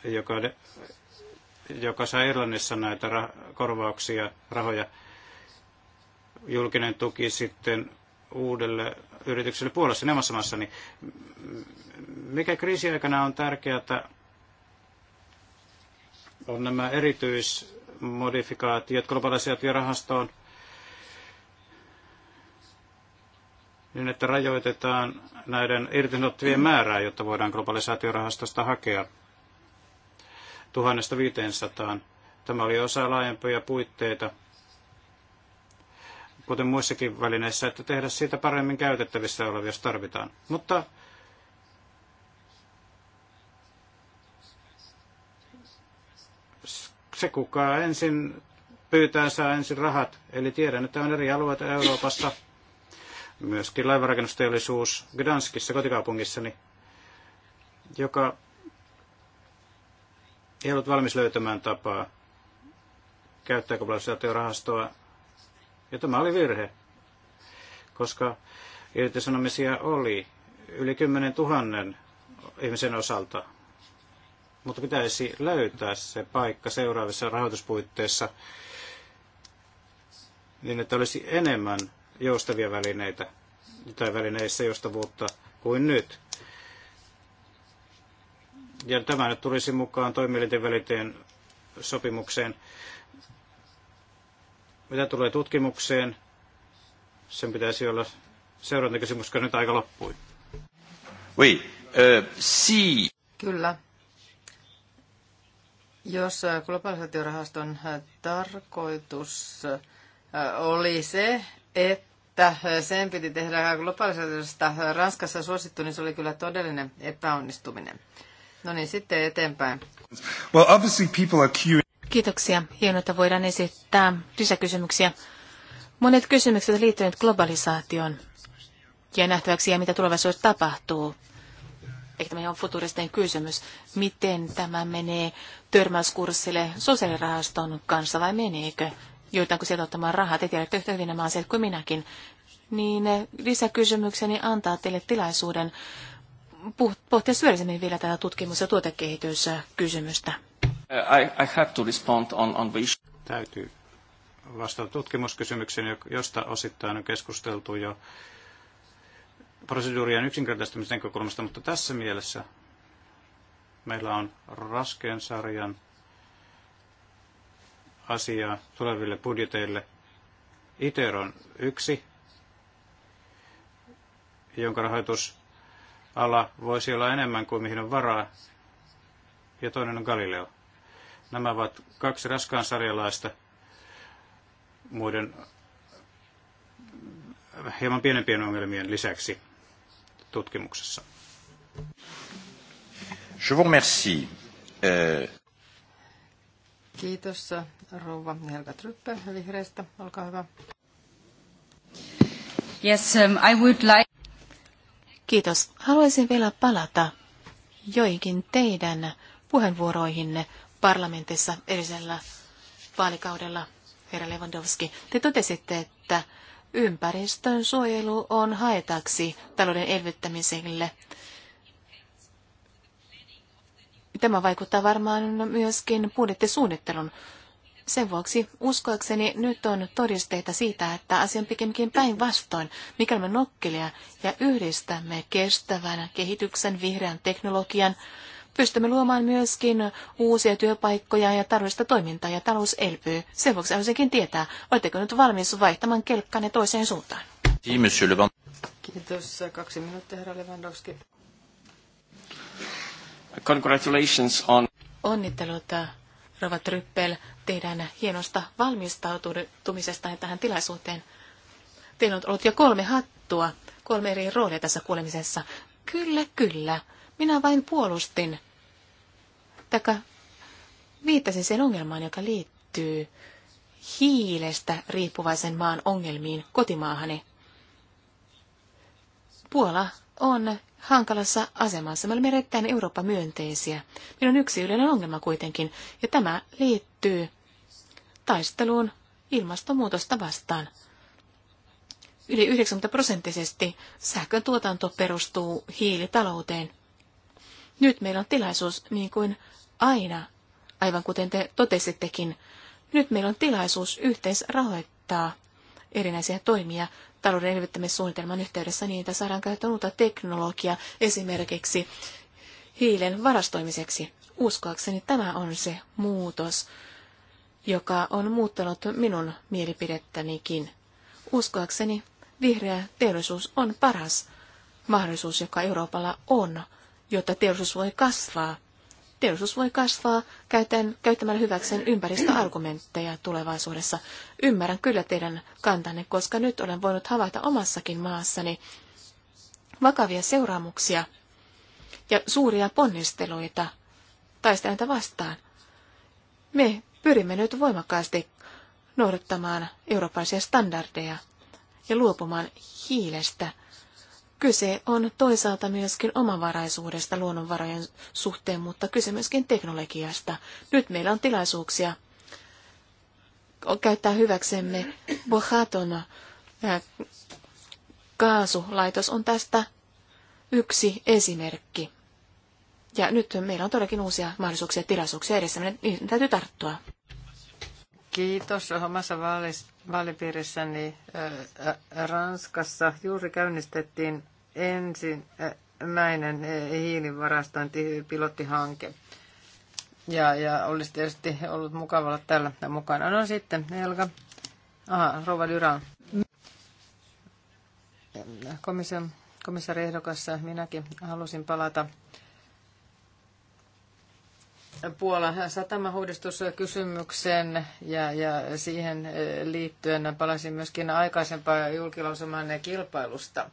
joka, joka sai Irlannissa näitä rah, korvauksia, rahoja, julkinen tuki sitten uudelle yritykselle puolessa Nemassa maassa, niin mikä kriisiaikana on tärkeää, on nämä erityismodifikaatiot globalisaatiorahastoon, niin että rajoitetaan näiden irtinottavien määrää, jotta voidaan globalisaatiorahastosta hakea 1500. Tämä oli osa laajempia puitteita, kuten muissakin välineissä, että tehdä siitä paremmin käytettävissä olevia, jos tarvitaan. Mutta se kuka ensin pyytää saa ensin rahat. Eli tiedän, että on eri alueita Euroopassa, myöskin laivarakennusteollisuus Gdanskissa kotikaupungissani, joka ei ollut valmis löytämään tapaa käyttää globalisaatiorahastoa. Ja tämä oli virhe, koska irtisanomisia oli yli 10 000 ihmisen osalta. Mutta pitäisi löytää se paikka seuraavissa rahoituspuitteissa niin, että olisi enemmän joustavia välineitä tai välineissä joustavuutta kuin nyt ja tämä nyt tulisi mukaan toimielinten väliteen sopimukseen. Mitä tulee tutkimukseen, sen pitäisi olla kysymys, koska nyt aika loppui. Oui, euh, si. Kyllä. Jos äh, globalisaatiorahaston äh, tarkoitus äh, oli se, että sen piti tehdä globalisaatiosta Ranskassa suosittu, niin se oli kyllä todellinen epäonnistuminen. No niin, sitten eteenpäin. Well, obviously people are curious. Kiitoksia. Hienoa, että voidaan esittää lisäkysymyksiä. Monet kysymykset ovat liittyneet globalisaatioon ja nähtäväksi ja mitä tulevaisuudessa tapahtuu. Ehkä tämä on futuristinen kysymys. Miten tämä menee törmäyskurssille sosiaalirahaston kanssa vai meneekö? Joudutaanko sieltä ottamaan rahaa? Te tiedätte yhtä hyvin nämä asiat kuin minäkin. Niin eh, lisäkysymykseni antaa teille tilaisuuden pohtia syöllisemmin vielä tätä tutkimus- ja tuotekehityskysymystä. I, I have to respond on, on Täytyy vastata tutkimuskysymykseen, josta osittain on keskusteltu jo proseduurien yksinkertaistamisen näkökulmasta, mutta tässä mielessä meillä on raskeen sarjan asiaa tuleville budjeteille. ITER on yksi, jonka rahoitus ala voisi olla enemmän kuin mihin on varaa, ja toinen on Galileo. Nämä ovat kaksi raskaan sarjalaista muiden hieman pienempien ongelmien lisäksi tutkimuksessa. Je vous remercie. Euh. Kiitos rouva Helga Truppe, vihreistä. Olkaa hyvä. Yes, um, I would like... Kiitos. Haluaisin vielä palata joihinkin teidän puheenvuoroihinne parlamentissa edellisellä vaalikaudella, herra Lewandowski. Te totesitte, että ympäristön suojelu on haetaksi talouden elvyttämiselle. Tämä vaikuttaa varmaan myöskin budjettisuunnittelun sen vuoksi uskoakseni nyt on todisteita siitä, että asian pikemminkin päinvastoin, mikäli me nokkelia ja yhdistämme kestävän kehityksen vihreän teknologian, pystymme luomaan myöskin uusia työpaikkoja ja tarvista toimintaa ja talous elpyy. Sen vuoksi haluaisinkin tietää, oletteko nyt valmis vaihtamaan kelkkanne toiseen suuntaan? Kiitos. Kaksi minuuttia, herra Lewandowski. Congratulations on... Onnittelut, Rova Tryppel, teidän hienosta valmistautumisesta tähän tilaisuuteen. Teillä on ollut jo kolme hattua, kolme eri roolia tässä kuulemisessa. Kyllä, kyllä. Minä vain puolustin, taka viittasin sen ongelmaan, joka liittyy hiilestä riippuvaisen maan ongelmiin kotimaahani. Puola on hankalassa asemassa. Me olemme erittäin Eurooppa-myönteisiä. Minun on yksi yleinen ongelma kuitenkin, ja tämä liittyy taisteluun ilmastonmuutosta vastaan. Yli 90 prosenttisesti sähkön tuotanto perustuu hiilitalouteen. Nyt meillä on tilaisuus, niin kuin aina, aivan kuten te totesittekin, nyt meillä on tilaisuus yhteisrahoittaa erinäisiä toimia talouden elvyttämissuunnitelman yhteydessä niin, että saadaan käyttöön uutta teknologiaa esimerkiksi hiilen varastoimiseksi. Uskoakseni tämä on se muutos, joka on muuttanut minun mielipidettänikin. Uskoakseni vihreä teollisuus on paras mahdollisuus, joka Euroopalla on, jotta teollisuus voi kasvaa. Teollisuus voi kasvaa käytän, käyttämällä hyväkseen ympäristöargumentteja tulevaisuudessa. Ymmärrän kyllä teidän kantanne, koska nyt olen voinut havaita omassakin maassani vakavia seuraamuksia ja suuria ponnisteluita taistelijoita vastaan. Me Pyrimme nyt voimakkaasti noudattamaan eurooppalaisia standardeja ja luopumaan hiilestä. Kyse on toisaalta myöskin omavaraisuudesta luonnonvarojen suhteen, mutta kyse myöskin teknologiasta. Nyt meillä on tilaisuuksia käyttää hyväksemme Bohaton kaasulaitos on tästä yksi esimerkki. Ja nyt meillä on todellakin uusia mahdollisuuksia ja tilaisuuksia edessä. niin täytyy tarttua. Kiitos. Omassa vaalipiirissäni äh, äh, Ranskassa juuri käynnistettiin ensimmäinen äh, hiilivarastointi pilottihanke. Ja, ja olisi tietysti ollut mukava olla täällä mukana. No sitten, Helga. Aha, Rova Dyran. Komission, komissaari ehdokas, minäkin halusin palata Puolan satamahuudistuskysymyksen ja, ja siihen eh, liittyen palasin myöskin aikaisempaan julkilausumaan kilpailusta.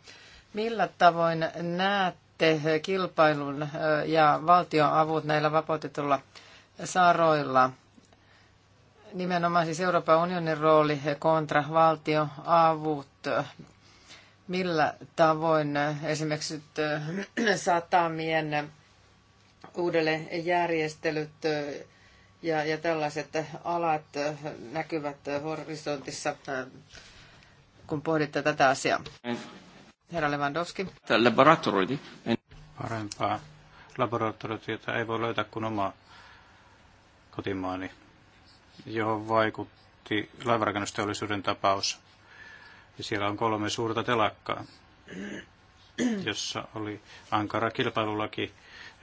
Millä tavoin näette kilpailun eh, ja valtion avut näillä vapautetulla saroilla? Nimenomaan siis Euroopan unionin rooli kontra valtion avut. Millä tavoin eh, esimerkiksi satamien uudelleen järjestelyt ja, ja tällaiset alat näkyvät horisontissa, kun pohditte tätä asiaa. Herra Lewandowski. Laboratorioita. Parempaa laboratoriota ei voi löytää kuin oma kotimaani, johon vaikutti laivarakennusteollisuuden tapaus. Ja siellä on kolme suurta telakkaa, jossa oli ankara kilpailulaki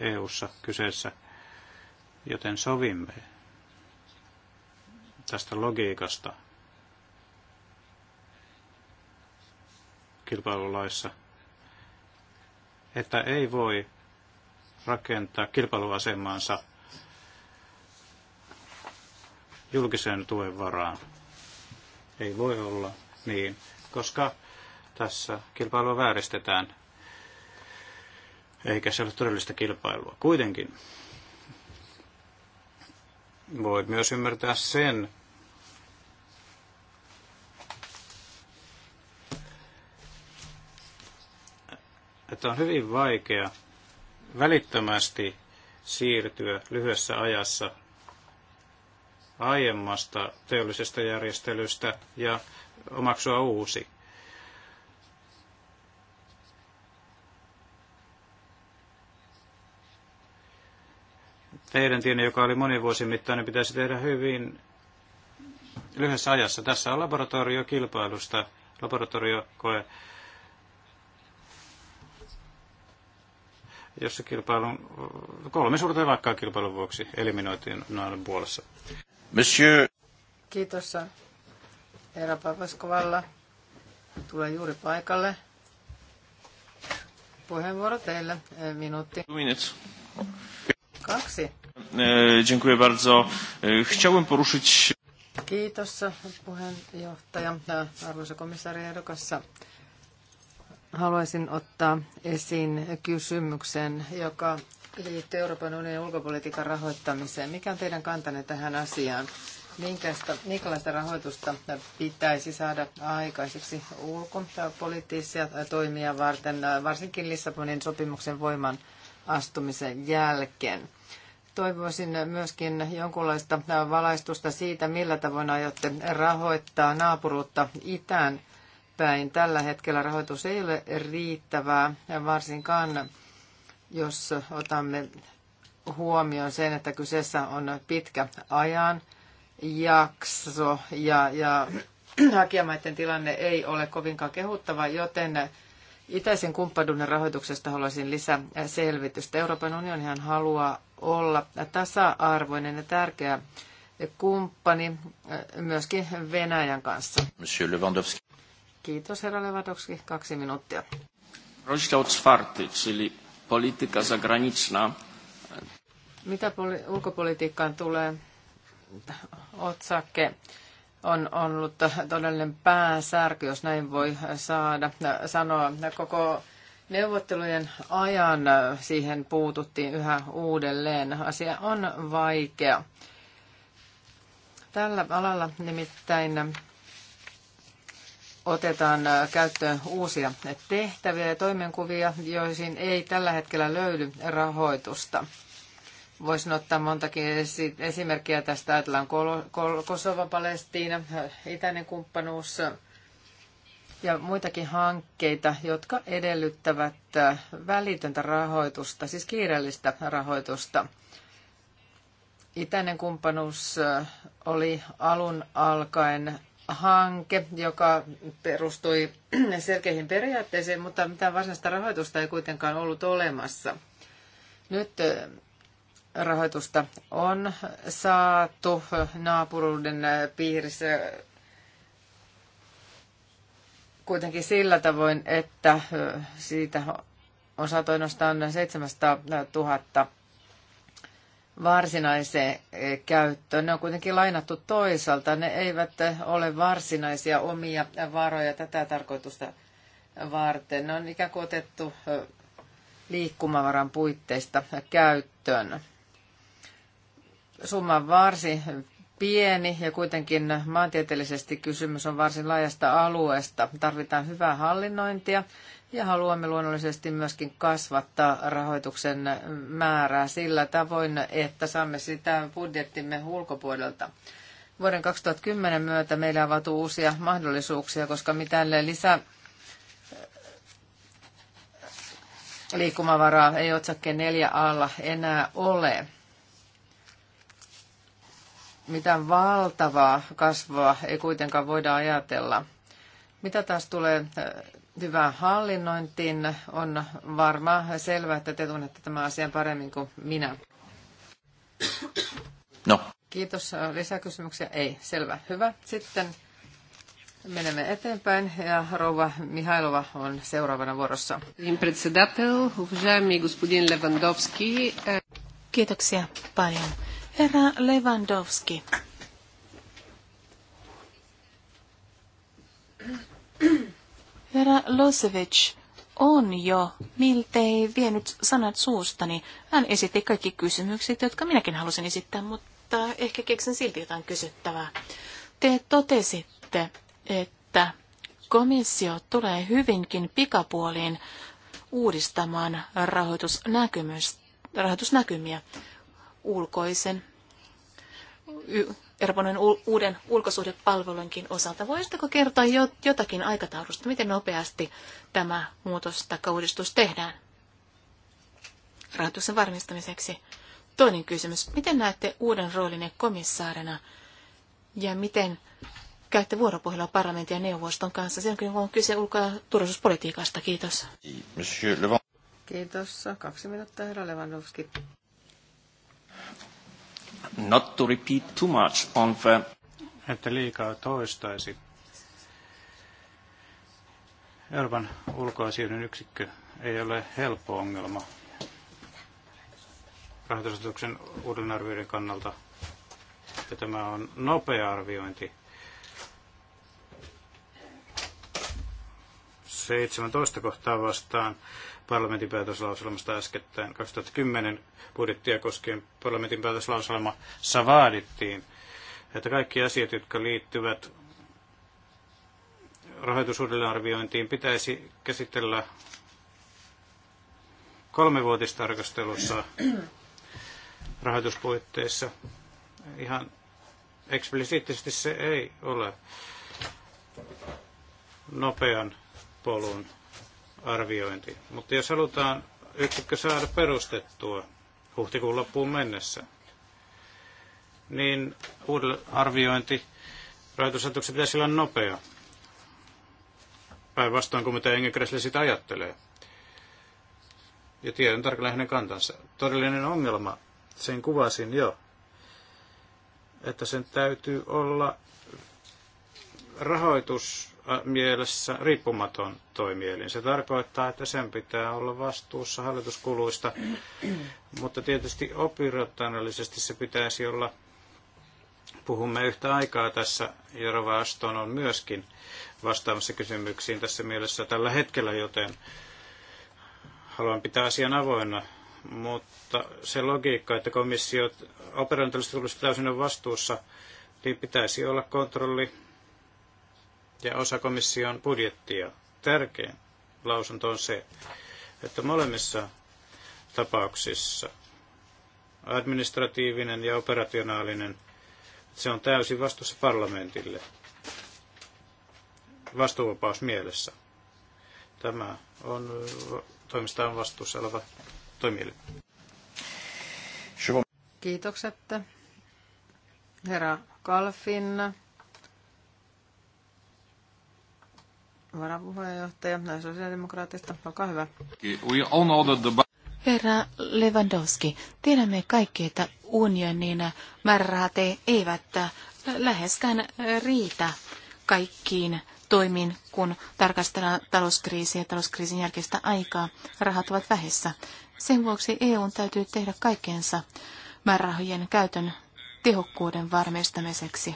EU-ssa kyseessä, joten sovimme tästä logiikasta kilpailulaissa, että ei voi rakentaa kilpailuasemansa julkisen tuen varaan. Ei voi olla niin, koska tässä kilpailua vääristetään eikä se ole todellista kilpailua. Kuitenkin voit myös ymmärtää sen, että on hyvin vaikea välittömästi siirtyä lyhyessä ajassa aiemmasta teollisesta järjestelystä ja omaksua uusi teidän tienne, joka oli monen vuosin mittainen, niin pitäisi tehdä hyvin lyhyessä ajassa. Tässä on laboratoriokilpailusta, laboratoriokoe, jossa kilpailun, kolme suurta evakkaa kilpailun vuoksi eliminoitiin noin puolessa. Monsieur. Kiitos. Herra Papaskovalla tulee juuri paikalle. Puheenvuoro teille, eh, minuutti. Two minutes kaksi. E, dziękuję bardzo. E, Chciałem poruszyć... Kiitos puheenjohtaja, arvoisa komissaari Edokassa. Haluaisin ottaa esiin kysymyksen, joka liittyy Euroopan unionin ulkopolitiikan rahoittamiseen. Mikä on teidän kantanne tähän asiaan? Minkästä, minkälaista rahoitusta pitäisi saada aikaiseksi ulkopoliittisia toimia varten, varsinkin Lissabonin sopimuksen voiman astumisen jälkeen. Toivoisin myöskin jonkunlaista valaistusta siitä, millä tavoin aiotte rahoittaa naapuruutta itään päin. Tällä hetkellä rahoitus ei ole riittävää, ja varsinkaan jos otamme huomioon sen, että kyseessä on pitkä ajan jakso ja, ja hakijamaiden tilanne ei ole kovinkaan kehuttava, joten Itäisen kumppanuuden rahoituksesta haluaisin lisää äh, selvitystä. Euroopan unionihan haluaa olla tasa-arvoinen ja tärkeä kumppani äh, myöskin Venäjän kanssa. Monsieur Lewandowski. Kiitos, herra Lewandowski. Kaksi minuuttia. Rozdział czwarty, czyli polityka zagraniczna. Mitä poli- ulkopolitiikkaan tulee? Otsake on ollut todellinen päänsärky, jos näin voi saada sanoa. Koko neuvottelujen ajan siihen puututtiin yhä uudelleen. Asia on vaikea. Tällä alalla nimittäin otetaan käyttöön uusia tehtäviä ja toimenkuvia, joihin ei tällä hetkellä löydy rahoitusta. Voisin ottaa montakin esimerkkiä tästä. Ajatellaan Kosova, Palestiina, itäinen kumppanuus ja muitakin hankkeita, jotka edellyttävät äh, välitöntä rahoitusta, siis kiireellistä rahoitusta. Itäinen kumppanuus äh, oli alun alkaen hanke, joka perustui selkeihin periaatteisiin, mutta mitään varsinaista rahoitusta ei kuitenkaan ollut olemassa. Nyt äh, rahoitusta on saatu naapuruuden piirissä kuitenkin sillä tavoin, että siitä on saatu ainoastaan 700 000 varsinaiseen käyttöön. Ne on kuitenkin lainattu toisaalta. Ne eivät ole varsinaisia omia varoja tätä tarkoitusta varten. Ne on ikään kuin otettu liikkumavaran puitteista käyttöön summa on varsin pieni ja kuitenkin maantieteellisesti kysymys on varsin laajasta alueesta. Tarvitaan hyvää hallinnointia ja haluamme luonnollisesti myöskin kasvattaa rahoituksen määrää sillä tavoin, että saamme sitä budjettimme ulkopuolelta. Vuoden 2010 myötä meillä avautuu uusia mahdollisuuksia, koska mitään lisää liikkumavaraa ei otsakkeen neljä alla enää ole mitään valtavaa kasvua ei kuitenkaan voida ajatella. Mitä taas tulee äh, hyvään hallinnointiin, on varma selvää, että te tunnette tämän asian paremmin kuin minä. No. Kiitos. Äh, lisäkysymyksiä? Ei. Selvä. Hyvä. Sitten menemme eteenpäin ja rouva Mihailova on seuraavana vuorossa. Kiitoksia paljon. Herra Lewandowski. Herra Losevich on jo miltei vienyt sanat suustani. Hän esitti kaikki kysymykset, jotka minäkin halusin esittää, mutta ehkä keksin silti jotain kysyttävää. Te totesitte, että komissio tulee hyvinkin pikapuoliin uudistamaan rahoitusnäkymiä ulkoisen Euroopan uuden ulkosuhdepalvelunkin osalta. Voisitteko kertoa jotakin aikataulusta, miten nopeasti tämä muutos tai uudistus tehdään rahoituksen varmistamiseksi? Toinen kysymys. Miten näette uuden roolinne komissaarina ja miten käytte vuoropuhelua parlamentin ja neuvoston kanssa? Silloin on kyse ulko- ja turvallisuuspolitiikasta. Kiitos. Kiitos. Kaksi minuuttia, herra Lewandowski not to repeat too much on the... Että liikaa toistaisi. Euroopan ulkoasioiden yksikkö ei ole helppo ongelma rahoitusasetuksen arvioiden kannalta. Ja tämä on nopea arviointi 17 kohtaa vastaan parlamentin päätöslauselmasta äskettäin 2010 budjettia koskien parlamentin päätöslauselmassa vaadittiin, että kaikki asiat, jotka liittyvät rahoitusuudelleenarviointiin, pitäisi käsitellä kolmevuotistarkastelussa rahoituspuitteissa. Ihan eksplisiittisesti se ei ole nopean polun arviointi. Mutta jos halutaan yksikkö saada perustettua huhtikuun loppuun mennessä, niin uudelle arviointi rajoitusasetuksen pitäisi olla nopea. Päinvastoin kuin mitä Engelkresli sitä ajattelee. Ja tiedän tarkalleen hänen kantansa. Todellinen ongelma, sen kuvasin jo, että sen täytyy olla rahoitus mielessä riippumaton toimielin. Se tarkoittaa, että sen pitää olla vastuussa hallituskuluista, mutta tietysti operationaalisesti se pitäisi olla, puhumme yhtä aikaa tässä, Jorova Aston on myöskin vastaamassa kysymyksiin tässä mielessä tällä hetkellä, joten haluan pitää asian avoinna, mutta se logiikka, että komissiot operationaalisesti tulisi täysin vastuussa, niin pitäisi olla kontrolli ja osa komission budjettia. Tärkein lausunto on se, että molemmissa tapauksissa administratiivinen ja operationaalinen, se on täysin vastuussa parlamentille vastuuvapaus mielessä. Tämä on toimistaan vastuussa oleva toimielin. Kiitokset. Herra Kalfinna. varapuheenjohtaja sosiaalidemokraatista. Olkaa hyvä. Herra Lewandowski, tiedämme kaikki, että unionin määrärahat eivät läheskään riitä kaikkiin toimiin, kun tarkastellaan talouskriisiä ja talouskriisin jälkeistä aikaa. Rahat ovat vähissä. Sen vuoksi EU täytyy tehdä kaikkensa määrärahojen käytön tehokkuuden varmistamiseksi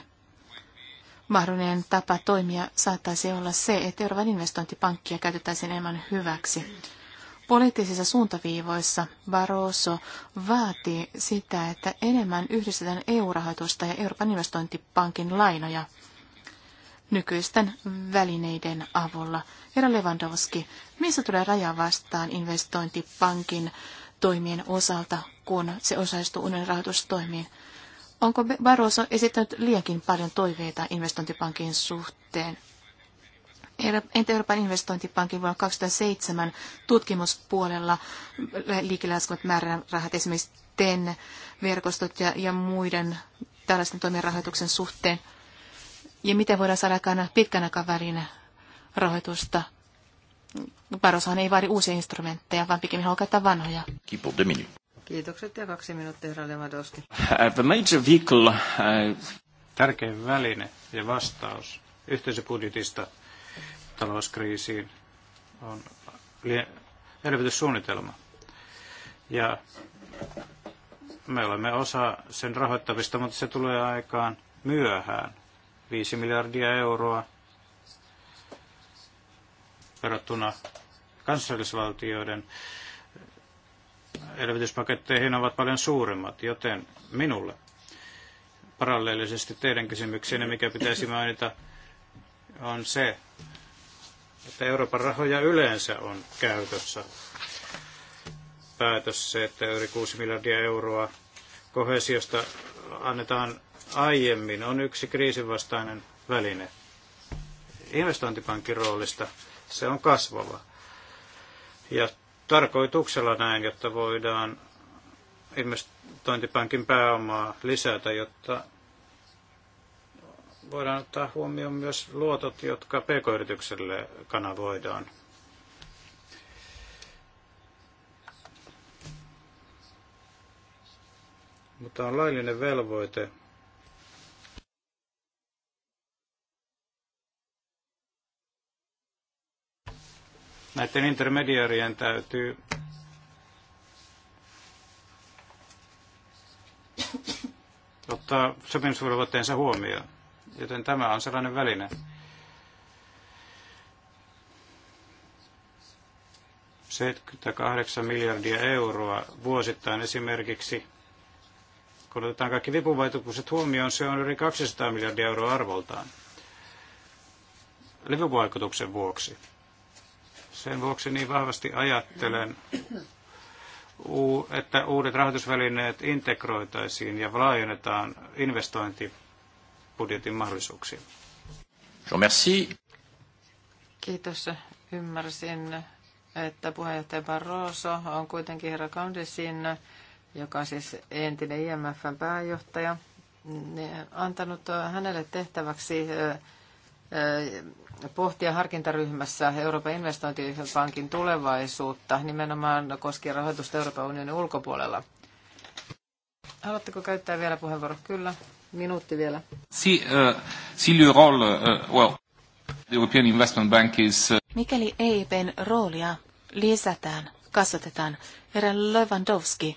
mahdollinen tapa toimia saattaisi olla se, että Euroopan investointipankkia käytettäisiin enemmän hyväksi. Poliittisissa suuntaviivoissa Barroso vaatii sitä, että enemmän yhdistetään EU-rahoitusta ja Euroopan investointipankin lainoja nykyisten välineiden avulla. Herra Lewandowski, missä tulee raja vastaan investointipankin toimien osalta, kun se osallistuu unen rahoitustoimiin? Onko Barroso esittänyt liiankin paljon toiveita investointipankin suhteen? Entä Euroopan investointipankin vuonna 2007 tutkimuspuolella liikelaskuvat määrärahat esimerkiksi TEN, verkostot ja, ja muiden tällaisten toimien rahoituksen suhteen? Ja miten voidaan saada aikaan pitkän aikavälin rahoitusta? Baroshan ei vaadi uusia instrumentteja, vaan pikemminkin haluaa käyttää vanhoja. Kiitokset ja kaksi minuuttia, herra Lewandowski. The major vehicle, uh... Tärkein väline ja vastaus yhteisöbudjetista talouskriisiin on elvytyssuunnitelma. Ja me olemme osa sen rahoittamista, mutta se tulee aikaan myöhään. 5 miljardia euroa verrattuna kansallisvaltioiden elvytyspaketteihin ovat paljon suuremmat, joten minulle paralleellisesti teidän kysymyksenne, mikä pitäisi mainita, on se, että Euroopan rahoja yleensä on käytössä. Päätös se, että yli 6 miljardia euroa kohesiosta annetaan aiemmin, on yksi kriisinvastainen väline. Investointipankin roolista se on kasvava. Ja tarkoituksella näin, jotta voidaan investointipankin pääomaa lisätä, jotta voidaan ottaa huomioon myös luotot, jotka pk-yritykselle kanavoidaan. Mutta on laillinen velvoite Näiden intermediaarien täytyy ottaa sopimusvelvoitteensa huomioon, joten tämä on sellainen väline. kahdeksan miljardia euroa vuosittain esimerkiksi. Kun otetaan kaikki vipuvaikutukset huomioon, se on yli 200 miljardia euroa arvoltaan. Livivaikutuksen vuoksi. Sen vuoksi niin vahvasti ajattelen, että uudet rahoitusvälineet integroitaisiin ja laajennetaan investointibudjetin mahdollisuuksia. Kiitos. Ymmärsin, että puheenjohtaja Barroso on kuitenkin herra Kandesin, joka on siis entinen IMFn pääjohtaja, niin antanut hänelle tehtäväksi pohtia harkintaryhmässä Euroopan investointipankin tulevaisuutta nimenomaan koskien rahoitusta Euroopan unionin ulkopuolella. Haluatteko käyttää vielä puheenvuoron? Kyllä. Minuutti vielä. Si, uh, si le uh, well, European Investment Bank is... Uh... Mikäli EIPn roolia lisätään, kasvatetaan, herra Lewandowski,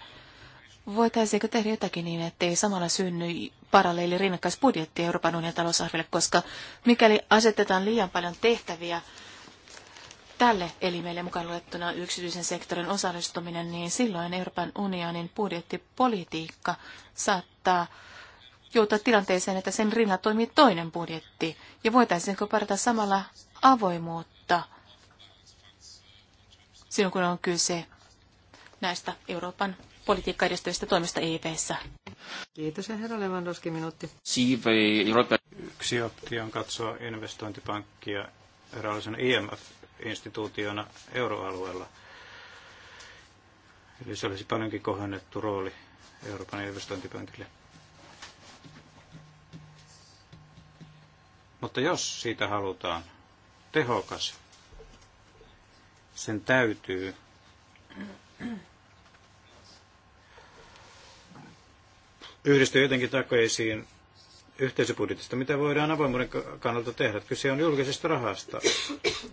voitaisiinko tehdä jotakin niin, ettei samalla synny paralleeli rinnakkaisbudjetti Euroopan unionin talousarville, koska mikäli asetetaan liian paljon tehtäviä tälle elimelle mukaan luettuna yksityisen sektorin osallistuminen, niin silloin Euroopan unionin budjettipolitiikka saattaa joutua tilanteeseen, että sen rinna toimii toinen budjetti. Ja voitaisiinko parata samalla avoimuutta silloin, kun on kyse näistä Euroopan politiikka toimista EIPssä? Kiitos ja herra Lewandowski minuutti. Yksi optio on katsoa investointipankkia eräänlaisena IMF-instituutiona euroalueella. Eli se olisi paljonkin kohennettu rooli Euroopan investointipankille. Mutta jos siitä halutaan tehokas, sen täytyy yhdistyy jotenkin takaisin yhteisöbudjetista. Mitä voidaan avoimuuden kannalta tehdä? Kyse on julkisesta rahasta,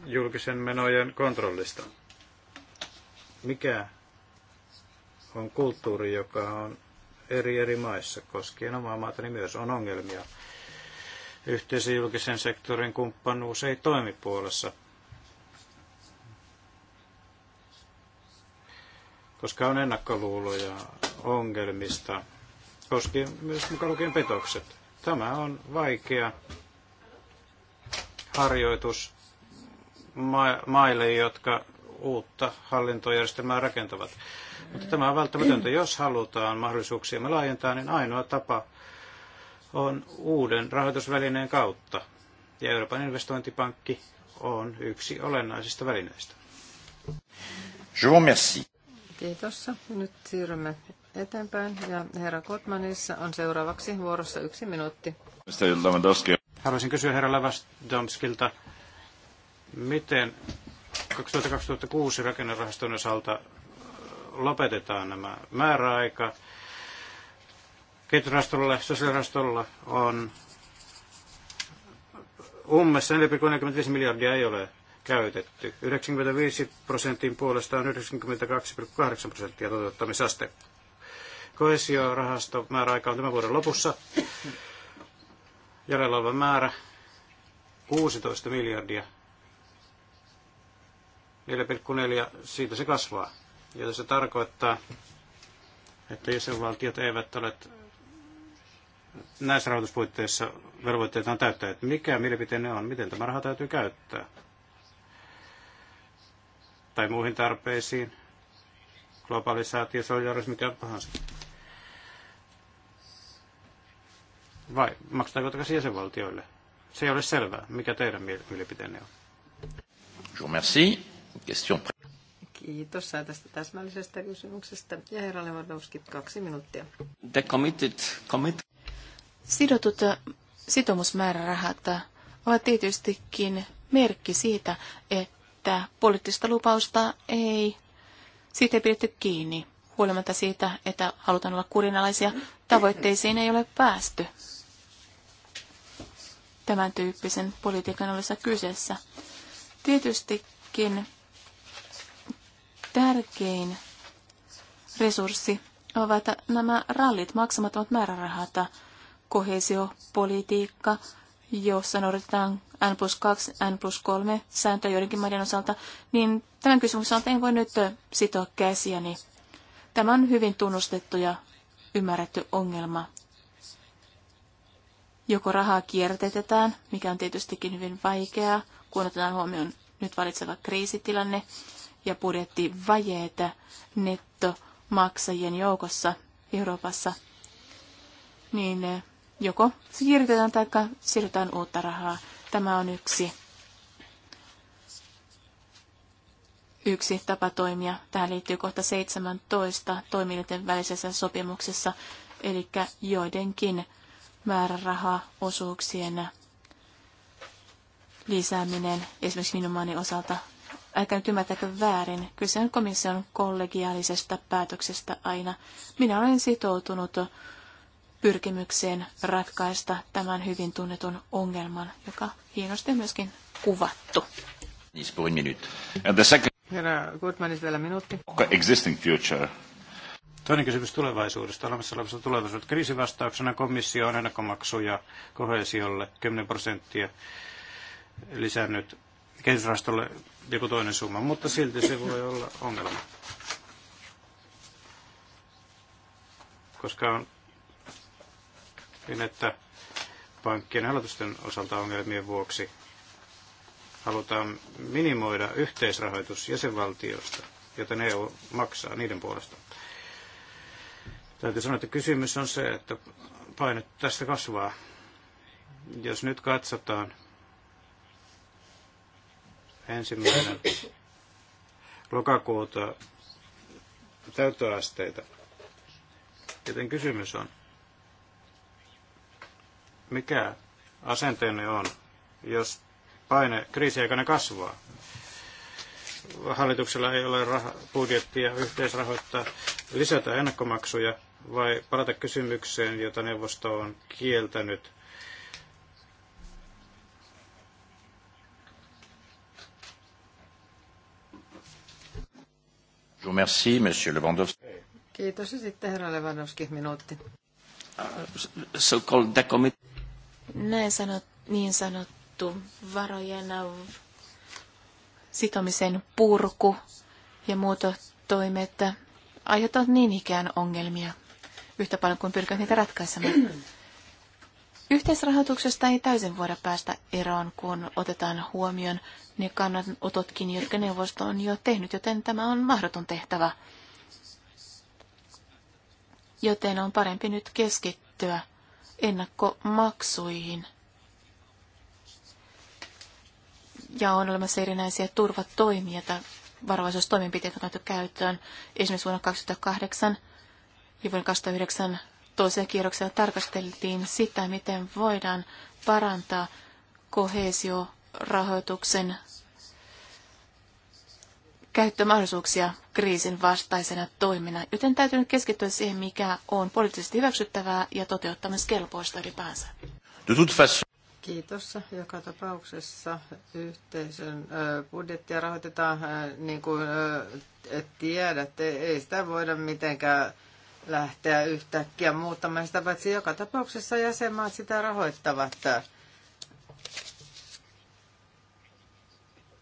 julkisen menojen kontrollista. Mikä on kulttuuri, joka on eri eri maissa, koskien omaa maata, niin myös on ongelmia. Yhteisen julkisen sektorin kumppanuus ei toimi puolessa, koska on ennakkoluuloja ongelmista – koski myös mukaan lukien petokset. Tämä on vaikea harjoitus ma- maille, jotka uutta hallintojärjestelmää rakentavat. Mutta tämä on välttämätöntä. Jos halutaan mahdollisuuksia me laajentaa, niin ainoa tapa on uuden rahoitusvälineen kautta. Ja Euroopan investointipankki on yksi olennaisista välineistä. Je vous merci. Kiitos. Nyt siirrymme eteenpäin. Ja herra Kotmanissa on seuraavaksi vuorossa yksi minuutti. Haluaisin kysyä herra Lavastonskilta, miten 2006 rakennerahaston osalta lopetetaan nämä määräaika. Kehitysrahastolla, sosiaalirahastolla on ummessa 4,45 miljardia ei ole käytetty. 95 prosentin puolesta on 92,8 prosenttia toteuttamisaste. Koesiorahasto määräaika on tämän vuoden lopussa. Jäljellä oleva määrä 16 miljardia. 4,4 siitä se kasvaa. Ja se tarkoittaa, että jäsenvaltiot eivät ole näissä rahoituspuitteissa on täyttää, että mikä mielipiteen ne on, miten tämä raha täytyy käyttää. Tai muihin tarpeisiin, globalisaatio, solidaarisuus, mikä tahansa. Vai maksetaanko takaisin jäsenvaltioille? Se ei ole selvää. Mikä teidän mielipiteenne on? Kiitos tästä täsmällisestä kysymyksestä. Ja herra Lewandowski, kaksi minuuttia. The committed, commit. Sidotut sitomusmäärärahat ovat tietystikin merkki siitä, että poliittista lupausta ei, siitä ei pidetty kiinni. Huolimatta siitä, että halutaan olla kurinalaisia, tavoitteisiin ei ole päästy tämän tyyppisen politiikan ollessa kyseessä. Tietystikin tärkein resurssi ovat nämä rallit, maksamattomat määrärahat, kohesiopolitiikka, jossa noudatetaan N plus 2, N plus 3 sääntöä joidenkin maiden osalta, niin tämän kysymyksen osalta en voi nyt sitoa käsiäni. Tämä on hyvin tunnustettu ja ymmärretty ongelma Joko rahaa kiertetetään, mikä on tietystikin hyvin vaikeaa, kun otetaan huomioon nyt valitseva kriisitilanne ja budjettivajeita nettomaksajien joukossa Euroopassa, niin eh, joko siirretään tai siirretään uutta rahaa. Tämä on yksi, yksi tapa toimia. Tähän liittyy kohta 17 toimijoiden välisessä sopimuksessa, eli joidenkin osuuksien lisääminen esimerkiksi minun maani osalta. Älkää nyt ymmärtäkö väärin. Kyse on komission kollegiaalisesta päätöksestä aina. Minä olen sitoutunut pyrkimykseen ratkaista tämän hyvin tunnetun ongelman, joka hienosti myöskin kuvattu. Herra Gutmannis, vielä minuutti. Existing future Toinen kysymys tulevaisuudesta. Olemassa olevasta tulevaisuudesta. Kriisivastauksena komissio on ennakkomaksuja kohesiolle 10 prosenttia lisännyt kehitysrahastolle joku toinen summa, mutta silti se voi olla ongelma. Koska on niin, että pankkien hallitusten osalta ongelmien vuoksi halutaan minimoida yhteisrahoitus jäsenvaltiosta, joten EU maksaa niiden puolesta. Täytyy sanoa, että kysymys on se, että paine tästä kasvaa. Jos nyt katsotaan ensimmäinen lokakuuta täyttöasteita, joten kysymys on, mikä asenteenne on, jos paine kriisiaikana kasvaa? Hallituksella ei ole budjettia yhteisrahoittaa, lisätä ennakkomaksuja – vai palata kysymykseen, jota neuvosto on kieltänyt? Merci, monsieur Lewandowski. Kiitos ja sitten herra Lewandowski, minuutti. So called Näin sanot, niin sanottu varojen sitomisen purku ja muut toimet aiheuttavat niin ikään ongelmia yhtä paljon kuin pyrkivät niitä ratkaisemaan. Yhteisrahoituksesta ei täysin voida päästä eroon, kun otetaan huomioon ne kannanototkin, jotka neuvosto on jo tehnyt, joten tämä on mahdoton tehtävä. Joten on parempi nyt keskittyä ennakkomaksuihin. Ja on olemassa erinäisiä turvatoimia tai varovaisuustoimenpiteitä on käyttöön. Esimerkiksi vuonna 2008 ja vuoden 2009 toisella kierroksella tarkasteltiin sitä, miten voidaan parantaa kohesiorahoituksen käyttömahdollisuuksia kriisin vastaisena toimina, joten täytyy nyt keskittyä siihen, mikä on poliittisesti hyväksyttävää ja toteuttamiskelpoista ylipäänsä. Kiitos. Joka tapauksessa yhteisön budjettia rahoitetaan, niin kuin tiedätte, ei sitä voida mitenkään lähteä yhtäkkiä muuttamaan sitä, paitsi joka tapauksessa jäsenmaat sitä rahoittavat.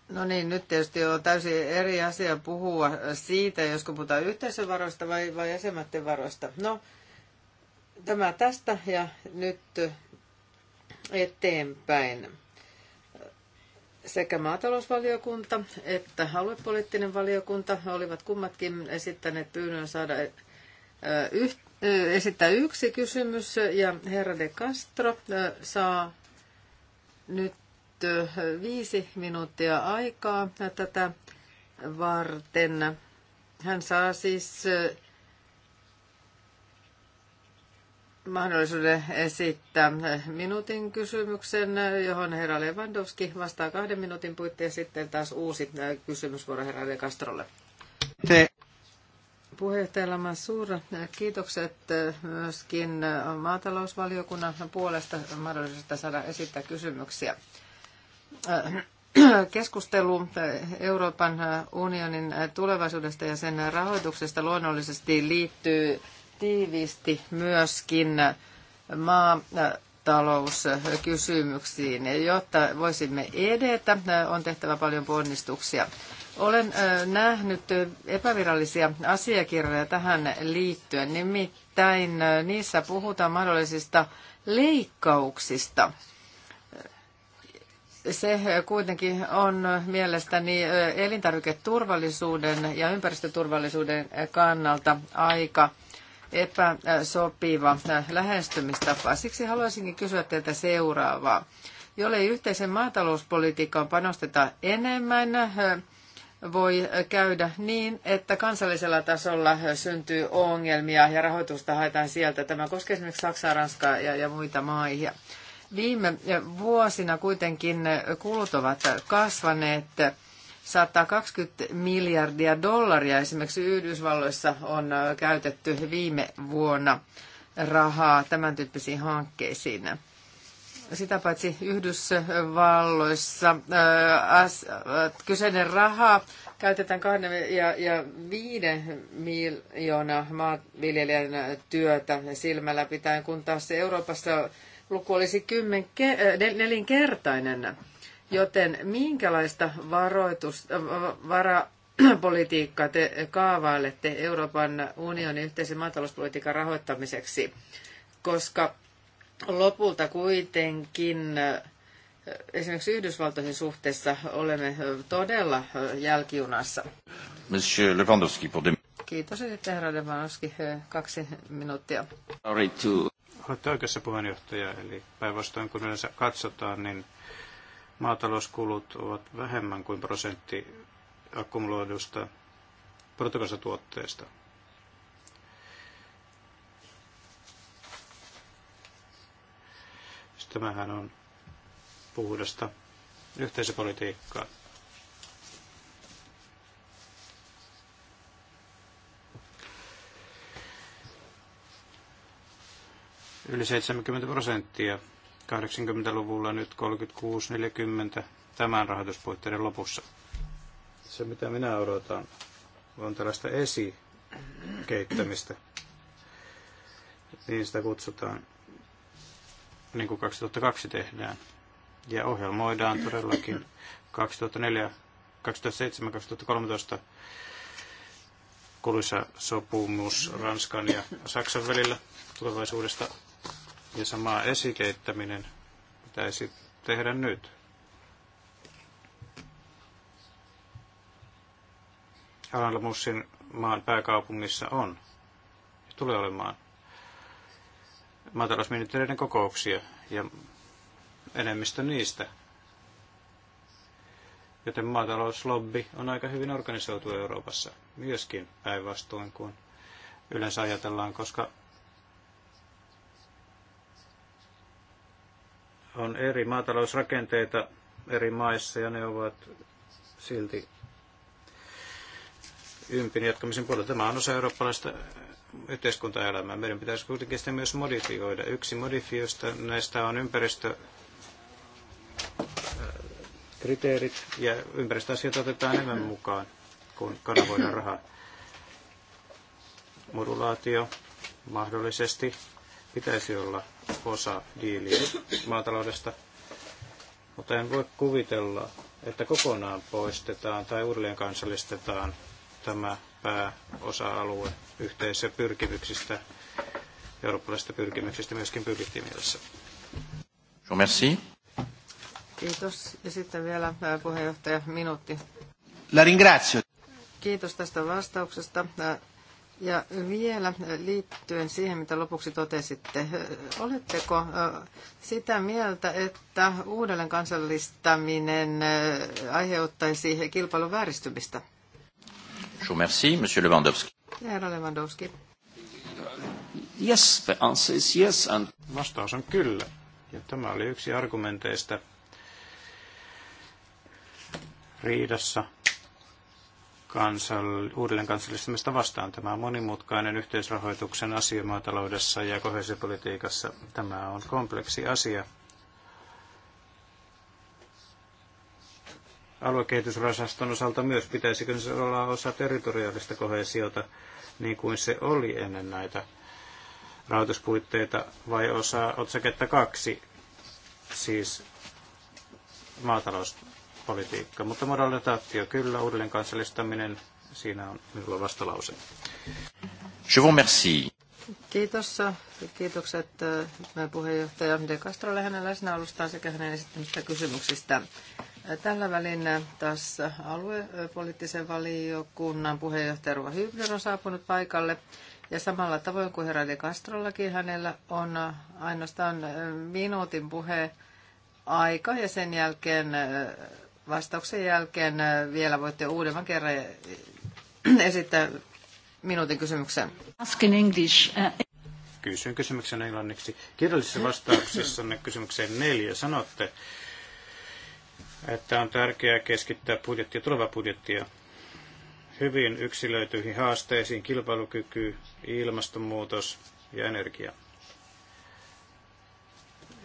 No niin, nyt tietysti on täysin eri asia puhua siitä, josko puhutaan yhteisövaroista vai, vai jäsenmaiden varoista. No, tämä tästä ja nyt eteenpäin. Sekä maatalousvaliokunta että aluepoliittinen valiokunta olivat kummatkin esittäneet pyynnön saada esittää yksi kysymys ja herra de Castro saa nyt viisi minuuttia aikaa tätä varten. Hän saa siis mahdollisuuden esittää minuutin kysymyksen, johon herra Lewandowski vastaa kahden minuutin puitteen sitten taas uusi kysymys herra De Castrolle. Te. Puheenjohtaja Laman kiitokset äh, myöskin äh, maatalousvaliokunnan puolesta mahdollisuudesta saada esittää kysymyksiä. Äh, keskustelu Euroopan unionin tulevaisuudesta ja sen rahoituksesta luonnollisesti liittyy tiiviisti myöskin maa talouskysymyksiin. Jotta voisimme edetä, on tehtävä paljon ponnistuksia. Olen nähnyt epävirallisia asiakirjoja tähän liittyen, nimittäin niissä puhutaan mahdollisista leikkauksista. Se kuitenkin on mielestäni elintarviketurvallisuuden ja ympäristöturvallisuuden kannalta aika epäsopiva lähestymistapa. Siksi haluaisinkin kysyä teiltä seuraavaa. Jollei yhteisen maatalouspolitiikkaan panosteta enemmän, voi käydä niin, että kansallisella tasolla syntyy ongelmia ja rahoitusta haetaan sieltä. Tämä koskee esimerkiksi Saksaa, Ranskaa ja, ja muita maihia. Viime vuosina kuitenkin kulut ovat kasvaneet 120 miljardia dollaria esimerkiksi Yhdysvalloissa on käytetty viime vuonna rahaa tämän tyyppisiin hankkeisiin. Sitä paitsi Yhdysvalloissa ää, s, ää, kyseinen raha käytetään kahden ja, ja viiden miljoonaa maanviljelijän työtä silmällä pitäen, kun taas Euroopassa luku olisi kymmen, nelinkertainen. Joten minkälaista varoitus, äh, varapolitiikkaa te kaavailette Euroopan unionin yhteisen maatalouspolitiikan rahoittamiseksi? Koska lopulta kuitenkin äh, esimerkiksi Yhdysvaltoihin suhteessa olemme äh, todella jälkijunassa. Monsieur Lewandowski, pour Kiitos sitten herra Lewandowski, kaksi minuuttia. Olette oikeassa puheenjohtaja, eli päinvastoin kun yleensä katsotaan, niin maatalouskulut ovat vähemmän kuin prosentti akkumuloidusta bruttokansantuotteesta. Siis tämähän on puhdasta yhteisöpolitiikkaa. Yli 70 prosenttia 80-luvulla nyt 36-40 tämän rahoituspuitteiden lopussa. Se mitä minä odotan on tällaista esikeittämistä. Niin sitä kutsutaan, niin kuin 2002 tehdään. Ja ohjelmoidaan todellakin 2004, 2007, 2013 kulissa sopumus Ranskan ja Saksan välillä tulevaisuudesta ja sama esikeittäminen pitäisi tehdä nyt. Alamussin maan pääkaupungissa on ja tulee olemaan maatalousministeriöiden kokouksia ja enemmistö niistä. Joten maatalouslobby on aika hyvin organisoitu Euroopassa myöskin päinvastoin kuin yleensä ajatellaan, koska On eri maatalousrakenteita eri maissa ja ne ovat silti ympin jatkamisen puolella. Tämä on osa eurooppalaista yhteiskuntaelämää. Meidän pitäisi kuitenkin sitä myös modifioida. Yksi modifioista näistä on ympäristö äh, kriteerit ja ympäristöasiat otetaan enemmän mukaan, kun kanavoidaan rahaa. Modulaatio mahdollisesti pitäisi olla osa diiliä maataloudesta. Mutta en voi kuvitella, että kokonaan poistetaan tai uudelleen kansallistetaan tämä pääosa-alue yhteisö pyrkimyksistä, eurooppalaisista pyrkimyksistä myöskin pyrkitimielessä. Merci. Kiitos. Ja sitten vielä puheenjohtaja minuutti. La ringrazio. Kiitos tästä vastauksesta. Ja vielä liittyen siihen, mitä lopuksi totesitte, oletteko sitä mieltä, että uudelleen kansallistaminen aiheuttaisi kilpailun vääristymistä? Merci, Monsieur Lewandowski. Herra Lewandowski. Yes, the answer is yes. And... Vastaus on kyllä. Ja tämä oli yksi argumenteista riidassa kansall, uudelleen kansallistamista vastaan. Tämä on monimutkainen yhteisrahoituksen asia maataloudessa ja kohesiopolitiikassa. Tämä on kompleksi asia. Aluekehitysrahaston osalta myös pitäisikö se olla osa territoriaalista kohesiota, niin kuin se oli ennen näitä rahoituspuitteita, vai osa otsaketta kaksi, siis maatalous politiikka. Mutta modalisaatio kyllä, uudelleen kansallistaminen, siinä on minulla vastalause. Je vous merci. Kiitos. Kiitokset äh, puheenjohtaja De Castrolle hänen läsnäolostaan sekä hänen esittämistä kysymyksistä. Äh, tällä välin äh, tässä aluepoliittisen valiokunnan puheenjohtaja Ruva Hybner on saapunut paikalle. Ja samalla tavoin kuin herra De Castrollakin, hänellä on ainoastaan minuutin puhe aika ja sen jälkeen Vastauksen jälkeen äh, vielä voitte uudemman kerran äh, esittää minuutin kysymyksen. Ask in English. Äh, Kysyn kysymyksen englanniksi. Kirjallisessa vastauksessa kysymykseen neljä sanotte, että on tärkeää keskittää budjettia, tuleva budjettia hyvin yksilöityihin haasteisiin, kilpailukyky, ilmastonmuutos ja energia.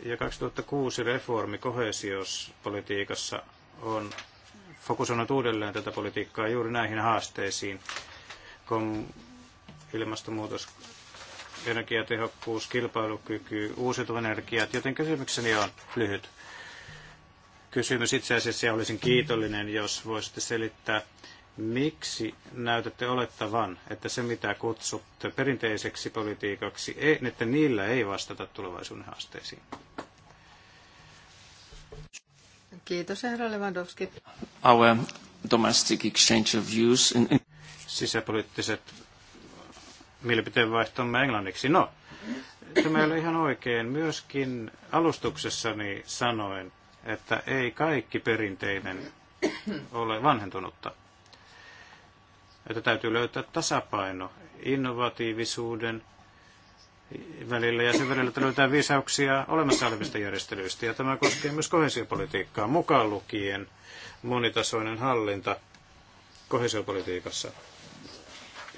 Ja 2006 reformi kohesiospolitiikassa on fokusoinut uudelleen tätä politiikkaa juuri näihin haasteisiin, kun ilmastonmuutos, energiatehokkuus, kilpailukyky, uusiutuvat energiat, joten kysymykseni on lyhyt. Kysymys itse asiassa, ja olisin kiitollinen, jos voisitte selittää, miksi näytätte olettavan, että se mitä kutsutte perinteiseksi politiikaksi, ei, että niillä ei vastata tulevaisuuden haasteisiin? Kiitos, herra Lewandowski. Our domestic exchange of views in... Sisäpoliittiset mielipiteenvaihtomme englanniksi. No, tämä oli ihan oikein. Myöskin alustuksessani sanoin, että ei kaikki perinteinen ole vanhentunutta. Että täytyy löytää tasapaino innovatiivisuuden välillä ja sen välillä, että löytää viisauksia olemassa olevista järjestelyistä. Ja tämä koskee myös kohesiopolitiikkaa, mukaan lukien monitasoinen hallinta kohesiopolitiikassa,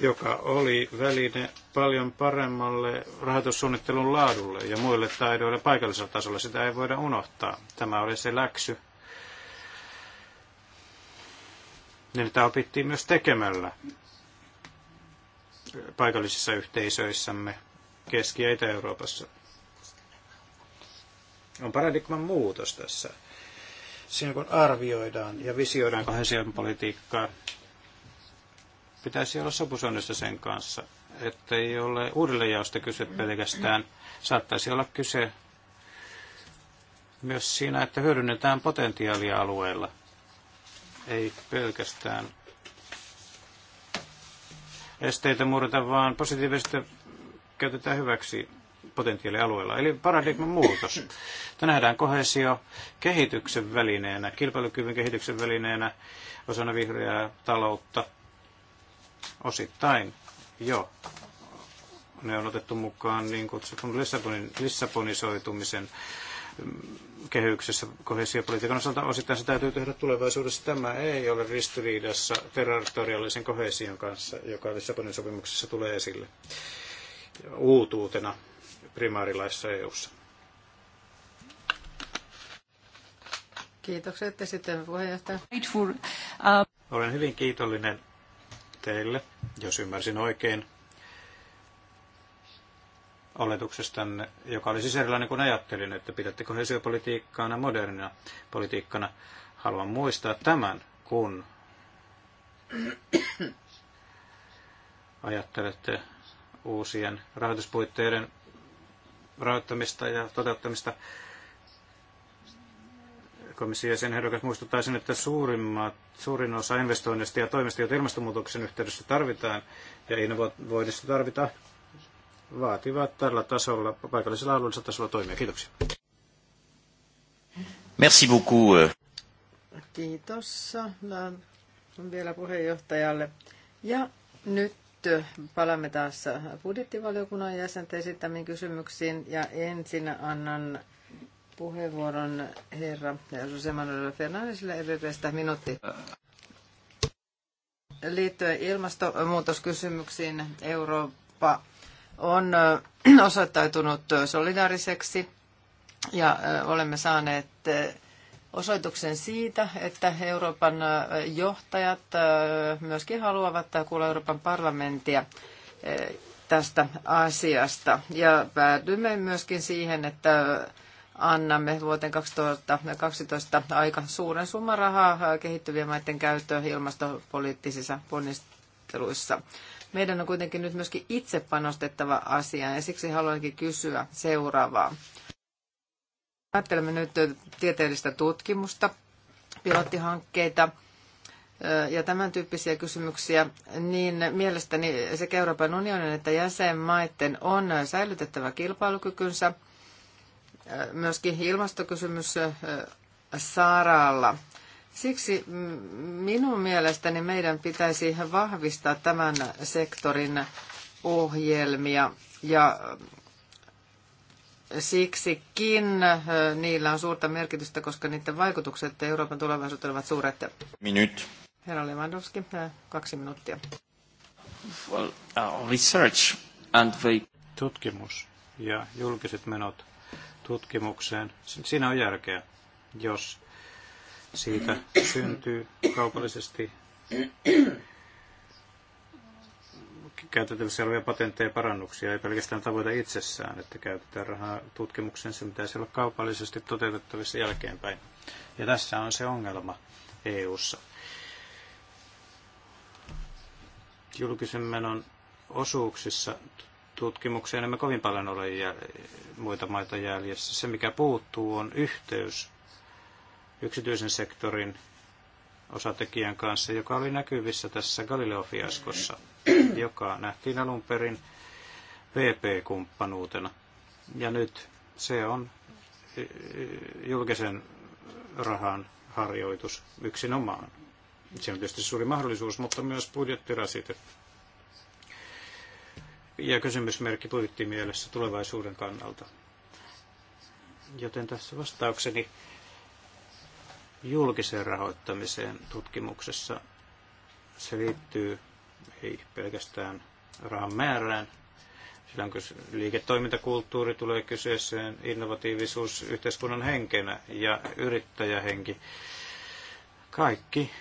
joka oli väline paljon paremmalle rahoitussuunnittelun laadulle ja muille taidoille paikallisella tasolla. Sitä ei voida unohtaa. Tämä oli se läksy. Niin, tämä opittiin myös tekemällä paikallisissa yhteisöissämme Keski- ja Itä-Euroopassa. On paradigman muutos tässä. Siinä kun arvioidaan ja visioidaan kohesion politiikkaa, pitäisi olla sopusonnissa sen kanssa, että ei ole uudelleenjaosta kyse pelkästään. Saattaisi olla kyse myös siinä, että hyödynnetään potentiaalia alueella, ei pelkästään esteitä murreta, vaan positiivista käytetään hyväksi potentiaalialueella. Eli paradigman muutos. Tämä nähdään kohesio kehityksen välineenä, kilpailukyvyn kehityksen välineenä osana vihreää taloutta osittain jo. Ne on otettu mukaan niin kutsutun Lissabonin, Lissabonisoitumisen mm, kehyksessä kohesiopolitiikan osalta osittain se täytyy tehdä tulevaisuudessa. Tämä ei ole ristiriidassa territoriaalisen kohesion kanssa, joka Lissabonin sopimuksessa tulee esille uutuutena primaarilaissa EU:ssa. Kiitokset ja sitten puheenjohtaja. Uh, Olen hyvin kiitollinen teille, jos ymmärsin oikein, oletuksestanne, joka oli siis erilainen kuin ajattelin, että pidätte kohesiopolitiikkaana modernina politiikkana. Haluan muistaa tämän, kun ajattelette uusien rahoituspuitteiden rahoittamista ja toteuttamista. Komission sen muistuttaa muistuttaisin, että suurimmat, suurin osa investoinneista ja toimista, joita ilmastonmuutoksen yhteydessä tarvitaan ja innovoinnista tarvitaan, vaativat tällä tasolla, paikallisella alueellisella tasolla toimia. Kiitoksia. Merci beaucoup. Euh. Kiitos vielä puheenjohtajalle. Ja nyt palaamme taas budjettivaliokunnan jäsenten esittämiin kysymyksiin ja ensin annan puheenvuoron herra Jose Manuel Fernandesille EVPstä minuutti. Liittyen ilmastonmuutoskysymyksiin Eurooppa on osoittautunut solidaariseksi ja olemme saaneet osoituksen siitä, että Euroopan johtajat myöskin haluavat kuulla Euroopan parlamenttia tästä asiasta. Ja päädymme myöskin siihen, että annamme vuoteen 2012 aika suuren summan rahaa kehittyvien maiden käyttöön ilmastopoliittisissa ponnisteluissa. Meidän on kuitenkin nyt myöskin itse panostettava asiaan ja siksi haluankin kysyä seuraavaa. Ajattelemme nyt tieteellistä tutkimusta, pilottihankkeita ja tämän tyyppisiä kysymyksiä, niin mielestäni sekä Euroopan unionin että jäsenmaiden on säilytettävä kilpailukykynsä myöskin ilmastokysymys saaraalla. Siksi minun mielestäni meidän pitäisi vahvistaa tämän sektorin ohjelmia ja Siksikin eh, niillä on suurta merkitystä, koska niiden vaikutukset Euroopan tulevaisuuteen ovat suuret. Minut. Herra Lewandowski, eh, kaksi minuuttia. Well, research and the... Tutkimus ja julkiset menot tutkimukseen, siinä on järkeä, jos siitä syntyy kaupallisesti käytettävissä olevia patentteja ja parannuksia, ei pelkästään tavoita itsessään, että käytetään rahaa tutkimukseen, se pitäisi olla kaupallisesti toteutettavissa jälkeenpäin. Ja tässä on se ongelma EU:ssa. Julkisen menon osuuksissa tutkimukseen emme kovin paljon ole jäl- muita maita jäljessä. Se, mikä puuttuu, on yhteys yksityisen sektorin osatekijän kanssa, joka oli näkyvissä tässä Galileo-fiaskossa joka nähtiin alun perin VP-kumppanuutena. Ja nyt se on julkisen rahan harjoitus yksinomaan. Se on tietysti suuri mahdollisuus, mutta myös budjettirasite. Ja kysymysmerkki budjettimielessä tulevaisuuden kannalta. Joten tässä vastaukseni julkiseen rahoittamiseen tutkimuksessa se liittyy ei pelkästään rahan määrään. Silloin kun liiketoimintakulttuuri tulee kyseeseen, innovatiivisuus yhteiskunnan henkenä ja yrittäjähenki, kaikki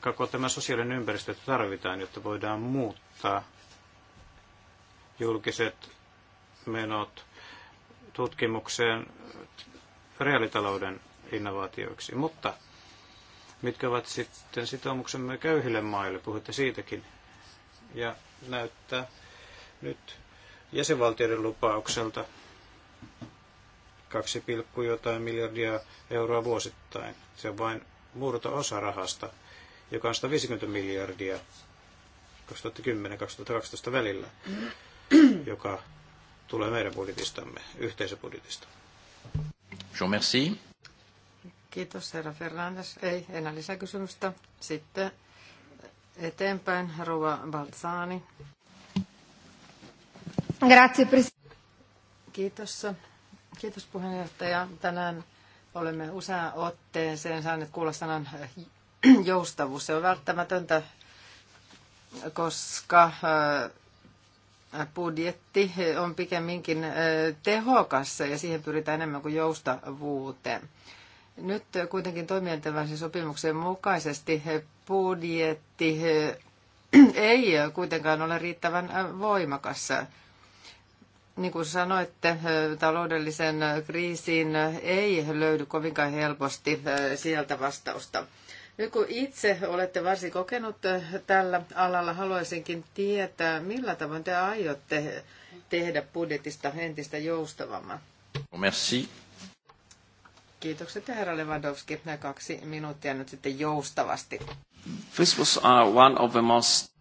koko tämä sosiaalinen ympäristö tarvitaan, jotta voidaan muuttaa julkiset menot tutkimukseen reaalitalouden innovaatioiksi. Mutta Mitkä ovat sitten sitoumuksemme köyhille maille? Puhutte siitäkin. Ja näyttää nyt jäsenvaltioiden lupaukselta 2, jotain miljardia euroa vuosittain. Se on vain murto osa rahasta, joka on 150 miljardia 2010-2012 välillä, joka tulee meidän budjetistamme, yhteisöbudjetista. Jean merci. Kiitos, herra Fernandes. Ei enää lisäkysymystä. Sitten eteenpäin, rouva Balzani. Grazie, Kiitos. Kiitos puheenjohtaja. Tänään olemme usean otteeseen saaneet kuulla sanan joustavuus. Se on välttämätöntä, koska budjetti on pikemminkin tehokas ja siihen pyritään enemmän kuin joustavuuteen. Nyt kuitenkin toimientelän sopimuksen mukaisesti budjetti eh, ei kuitenkaan ole riittävän eh, voimakas. Niin kuin sanoitte, eh, taloudellisen kriisiin ei löydy kovinkaan helposti sieltä vastausta. Nyt kun itse olette varsin kokenut tällä alalla, haluaisinkin tietää, millä tavoin te aiotte tehdä budjetista entistä joustavamman. Merci. Kiitokset herra Lewandowski. Nämä kaksi minuuttia nyt sitten joustavasti. This was uh, one of the most...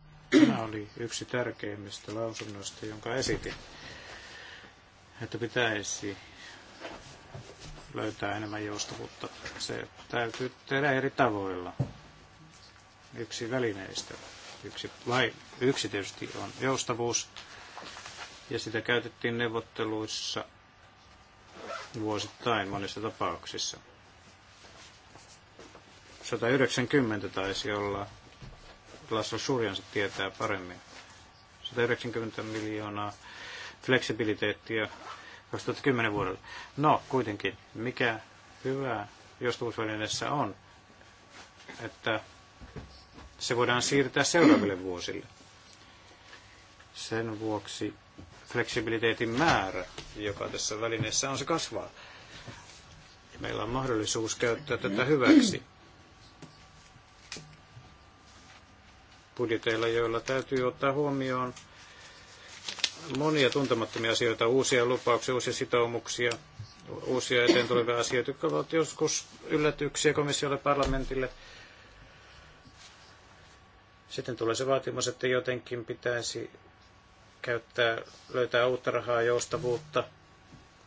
Tämä oli yksi tärkeimmistä lausunnoista, jonka esitin, että pitäisi löytää enemmän joustavuutta. Se täytyy tehdä eri tavoilla. Yksi välineistä. Yksi, vai, yksi tietysti on joustavuus, ja sitä käytettiin neuvotteluissa vuosittain monissa tapauksissa. 190 taisi olla. Lasso Surjansa tietää paremmin. 190 miljoonaa fleksibiliteettiä 2010 vuodelle. No, kuitenkin, mikä hyvä joustavuusvälineessä on, että se voidaan siirtää seuraaville vuosille. Sen vuoksi fleksibiliteetin määrä, joka tässä välineessä on, se kasvaa. Ja meillä on mahdollisuus käyttää tätä hyväksi. budjeteilla, joilla täytyy ottaa huomioon monia tuntemattomia asioita, uusia lupauksia, uusia sitoumuksia, uusia eteen tulevia asioita, jotka ovat joskus yllätyksiä komissiolle parlamentille. Sitten tulee se vaatimus, että jotenkin pitäisi käyttää, löytää uutta rahaa, joustavuutta.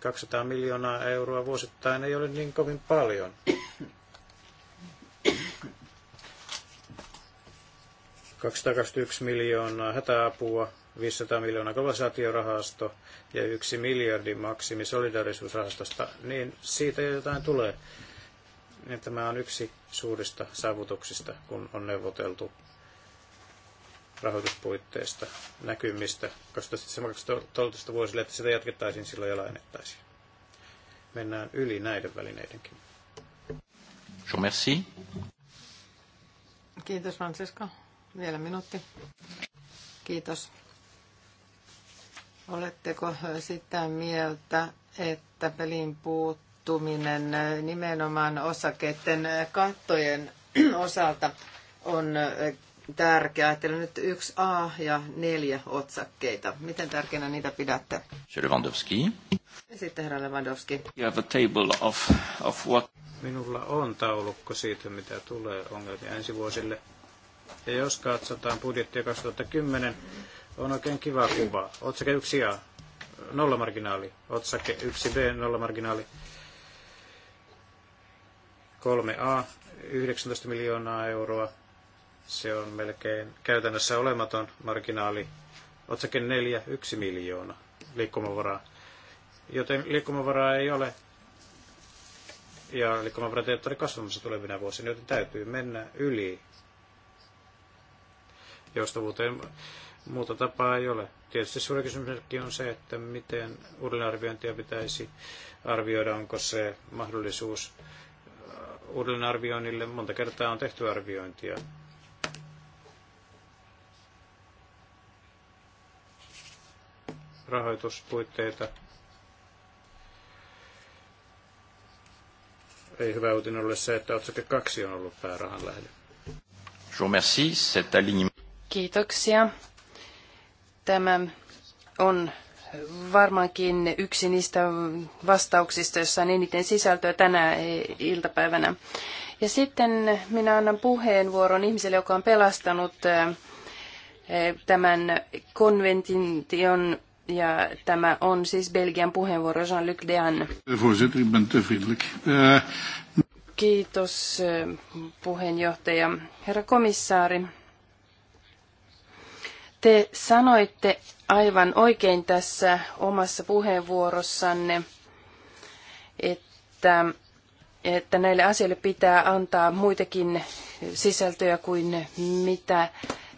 200 miljoonaa euroa vuosittain ei ole niin kovin paljon. ...221 miljoonaa hätäapua, 500 miljoonaa globalisaatiorahasto ja yksi miljardi maksimi solidarisuusrahastosta, niin siitä jotain tulee. Niin tämä on yksi suurista saavutuksista, kun on neuvoteltu rahoituspuitteista, näkymistä 2013 vuosille, että sitä jatkettaisiin silloin ja laajennettaisiin. Mennään yli näiden välineidenkin. Je merci. Kiitos Francisco. Vielä minuutti. Kiitos. Oletteko sitä mieltä, että pelin puuttuminen nimenomaan osakkeiden kattojen osalta on tärkeää. Ajattelen nyt yksi a ja neljä otsakkeita. Miten tärkeänä niitä pidätte? Lewandowski. Ja sitten herra Lewandowski. You have a table of, of what? Minulla on taulukko siitä, mitä tulee ongelmia ensi vuosille. Ja jos katsotaan budjettia 2010, on oikein kiva kuva. Otsake 1A, nollamarginaali. Otsake 1B, nollamarginaali. 3A, 19 miljoonaa euroa se on melkein käytännössä olematon marginaali. Otsake 4, 1 miljoona liikkumavaraa. Joten liikkumavaraa ei ole. Ja liikkumavaraa ei ole kasvamassa tulevina vuosina, joten täytyy mennä yli. Joustavuuteen muuta tapaa ei ole. Tietysti suuri kysymyskin on se, että miten uudelleenarviointia pitäisi arvioida, onko se mahdollisuus äh, uudelleenarvioinnille. Monta kertaa on tehty arviointia rahoituspuitteita. Ei hyvä uutinen ole se, että otsake kaksi on ollut päärahan lähde. Kiitoksia. Tämä on varmaankin yksi niistä vastauksista, jossa on eniten sisältöä tänä iltapäivänä. Ja sitten minä annan puheenvuoron ihmiselle, joka on pelastanut eh, tämän konventin ja tämä on siis Belgian puheenvuoro Jean-Luc Dean. Eh, Kiitos eh, puheenjohtaja. Herra komissaari, te sanoitte aivan oikein tässä omassa puheenvuorossanne, että, että näille asioille pitää antaa muitakin sisältöjä kuin mitä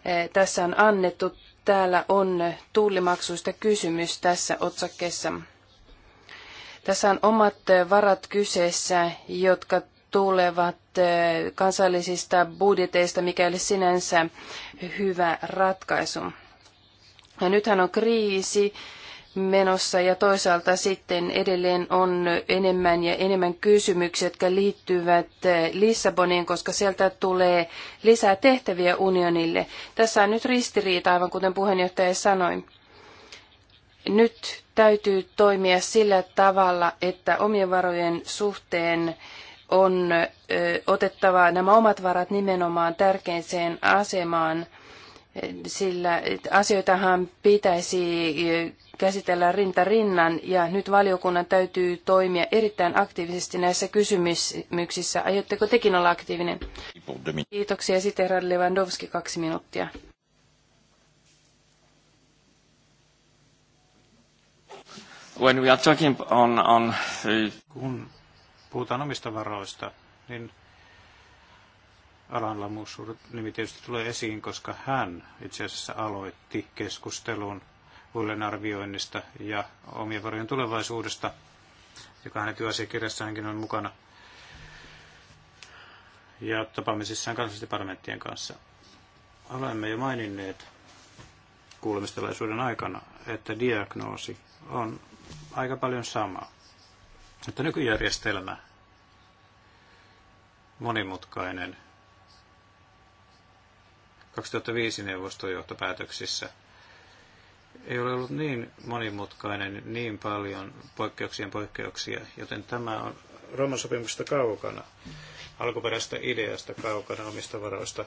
eh, tässä on annettu täällä on tuulimaksuista kysymys tässä otsakkeessa. Tässä on omat varat kyseessä, jotka tulevat eh, kansallisista budjeteista, mikä ei sinänsä hyvä ratkaisu. Ja nythän on kriisi menossa ja toisaalta sitten edelleen on enemmän ja enemmän kysymyksiä, jotka liittyvät eh, Lissaboniin, koska sieltä tulee lisää tehtäviä unionille. Tässä on nyt ristiriita, aivan kuten puheenjohtaja sanoi. Nyt täytyy toimia sillä tavalla, että omien varojen suhteen on eh, otettava nämä omat varat nimenomaan tärkeiseen asemaan – sillä asioitahan pitäisi käsitellä rinta rinnan ja nyt valiokunnan täytyy toimia erittäin aktiivisesti näissä kysymyksissä. Aiotteko tekin olla aktiivinen? Kiitoksia. Sitten herra Lewandowski kaksi minuuttia. When we are talking on, on... Uh, Kun puhutaan omista varoista, niin Alan Lamussur nimi tietysti tulee esiin, koska hän itse asiassa aloitti keskustelun huilen arvioinnista ja omien varojen tulevaisuudesta, joka hänen työasiakirjassaankin on mukana, ja tapaamisissaan kansallisten parlamenttien kanssa. Olemme jo maininneet kuulemistelaisuuden aikana, että diagnoosi on aika paljon sama. Että nykyjärjestelmä monimutkainen 2005 neuvostojohtopäätöksissä. johtopäätöksissä ei ole ollut niin monimutkainen, niin paljon poikkeuksien poikkeuksia, joten tämä on Rooman sopimuksesta kaukana, alkuperäisestä ideasta kaukana omista varoista.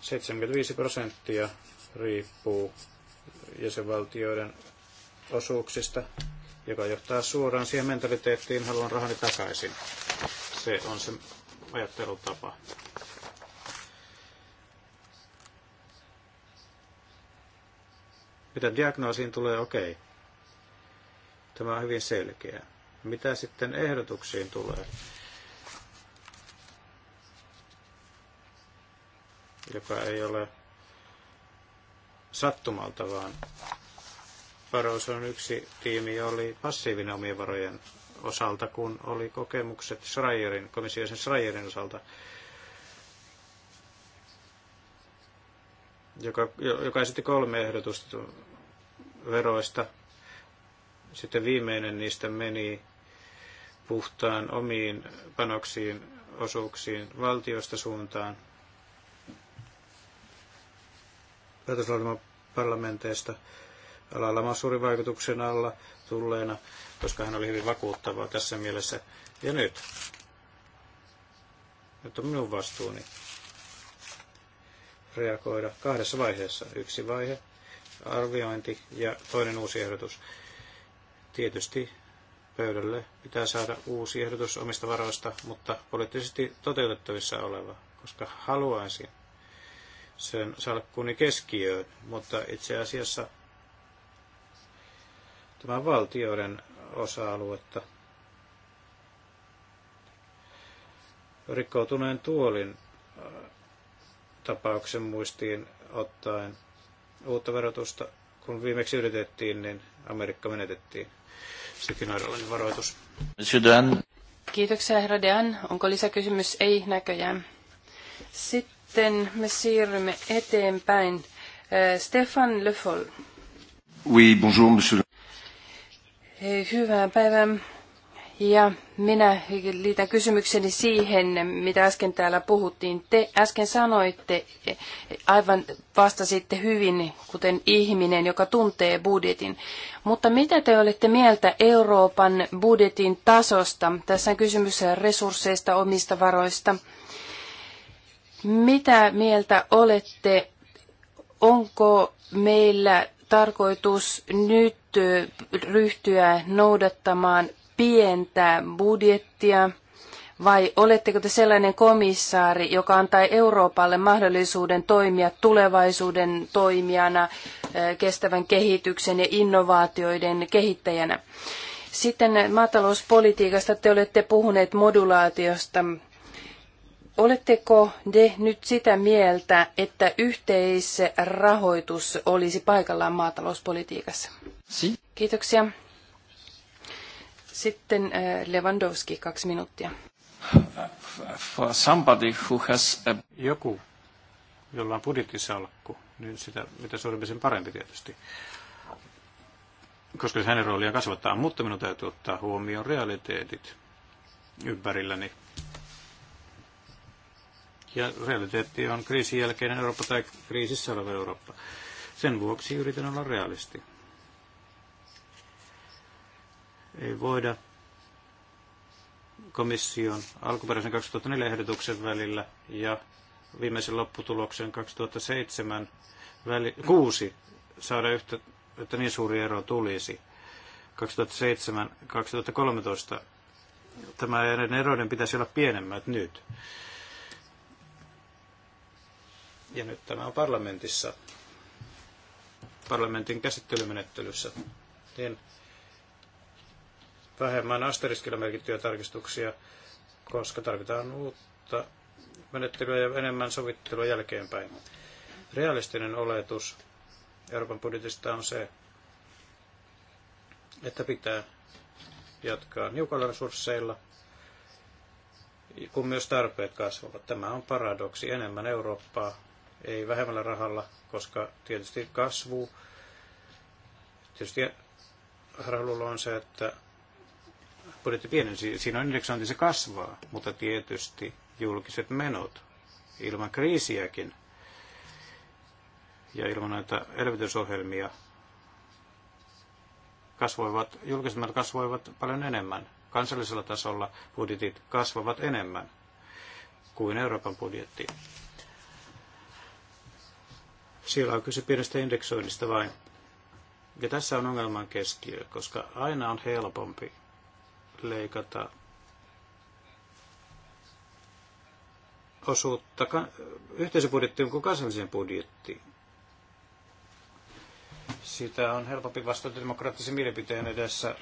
75 prosenttia riippuu jäsenvaltioiden osuuksista, joka johtaa suoraan siihen mentaliteettiin, haluan rahani takaisin. Se on se ajattelutapa. Mitä diagnoosiin tulee, okei. Okay. Tämä on hyvin selkeä. Mitä sitten ehdotuksiin tulee? Joka ei ole sattumalta, vaan varaus on yksi tiimi, oli passiivinen omien varojen osalta, kun oli kokemukset Schreierin, komissiosen Schreierin osalta joka, joka esitti kolme ehdotusta veroista. Sitten viimeinen niistä meni puhtaan omiin panoksiin, osuuksiin valtiosta suuntaan päätöslauselman parlamenteista alalla vaikutuksen alla tulleena, koska hän oli hyvin vakuuttavaa tässä mielessä. Ja nyt? Nyt on minun vastuuni reagoida kahdessa vaiheessa. Yksi vaihe, arviointi ja toinen uusi ehdotus. Tietysti pöydälle pitää saada uusi ehdotus omista varoista, mutta poliittisesti toteutettavissa oleva, koska haluaisin sen salkkuni keskiöön, mutta itse asiassa tämä valtioiden osa-aluetta rikkoutuneen tuolin äh, tapauksen muistiin ottaen uutta verotusta. Kun viimeksi yritettiin, niin Amerikka menetettiin. Sekin on varoitus. Kiitoksia, herra Dean. Onko lisäkysymys? Ei näköjään. Sitten me siirrymme eteenpäin. Eh, Stefan Le Foll. Oui, bonjour, monsieur. Eh, hyvää päivää, ja minä liitän kysymykseni siihen, mitä äsken täällä puhuttiin. Te äsken sanoitte, aivan vastasitte hyvin, kuten ihminen, joka tuntee budjetin. Mutta mitä te olette mieltä Euroopan budjetin tasosta? Tässä on kysymys resursseista, omista varoista. Mitä mieltä olette? Onko meillä tarkoitus nyt ryhtyä noudattamaan pientä budjettia? Vai oletteko te sellainen komissaari, joka antaa Euroopalle mahdollisuuden toimia tulevaisuuden toimijana, eh, kestävän kehityksen ja innovaatioiden kehittäjänä? Sitten maatalouspolitiikasta te olette puhuneet modulaatiosta. Oletteko te nyt sitä mieltä, että yhteisrahoitus olisi paikallaan maatalouspolitiikassa? Si. Kiitoksia. Sitten äh, Lewandowski, kaksi minuuttia. For somebody who has a... Joku, jolla on budjettisalkku, niin sitä mitä suurempi sen parempi tietysti. Koska se hänen roolia kasvattaa, mutta minun täytyy ottaa huomioon realiteetit ympärilläni. Ja realiteetti on kriisin jälkeinen Eurooppa tai kriisissä oleva Eurooppa. Sen vuoksi yritän olla realisti ei voida komission alkuperäisen 2004 ehdotuksen välillä ja viimeisen lopputuloksen 2007 väli, kuusi saada yhtä, että niin suuri ero tulisi. 2007-2013 tämä eroiden pitäisi olla pienemmät nyt. Ja nyt tämä on parlamentissa, parlamentin käsittelymenettelyssä. Niin vähemmän asteriskillä merkittyjä tarkistuksia, koska tarvitaan uutta menettelyä ja enemmän sovittelua jälkeenpäin. Realistinen oletus Euroopan budjetista on se, että pitää jatkaa niukalla resursseilla, kun myös tarpeet kasvavat. Tämä on paradoksi. Enemmän Eurooppaa, ei vähemmällä rahalla, koska tietysti kasvu, tietysti rahalla on se, että budjetti pienensi, siinä on indeksointi, se kasvaa, mutta tietysti julkiset menot ilman kriisiäkin ja ilman näitä elvytysohjelmia kasvoivat, julkiset menot kasvoivat paljon enemmän. Kansallisella tasolla budjetit kasvavat enemmän kuin Euroopan budjetti. Siellä on kyse pienestä indeksoinnista vain. Ja tässä on ongelman keskiö, koska aina on helpompi leikata osuutta yhteisöbudjettiin kuin kansalliseen budjettiin. Sitä on helpompi vastata demokraattisen mielipiteen edessä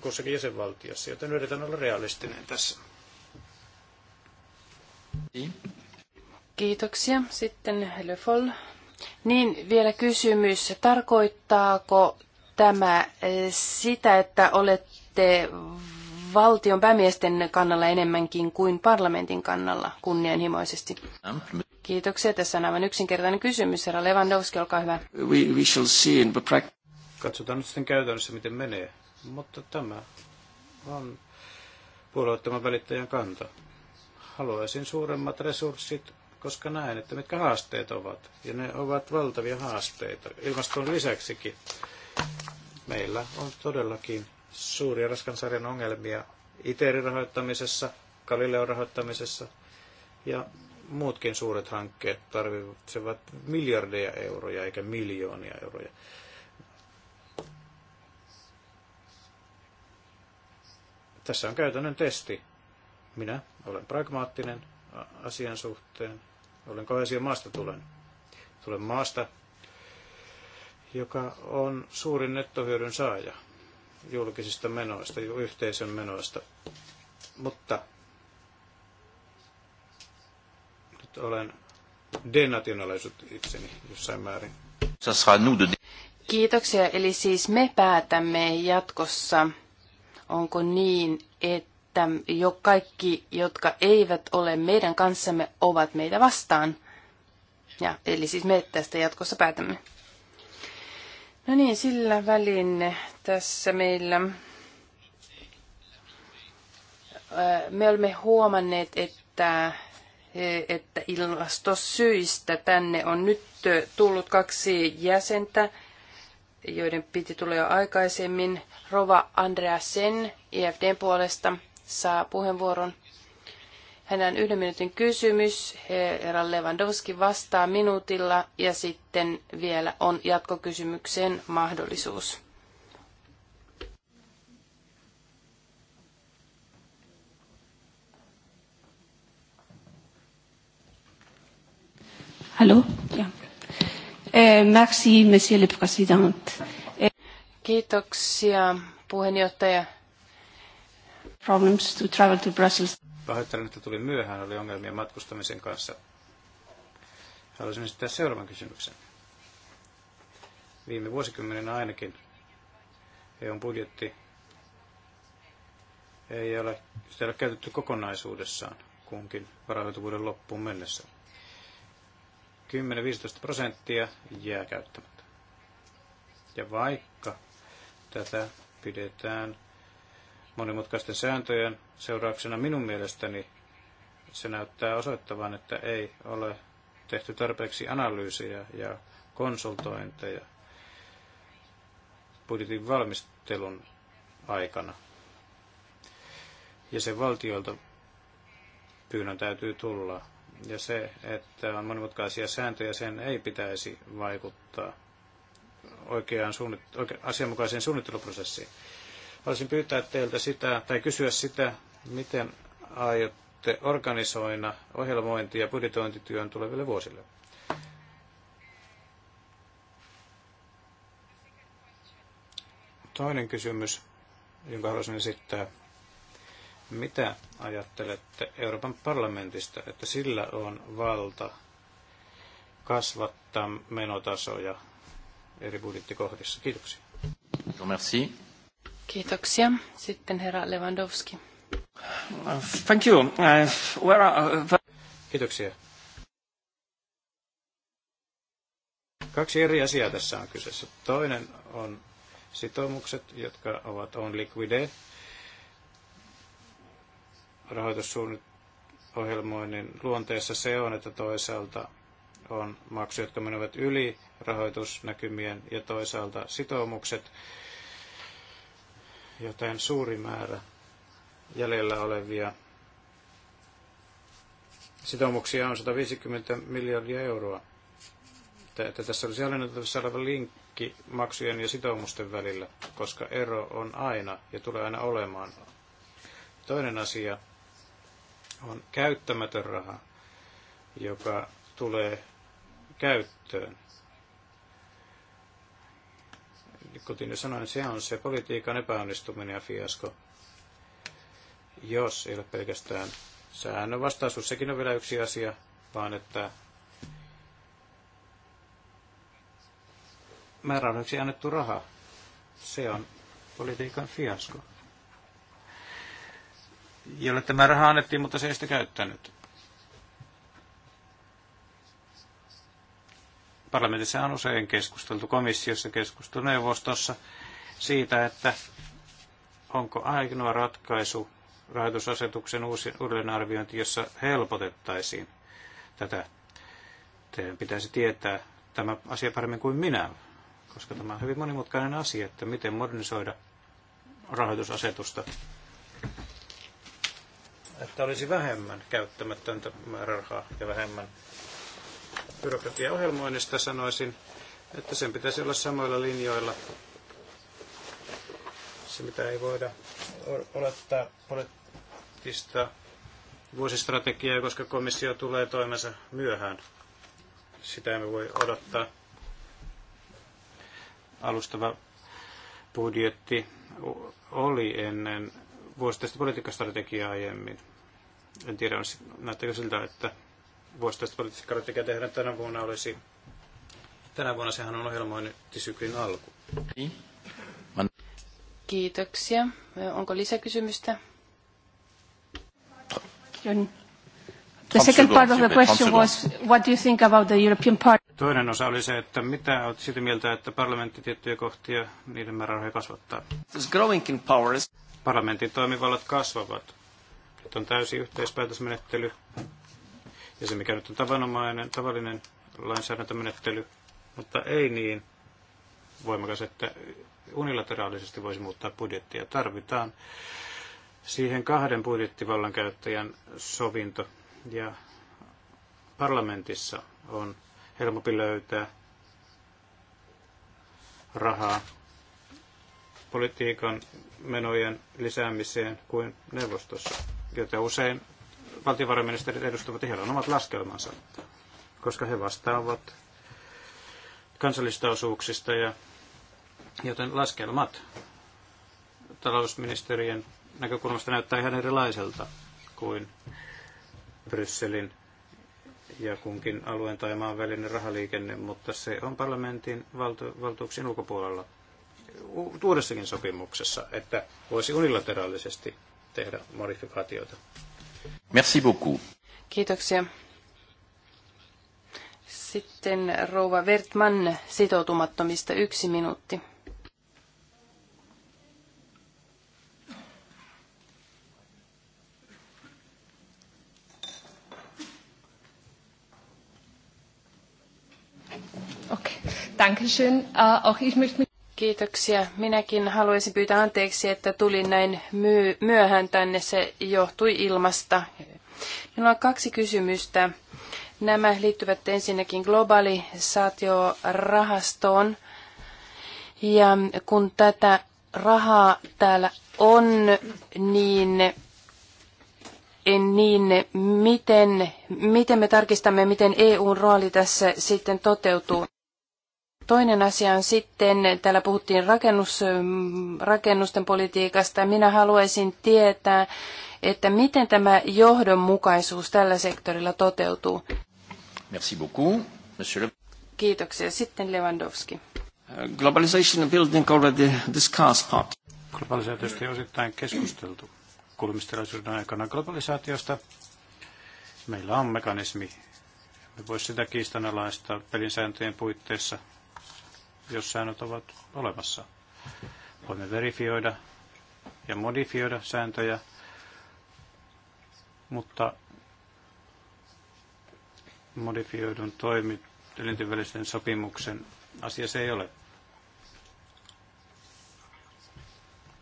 kussakin jäsenvaltiossa, joten yritän olla realistinen tässä. Kiitoksia. Sitten Le Niin, vielä kysymys. Tarkoittaako tämä eh, sitä, että olet olette valtion päämiesten kannalla enemmänkin kuin parlamentin kannalla kunnianhimoisesti? Kiitoksia. Tässä on aivan yksinkertainen kysymys. Herra Lewandowski, olkaa hyvä. We, we shall see in the Katsotaan nyt sitten käytännössä, miten menee. Mutta tämä on puolueettoman välittäjän kanta. Haluaisin suuremmat resurssit, koska näen, että mitkä haasteet ovat. Ja ne ovat valtavia haasteita. Ilmaston lisäksikin meillä on todellakin suuria sarjan ongelmia ITERin rahoittamisessa, Galileon rahoittamisessa ja muutkin suuret hankkeet tarvitsevat miljardeja euroja eikä miljoonia euroja. Tässä on käytännön testi. Minä olen pragmaattinen asian suhteen. Olen kohesio maasta tulen. Tulen maasta, joka on suurin nettohyödyn saaja julkisista menoista, yhteisön menoista. Mutta nyt olen denationalisut itseni jossain määrin. Kiitoksia. Eli siis me päätämme jatkossa, onko niin, että jo kaikki, jotka eivät ole meidän kanssamme, ovat meitä vastaan. Ja, eli siis me tästä jatkossa päätämme. No niin, sillä välin tässä meillä. Äh, me olemme huomanneet, että, äh, että ilmastosyistä tänne on nyt äh, tullut kaksi jäsentä, joiden piti tulla jo aikaisemmin. Rova Andreasen IFDn puolesta saa puheenvuoron. on yhden minuutin kysymys, herra Lewandowski vastaa minuutilla ja sitten vielä on jatkokysymyksen mahdollisuus. Hello. Yeah. merci, monsieur le président. Eh, Kiitoksia, puheenjohtaja. Problems to travel to Brussels. Pahoittelen, että tuli myöhään, oli ongelmia matkustamisen kanssa. Haluaisin esittää seuraavan kysymyksen. Viime vuosikymmenen ainakin EUn budjetti ei ole, sitä ei ole käytetty kokonaisuudessaan kunkin varautuvuuden loppuun mennessä. 10-15 prosenttia jää käyttämättä. Ja vaikka tätä pidetään monimutkaisten sääntöjen seurauksena minun mielestäni, se näyttää osoittavan, että ei ole tehty tarpeeksi analyysiä ja konsultointeja budjetin valmistelun aikana. Ja sen valtiolta pyynnön täytyy tulla ja se, että on monimutkaisia sääntöjä, sen ei pitäisi vaikuttaa oikeaan suunnit- oike- asianmukaiseen suunnitteluprosessiin. Haluaisin pyytää teiltä sitä, tai kysyä sitä, miten aiotte organisoina ohjelmointi- ja budjetointityön tuleville vuosille. Toinen kysymys, jonka haluaisin esittää, mitä ajattelette Euroopan parlamentista, että sillä on valta kasvattaa menotasoja eri budjettikohdissa? Kiitoksia. Merci. Kiitoksia. Sitten herra Lewandowski. Thank you. Uh, where are, uh, Kiitoksia. Kaksi eri asiaa tässä on kyseessä. Toinen on sitoumukset, jotka ovat on liquide, rahoitussuunnitelmoinnin luonteessa se on, että toisaalta on maksuja, jotka menevät yli rahoitusnäkymien ja toisaalta sitoumukset, joten suuri määrä jäljellä olevia sitoumuksia on 150 miljardia euroa. Että tässä olisi hallinnoitavissa oleva linkki maksujen ja sitoumusten välillä, koska ero on aina ja tulee aina olemaan. Toinen asia on käyttämätön raha, joka tulee käyttöön. Kuten jo sanoin, se on se politiikan epäonnistuminen ja fiasko, jos ei ole pelkästään säännön vastaisuus, sekin on vielä yksi asia, vaan että yksi annettu raha, se on politiikan fiasko jolle tämä raha annettiin, mutta se ei sitä käyttänyt. Parlamentissa on usein keskusteltu, komissiossa keskusteltu neuvostossa siitä, että onko ainoa ratkaisu rahoitusasetuksen uudelleenarviointi, jossa helpotettaisiin tätä. Teidän pitäisi tietää tämä asia paremmin kuin minä, koska tämä on hyvin monimutkainen asia, että miten modernisoida rahoitusasetusta että olisi vähemmän käyttämätöntä määrärahaa ja vähemmän byrokratiaohjelmoinnista sanoisin, että sen pitäisi olla samoilla linjoilla. Se, mitä ei voida olettaa poliittista vuosistrategiaa, koska komissio tulee toimensa myöhään. Sitä emme voi odottaa. Alustava budjetti oli ennen vuosittaista politiikkastrategiaa aiemmin. En tiedä, on, näyttääkö siltä, että vuosittaiset poliittiset kartikä tehdään tänä vuonna olisi... Tänä vuonna sehän on syklin alku. Kiitoksia. Onko lisäkysymystä? The second part of the question was, what do you think about the European Party? Toinen osa oli se, että mitä olet sitä mieltä, että parlamentti tiettyjä kohtia niiden määrärahoja kasvattaa? Parlamentin toimivallat kasvavat nyt on täysi yhteispäätösmenettely ja se, mikä nyt on tavanomainen, tavallinen lainsäädäntömenettely, mutta ei niin voimakas, että unilateraalisesti voisi muuttaa budjettia. Tarvitaan siihen kahden budjettivallankäyttäjän sovinto ja parlamentissa on helpompi löytää rahaa politiikan menojen lisäämiseen kuin neuvostossa joita usein valtiovarainministerit edustavat, heillä on omat laskelmansa, koska he vastaavat kansallista osuuksista, ja, joten laskelmat talousministerien näkökulmasta näyttää ihan erilaiselta kuin Brysselin ja kunkin alueen tai maan välinen rahaliikenne, mutta se on parlamentin valtu- valtuuksien ulkopuolella uudessakin sopimuksessa, että voisi unilateraalisesti tehdä modifikaatioita. Merci beaucoup. Kiitoksia. Sitten rouva Vertman sitoutumattomista yksi minuutti. Okay. Dankeschön. Äh, auch ich möchte mich Kiitoksia. Minäkin haluaisin pyytää anteeksi, että tulin näin myy- myöhään tänne. Se johtui ilmasta. Minulla on kaksi kysymystä. Nämä liittyvät ensinnäkin globalisaatiorahastoon. Ja kun tätä rahaa täällä on, niin niin miten, miten me tarkistamme, miten EUn rooli tässä sitten toteutuu? Toinen asia on sitten, täällä puhuttiin rakennus, mm, rakennusten politiikasta. Minä haluaisin tietää, että miten tämä johdonmukaisuus tällä sektorilla toteutuu. Merci beaucoup, monsieur Kiitoksia. Sitten Lewandowski. Uh, globalization building already discussed part. Globalisaatiosta on osittain keskusteltu kuulemistilaisuuden aikana globalisaatiosta. Meillä on mekanismi. Me voisi sitä kiistanalaista pelin sääntöjen puitteissa jos säännöt ovat olemassa. Voimme verifioida ja modifioida sääntöjä, mutta modifioidun toimielinten välisen sopimuksen asia se ei ole.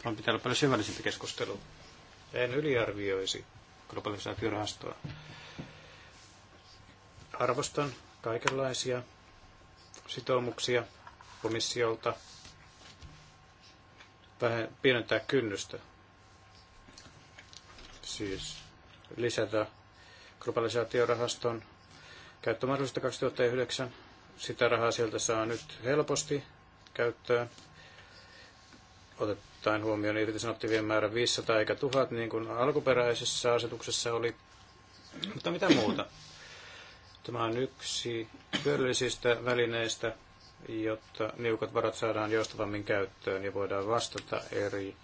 Vaan pitää olla paljon syvällisempi keskustelu. En yliarvioisi globalisaatiorahastoa. Arvostan kaikenlaisia sitoumuksia, komissiolta vähän pienentää kynnystä. Siis lisätä globalisaatiorahaston käyttömahdollisuutta 2009. Sitä rahaa sieltä saa nyt helposti käyttöön. Otetaan huomioon irtisanottavien määrä 500 eikä 1000, niin kuin alkuperäisessä asetuksessa oli. Mutta mitä muuta? Tämä on yksi hyödyllisistä välineistä jotta niukat varat saadaan joustavammin käyttöön ja voidaan vastata eri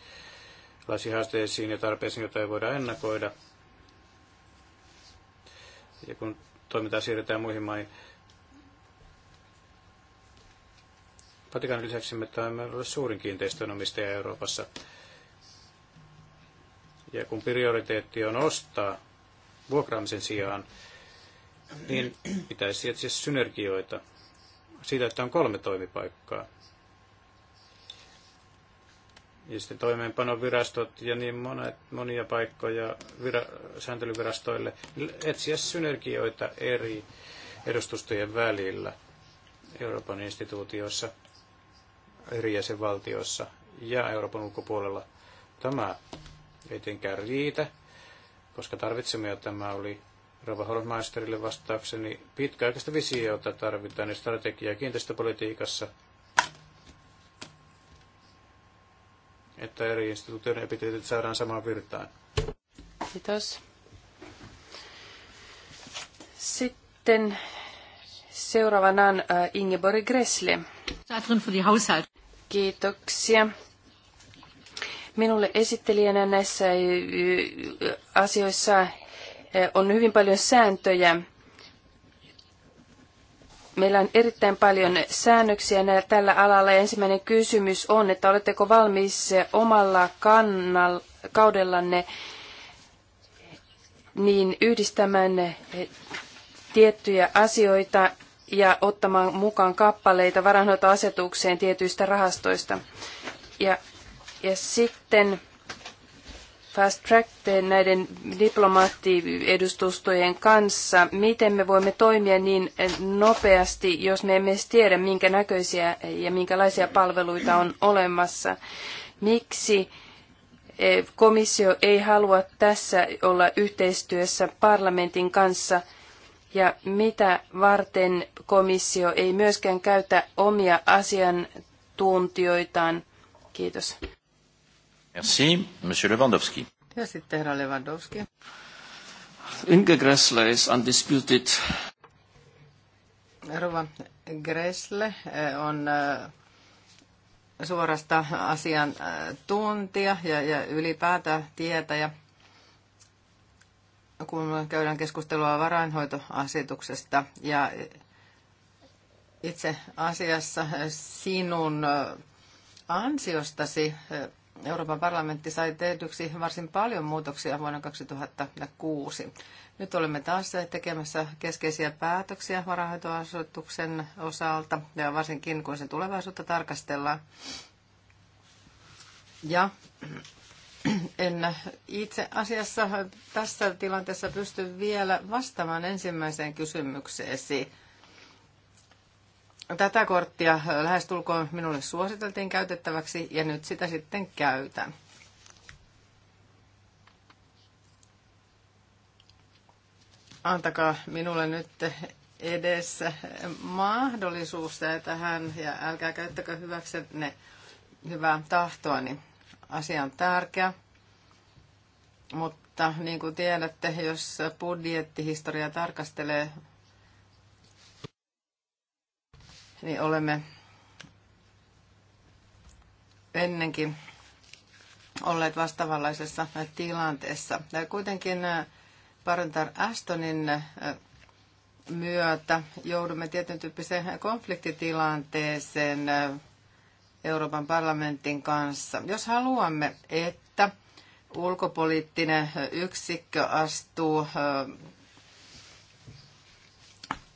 haasteisiin ja tarpeisiin, joita ei voida ennakoida. Ja kun toimintaa siirretään muihin maihin. Vatikan lisäksi me taimme olla suurin kiinteistönomistaja Euroopassa. Ja kun prioriteetti on ostaa vuokraamisen sijaan, niin pitäisi etsiä synergioita – siitä, että on kolme toimipaikkaa. Ja sitten toimeenpanovirastot ja niin monet, monia paikkoja vira, sääntelyvirastoille etsiä synergioita eri edustustojen välillä Euroopan instituutioissa, eri jäsenvaltioissa ja Euroopan ulkopuolella. Tämä ei tietenkään riitä, koska tarvitsemme jo tämä oli Rova Holmeisterille vastaukseni. Pitkäaikaista visiota tarvitaan ja strategiaa kiinteistöpolitiikassa, että eri instituutioiden epiteetit saadaan samaan virtaan. Kiitos. Sitten on äh, Ingeborg Gressle. Kiitoksia minulle esittelijänä näissä äh, äh, asioissa on hyvin paljon sääntöjä. Meillä on erittäin paljon säännöksiä tällä alalla ja ensimmäinen kysymys on, että oletteko valmis omalla kannal, kaudellanne niin yhdistämään tiettyjä asioita ja ottamaan mukaan kappaleita varanhoitoasetukseen tietyistä rahastoista. Ja, ja sitten fast track näiden diplomaattiedustustojen kanssa, miten me voimme toimia niin nopeasti, jos me emme edes tiedä, minkä näköisiä ja minkälaisia palveluita on olemassa. Miksi eh, komissio ei halua tässä olla yhteistyössä parlamentin kanssa ja mitä varten komissio ei myöskään käytä omia asiantuntijoitaan? Kiitos. Merci, Monsieur Lewandowski. Ja sitten herra Lewandowski. Inge Gressle is undisputed. Rova Gressle eh, on eh, suorasta asian tuntija ja, ja ylipäätään tietäjä. Kun käydään keskustelua varainhoitoasetuksesta ja itse asiassa sinun eh, ansiostasi Euroopan parlamentti sai tehdyksi varsin paljon muutoksia vuonna 2006. Nyt olemme taas tekemässä keskeisiä päätöksiä varainhoitoasetuksen osalta, ja varsinkin kun sen tulevaisuutta tarkastellaan. Ja en itse asiassa tässä tilanteessa pysty vielä vastaamaan ensimmäiseen kysymykseesi Tätä korttia lähestulkoon minulle suositeltiin käytettäväksi ja nyt sitä sitten käytän. Antakaa minulle nyt edessä mahdollisuus tähän ja älkää käyttäkö hyväksenne hyvää niin Asia on tärkeä, mutta niin kuin tiedätte, jos budjettihistoria tarkastelee niin olemme ennenkin olleet vastaavanlaisessa tilanteessa. ja Kuitenkin äh, Parentar Astonin äh, myötä joudumme tietyn tyyppiseen konfliktitilanteeseen äh, Euroopan parlamentin kanssa. Jos haluamme, että ulkopoliittinen yksikkö astuu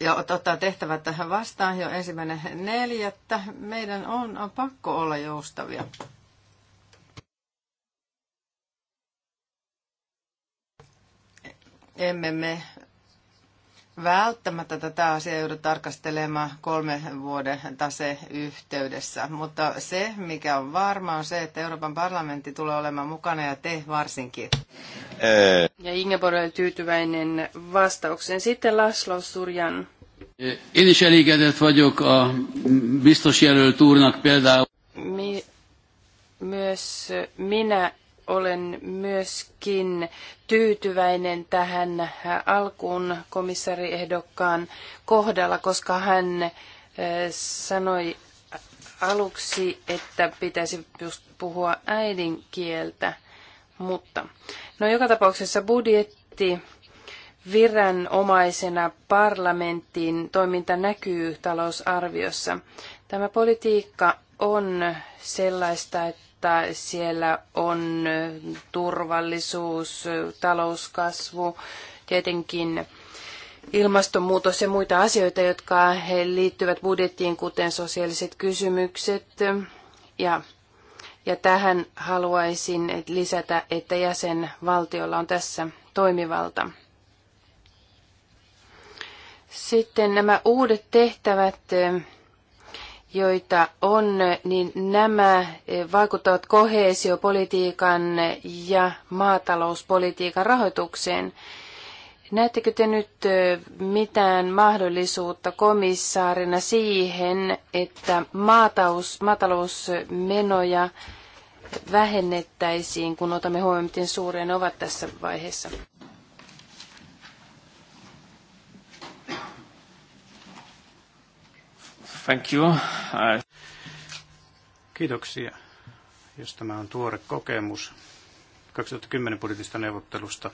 ja ottaa tehtävä tähän vastaan jo ensimmäinen neljättä. Meidän on, on pakko olla joustavia. Emme me Välttämättä tätä asiaa joudu tarkastelemaan kolmen vuoden taseyhteydessä, mutta se mikä on varma on se, että Euroopan parlamentti tulee olemaan mukana ja te varsinkin. Eh. Ja Ingeborg oli tyytyväinen vastaukseen. Sitten Laszlo Surjan. Eh, én is elégedett vagyok a biztos jelölt úrnak például. Mi, myös minä olen myöskin tyytyväinen tähän alkuun komissariehdokkaan kohdalla, koska hän sanoi aluksi, että pitäisi just puhua äidinkieltä. Mutta no joka tapauksessa budjetti viranomaisena parlamenttiin toiminta näkyy talousarviossa. Tämä politiikka on sellaista, että mutta siellä on turvallisuus, talouskasvu, tietenkin ilmastonmuutos ja muita asioita, jotka he liittyvät budjettiin, kuten sosiaaliset kysymykset. Ja, ja tähän haluaisin lisätä, että jäsenvaltiolla on tässä toimivalta. Sitten nämä uudet tehtävät, joita on, niin nämä eh, vaikuttavat koheesiopolitiikan ja maatalouspolitiikan rahoitukseen. Näettekö te nyt eh, mitään mahdollisuutta komissaarina siihen, että maatalous, maatalousmenoja vähennettäisiin, kun otamme huomioon, miten suuria ovat tässä vaiheessa? Thank you. I... Uh, Kiitoksia, jos tämä on tuore kokemus 2010 budjetista neuvottelusta,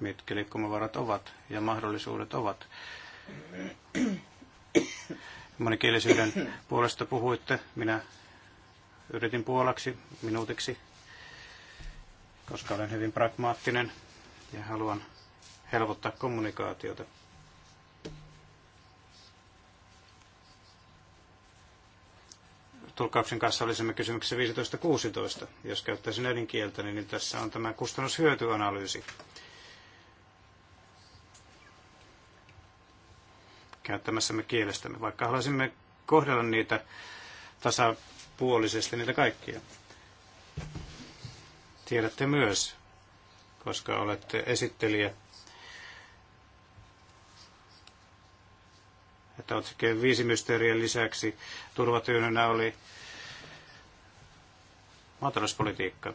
mitkä liikkumavarat ovat ja mahdollisuudet ovat. Monikielisyyden puolesta puhuitte, minä yritin puolaksi minuutiksi, koska olen hyvin pragmaattinen ja haluan helpottaa kommunikaatiota. tulkauksen kanssa olisimme kysymyksessä 15.16. Jos käyttäisin äidinkieltä, niin tässä on tämä kustannushyötyanalyysi. käyttämässämme kielestämme, vaikka haluaisimme kohdella niitä tasapuolisesti, niitä kaikkia. Tiedätte myös, koska olette esittelijä, että otsikkeen viisi mysteerien lisäksi turvatyynynä oli maatalouspolitiikka.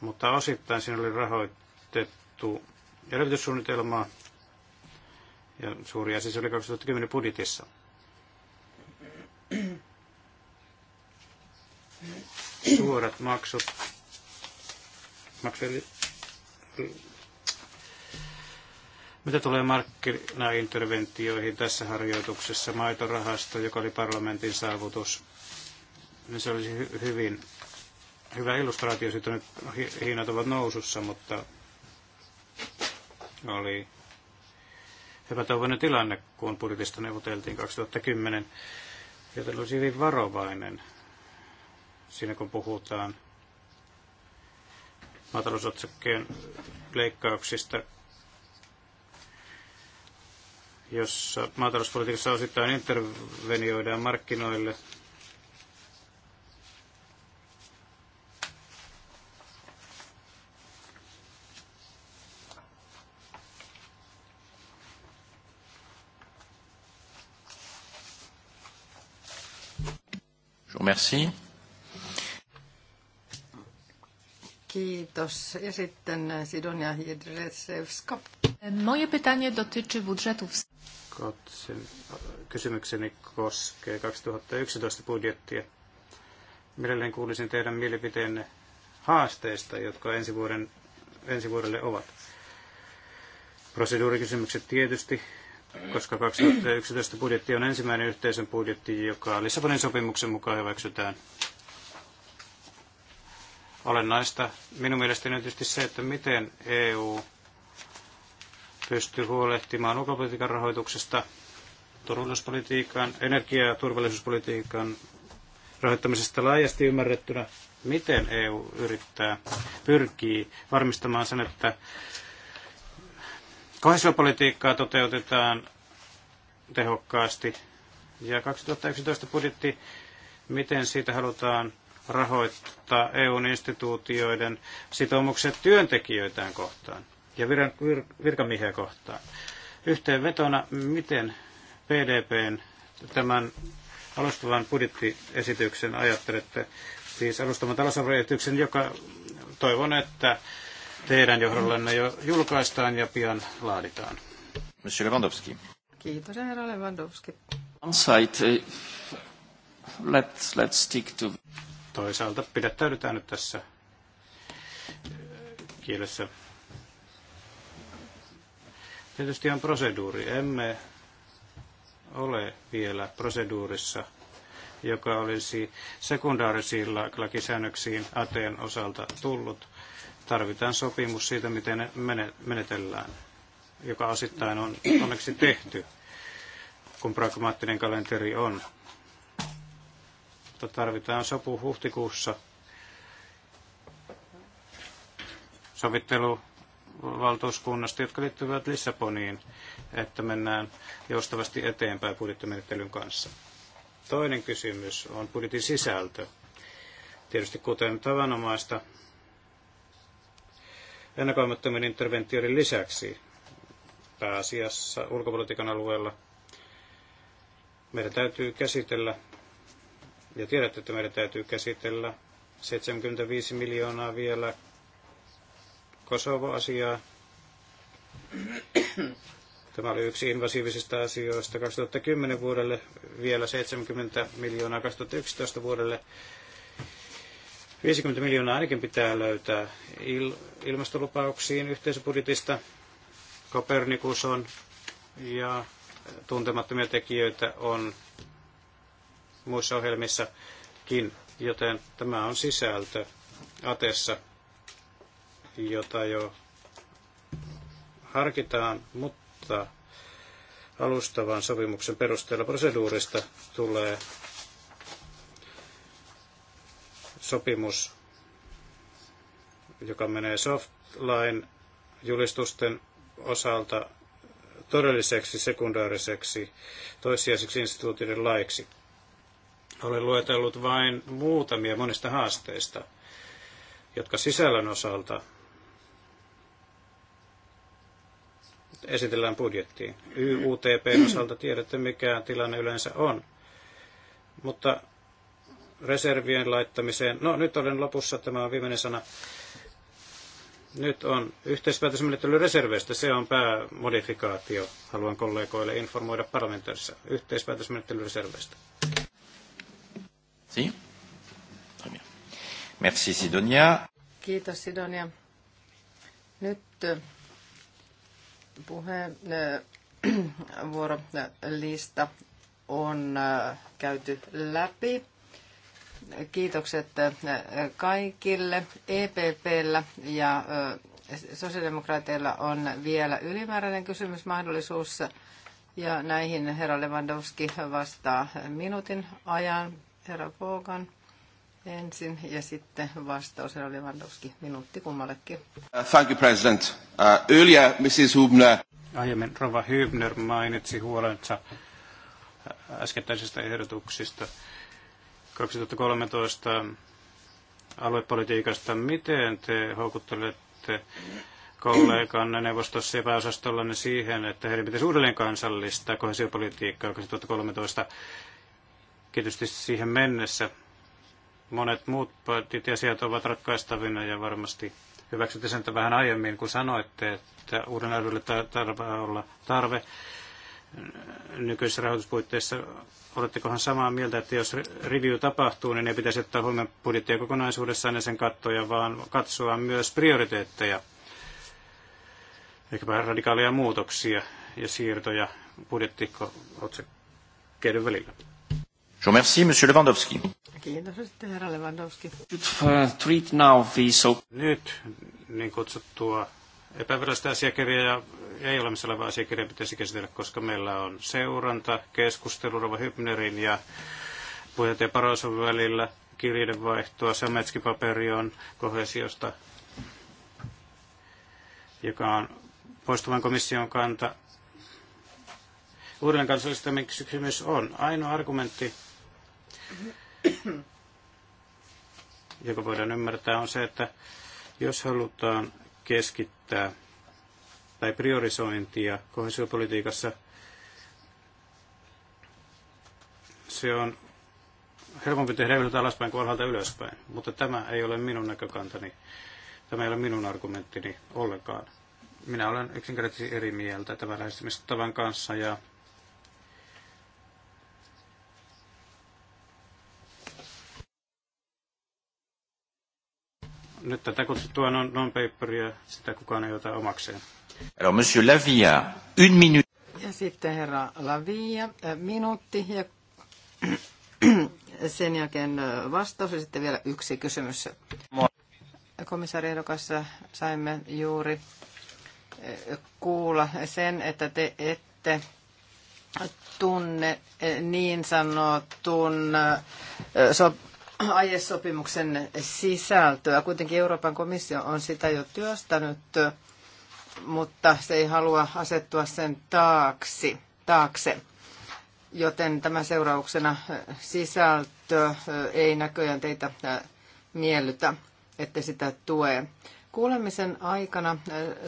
Mutta osittain siinä oli rahoitettu elvytyssuunnitelmaa ja suuri asia se oli 2010 budjetissa. Suorat maksut, maksu mitä tulee markkinainterventioihin tässä harjoituksessa, maitorahasto, joka oli parlamentin saavutus, niin se olisi hy- hyvin hyvä illustraatio siitä, nyt hinnat ovat nousussa, mutta oli epätoivoinen tilanne, kun budjetista neuvoteltiin 2010, joten olisi hyvin varovainen siinä, kun puhutaan maatalousotsakkeen leikkauksista jossa maatalouspolitiikassa osittain intervenioidaan markkinoille. Merci. Kiitos. Ja sitten Sidonia Jedrzejewska. Moje pytanie dotyczy budżetów Kotsin kysymykseni koskee 2011 budjettia. Mielelläni kuulisin teidän mielipiteenne haasteista, jotka ensi, vuoden, ensi vuodelle ovat. Proseduurikysymykset tietysti, koska 2011 budjetti on ensimmäinen yhteisön budjetti, joka Lissabonin sopimuksen mukaan hyväksytään. Olennaista minun mielestäni on tietysti se, että miten EU pysty huolehtimaan ulkopolitiikan rahoituksesta, turvallisuuspolitiikan, energia- ja turvallisuuspolitiikan rahoittamisesta laajasti ymmärrettynä, miten EU yrittää, pyrkii varmistamaan sen, että kohesiopolitiikkaa toteutetaan tehokkaasti. Ja 2011 budjetti, miten siitä halutaan rahoittaa EUn instituutioiden sitoumukset työntekijöitään kohtaan ja viran, vir, virkamiehiä kohtaan. Yhteenvetona, miten PDPn tämän alustavan budjettiesityksen ajattelette, siis alustavan talousarvioesityksen, joka toivon, että teidän johdollanne jo julkaistaan ja pian laaditaan. Monsieur Lewandowski. Kiitos, herra Lewandowski. site, eh, let's, let's stick to... Toisaalta pidättäydytään nyt tässä eh, kielessä Tietysti on proseduuri. Emme ole vielä proseduurissa, joka olisi sekundaarisilla lakisäännöksiin Ateen osalta tullut. Tarvitaan sopimus siitä, miten menetellään, joka osittain on onneksi tehty, kun pragmaattinen kalenteri on. Mutta tarvitaan sopu huhtikuussa sovittelu valtuuskunnasta, jotka liittyvät Lissaboniin, että mennään joustavasti eteenpäin budjettimenettelyn kanssa. Toinen kysymys on budjetin sisältö. Tietysti kuten tavanomaista, ennakoimattomien interventioiden lisäksi pääasiassa ulkopolitiikan alueella meidän täytyy käsitellä, ja tiedätte, että meidän täytyy käsitellä 75 miljoonaa vielä Kosovo-asiaa. Tämä oli yksi invasiivisista asioista 2010 vuodelle, vielä 70 miljoonaa 2011 vuodelle. 50 miljoonaa ainakin pitää löytää il- ilmastolupauksiin yhteisöbudjetista. Kopernikus on ja tuntemattomia tekijöitä on muissa ohjelmissakin, joten tämä on sisältö Atessa jota jo harkitaan, mutta alustavan sopimuksen perusteella proseduurista tulee sopimus, joka menee softline julistusten osalta todelliseksi, sekundaariseksi, toissijaiseksi instituutioiden laiksi. Olen luetellut vain muutamia monista haasteista, jotka sisällön osalta esitellään budjettiin. YUTP osalta tiedätte, mikä tilanne yleensä on. Mutta reservien laittamiseen, no nyt olen lopussa, tämä on viimeinen sana. Nyt on yhteispäätösmenettely reserveistä, se on päämodifikaatio. Haluan kollegoille informoida parlamentaarissa yhteispäätösmenettely reserveistä. Si. Kiitos Sidonia. Nyt puheenvuorolista äh, on äh, käyty läpi. Kiitokset äh, kaikille. EPPllä ja sosiaalidemokraateilla on vielä ylimääräinen kysymysmahdollisuus. Ja näihin herra Lewandowski vastaa minuutin ajan. Herra Pogan ensin ja sitten vastaus Herra Lewandowski minuutti kummallekin. Uh, thank you, President. Uh, earlier, Mrs. Hubner. Aiemmin Rova Hübner mainitsi huolensa uh, äskettäisistä ehdotuksista 2013 aluepolitiikasta. Miten te houkuttelette kolleganne neuvostossa ja pääosastollanne siihen, että heidän pitäisi uudelleen kansallista kohesiopolitiikkaa 2013 tietysti siihen mennessä monet muut sieltä ovat ratkaistavina ja varmasti hyväksytte sen vähän aiemmin, kun sanoitte, että uuden älylle tarve olla tarve nykyisissä rahoituspuitteissa. Olettekohan samaa mieltä, että jos review tapahtuu, niin ei pitäisi ottaa huomioon budjettia kokonaisuudessaan ja sen kattoja, vaan katsoa myös prioriteetteja, ehkäpä radikaaleja muutoksia ja siirtoja budjettikko-otsakkeiden välillä. Je remercie Monsieur Lewandowski. Uh, treat now viso. Nyt niin kutsuttua epävirallista asiakirjaa ja ei olemassa olevaa asiakirjaa pitäisi käsitellä, koska meillä on seuranta, keskustelu Rova Hypnerin ja puheenjohtaja Paroson välillä kirjeiden vaihtoa. Sametski-paperi on kohesiosta, joka on poistuvan komission kanta. Uudelleen kansallistaminen kysymys on. Ainoa argumentti, joka voidaan ymmärtää, on se, että jos halutaan keskittää tai priorisointia kohesiopolitiikassa, se on helpompi tehdä ylhäältä alaspäin kuin alhaalta ylöspäin. Mutta tämä ei ole minun näkökantani, tämä ei ole minun argumenttini ollenkaan. Minä olen yksinkertaisesti eri mieltä tämän lähestymistavan kanssa ja Nyt tätä kutsuttua non-paperia, sitä kukaan ei ota omakseen. Alors, monsieur Lavia, une minute. Ja sitten herra Lavia, äh, minuutti ja sen jälkeen äh, vastaus ja sitten vielä yksi kysymys. Komissaari ehdokas, saimme juuri äh, kuulla sen, että te ette tunne niin sanotun aiesopimuksen sisältöä. Kuitenkin Euroopan komissio on sitä jo työstänyt, mutta se ei halua asettua sen taaksi, taakse. Joten tämän seurauksena sisältö ei näköjään teitä miellytä, että sitä tue. Kuulemisen aikana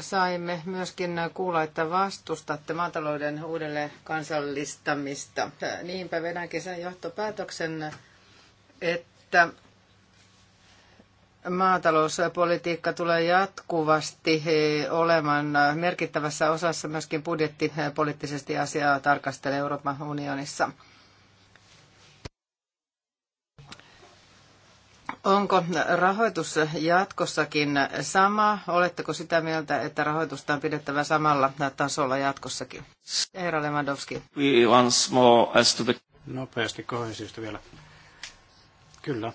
saimme myöskin kuulla, että vastustatte maatalouden uudelle kansallistamista. Niinpä vedänkin sen johtopäätöksen, että että maatalouspolitiikka tulee jatkuvasti eh, olemaan merkittävässä osassa myöskin budjettipoliittisesti asiaa tarkastelee Euroopan unionissa. Onko rahoitus jatkossakin sama? Oletteko sitä mieltä, että rahoitusta on pidettävä samalla tasolla jatkossakin? Eero Lewandowski. Nopeasti kohdisyystä vielä. Kyllä,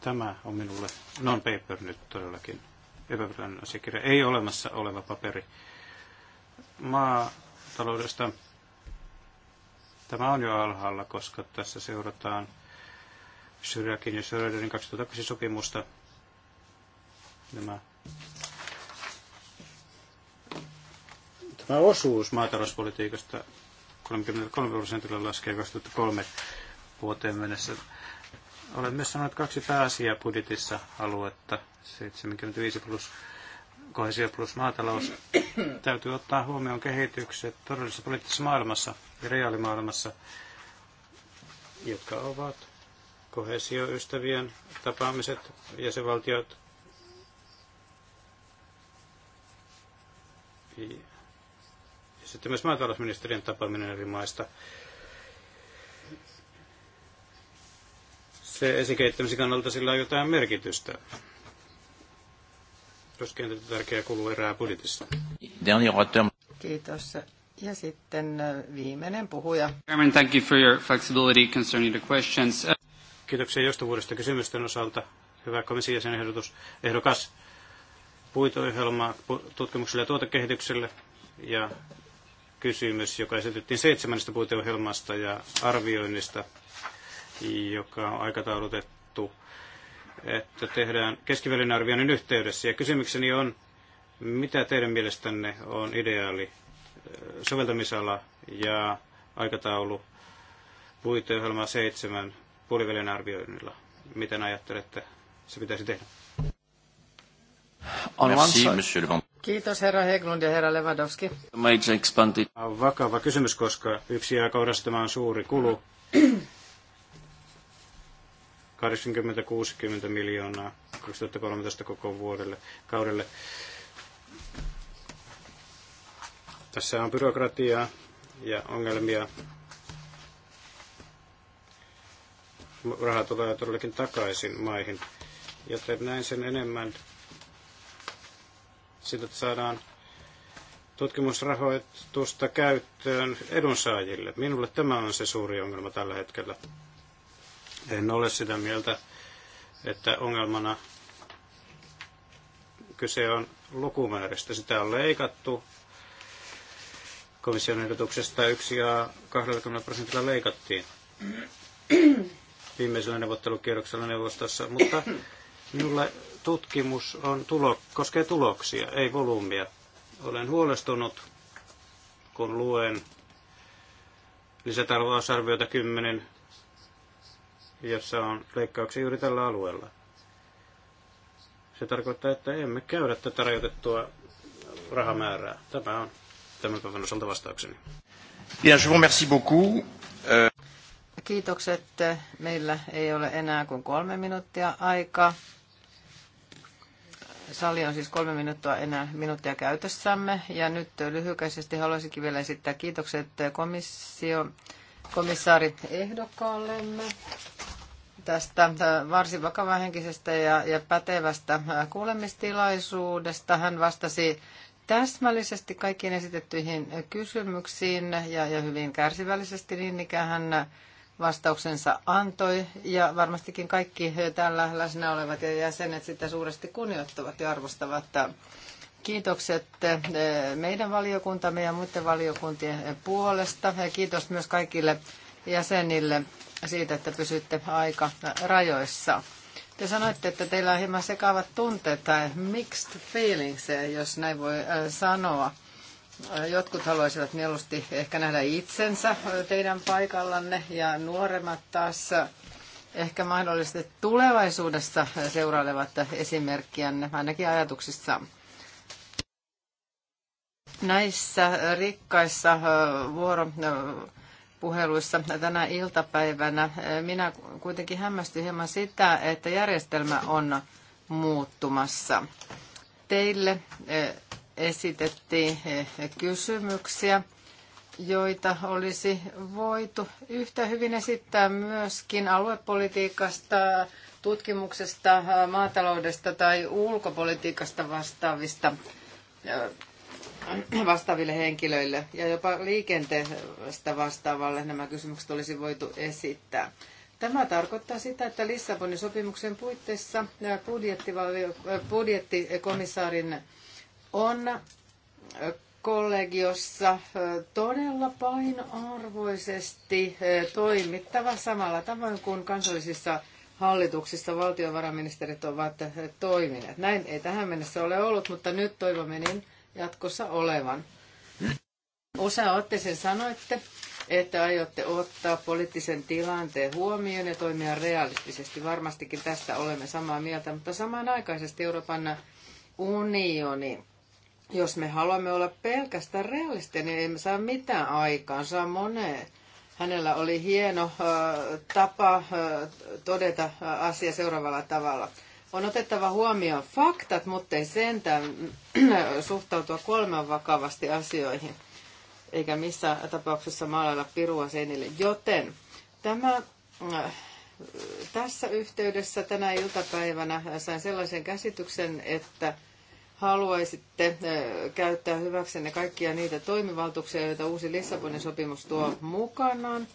tämä on minulle non-paper nyt todellakin epävirallinen asiakirja. Ei olemassa oleva paperi maataloudesta. Tämä on jo alhaalla, koska tässä seurataan Syrjäkin ja Syrjäderin 2002 sopimusta. Nämä Tämä osuus maatalouspolitiikasta 33 prosentilla laskee 2003 vuoteen mennessä Olet myös sanonut kaksi pääasiaa budjetissa aluetta, 75 plus kohesio plus maatalous. Täytyy ottaa huomioon kehitykset todellisessa poliittisessa maailmassa ja reaalimaailmassa, jotka ovat kohesioystävien tapaamiset, jäsenvaltiot, ja sitten myös maatalousministeriön tapaaminen eri maista. se esikeittämisen kannalta sillä on jotain merkitystä koskien tätä tärkeää erää budjetissa. Kiitos. Ja sitten äh, viimeinen puhuja. Chairman, thank you for your flexibility concerning the questions. Kiitoksia joustavuudesta kysymysten osalta. Hyvä komission jäsen ehdotus, ehdokas puitoihelma tutkimukselle ja tuotekehitykselle ja kysymys, joka esitettiin seitsemännestä puitoihelmasta ja arvioinnista joka on aikataulutettu, että tehdään keskivälin arvioinnin yhteydessä. Ja kysymykseni on, mitä teidän mielestänne on ideaali soveltamisala ja aikataulu puiteohjelma 7 puolivälin arvioinnilla? Miten ajattelette, se pitäisi tehdä? Kiitos herra Heglund ja herra Lewandowski. Vakava kysymys, koska yksi aika tämä on suuri kulu. 80-60 miljoonaa 2013 koko vuodelle, kaudelle. Tässä on byrokratiaa ja ongelmia. Raha tulee todellakin takaisin maihin, joten näin sen enemmän sitä, saadaan tutkimusrahoitusta käyttöön edunsaajille. Minulle tämä on se suuri ongelma tällä hetkellä. En ole sitä mieltä, että ongelmana kyse on lukumääristä. Sitä on leikattu. Komission ehdotuksesta 1 ja 20 prosentilla leikattiin viimeisellä neuvottelukierroksella neuvostossa, mutta minulla tutkimus on tulo, koskee tuloksia, ei volyymia. Olen huolestunut, kun luen lisätalousarviota 10 jossa on leikkauksia juuri tällä alueella. Se tarkoittaa, että emme käydä tätä rajoitettua rahamäärää. Tämä on tämän päivän osalta vastaukseni. Bien, je vous remercie beaucoup. Euh, kiitokset. Meillä ei ole enää kuin kolme minuuttia aikaa. Sali on siis kolme minuuttia enää minuuttia käytössämme. Ja nyt lyhykäisesti haluaisinkin vielä esittää kiitokset komissio, komissaari ehdokkaallemme tästä äh, varsin vakavahenkisestä ja, ja pätevästä äh, kuulemistilaisuudesta. Hän vastasi täsmällisesti kaikkiin esitettyihin äh, kysymyksiin ja, ja hyvin kärsivällisesti niin mikä hän vastauksensa antoi. Ja varmastikin kaikki täällä läsnä olevat ja jäsenet sitä suuresti kunnioittavat ja arvostavat. Kiitokset meidän valiokuntamme ja muiden valiokuntien puolesta. Ja kiitos myös kaikille jäsenille siitä, että pysytte aika rajoissa. Te sanoitte, että teillä on hieman sekaavat tunteet tai mixed feelings, jos näin voi äh, sanoa. Jotkut haluaisivat mieluusti ehkä nähdä itsensä teidän paikallanne ja nuoremmat taas ehkä mahdollisesti tulevaisuudessa seurailevat esimerkkiänne, ainakin ajatuksissa. Näissä rikkaissa äh, vuoro puheluissa tänä iltapäivänä. Minä kuitenkin hämmästyn hieman sitä, että järjestelmä on muuttumassa. Teille eh, esitettiin eh, kysymyksiä, joita olisi voitu yhtä hyvin esittää myöskin aluepolitiikasta, tutkimuksesta, maataloudesta tai ulkopolitiikasta vastaavista eh, vastaaville henkilöille ja jopa liikenteestä vastaavalle nämä kysymykset olisi voitu esittää. Tämä tarkoittaa sitä, että Lissabonin sopimuksen puitteissa budjettikomissaarin on kollegiossa todella painoarvoisesti toimittava samalla tavoin kuin kansallisissa hallituksissa valtiovarainministerit ovat toimineet. Näin ei tähän mennessä ole ollut, mutta nyt toivomme niin, jatkossa olevan. Osa sen sanoitte, että aiotte ottaa poliittisen tilanteen huomioon ja toimia realistisesti. Varmastikin tästä olemme samaa mieltä, mutta samanaikaisesti Euroopan unioni, jos me haluamme olla pelkästään realistisia, niin emme saa mitään aikaan, saa moneen. Hänellä oli hieno äh, tapa äh, todeta äh, asia seuraavalla tavalla – on otettava huomioon faktat, mutta ei sentään suhtautua kolmen vakavasti asioihin, eikä missään tapauksessa maalailla pirua seinille. Joten tämä, äh, tässä yhteydessä tänä iltapäivänä sain sellaisen käsityksen, että haluaisitte äh, käyttää hyväksenne kaikkia niitä toimivaltuuksia, joita uusi Lissabonin sopimus tuo mukanaan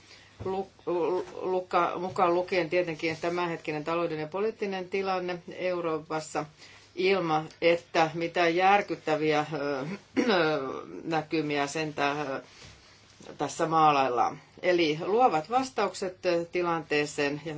luka, mukaan lukien tietenkin tämänhetkinen taloudellinen ja poliittinen tilanne Euroopassa ilma, että mitä järkyttäviä näkymiä sen tässä maalaillaan. Eli luovat vastaukset tilanteeseen ja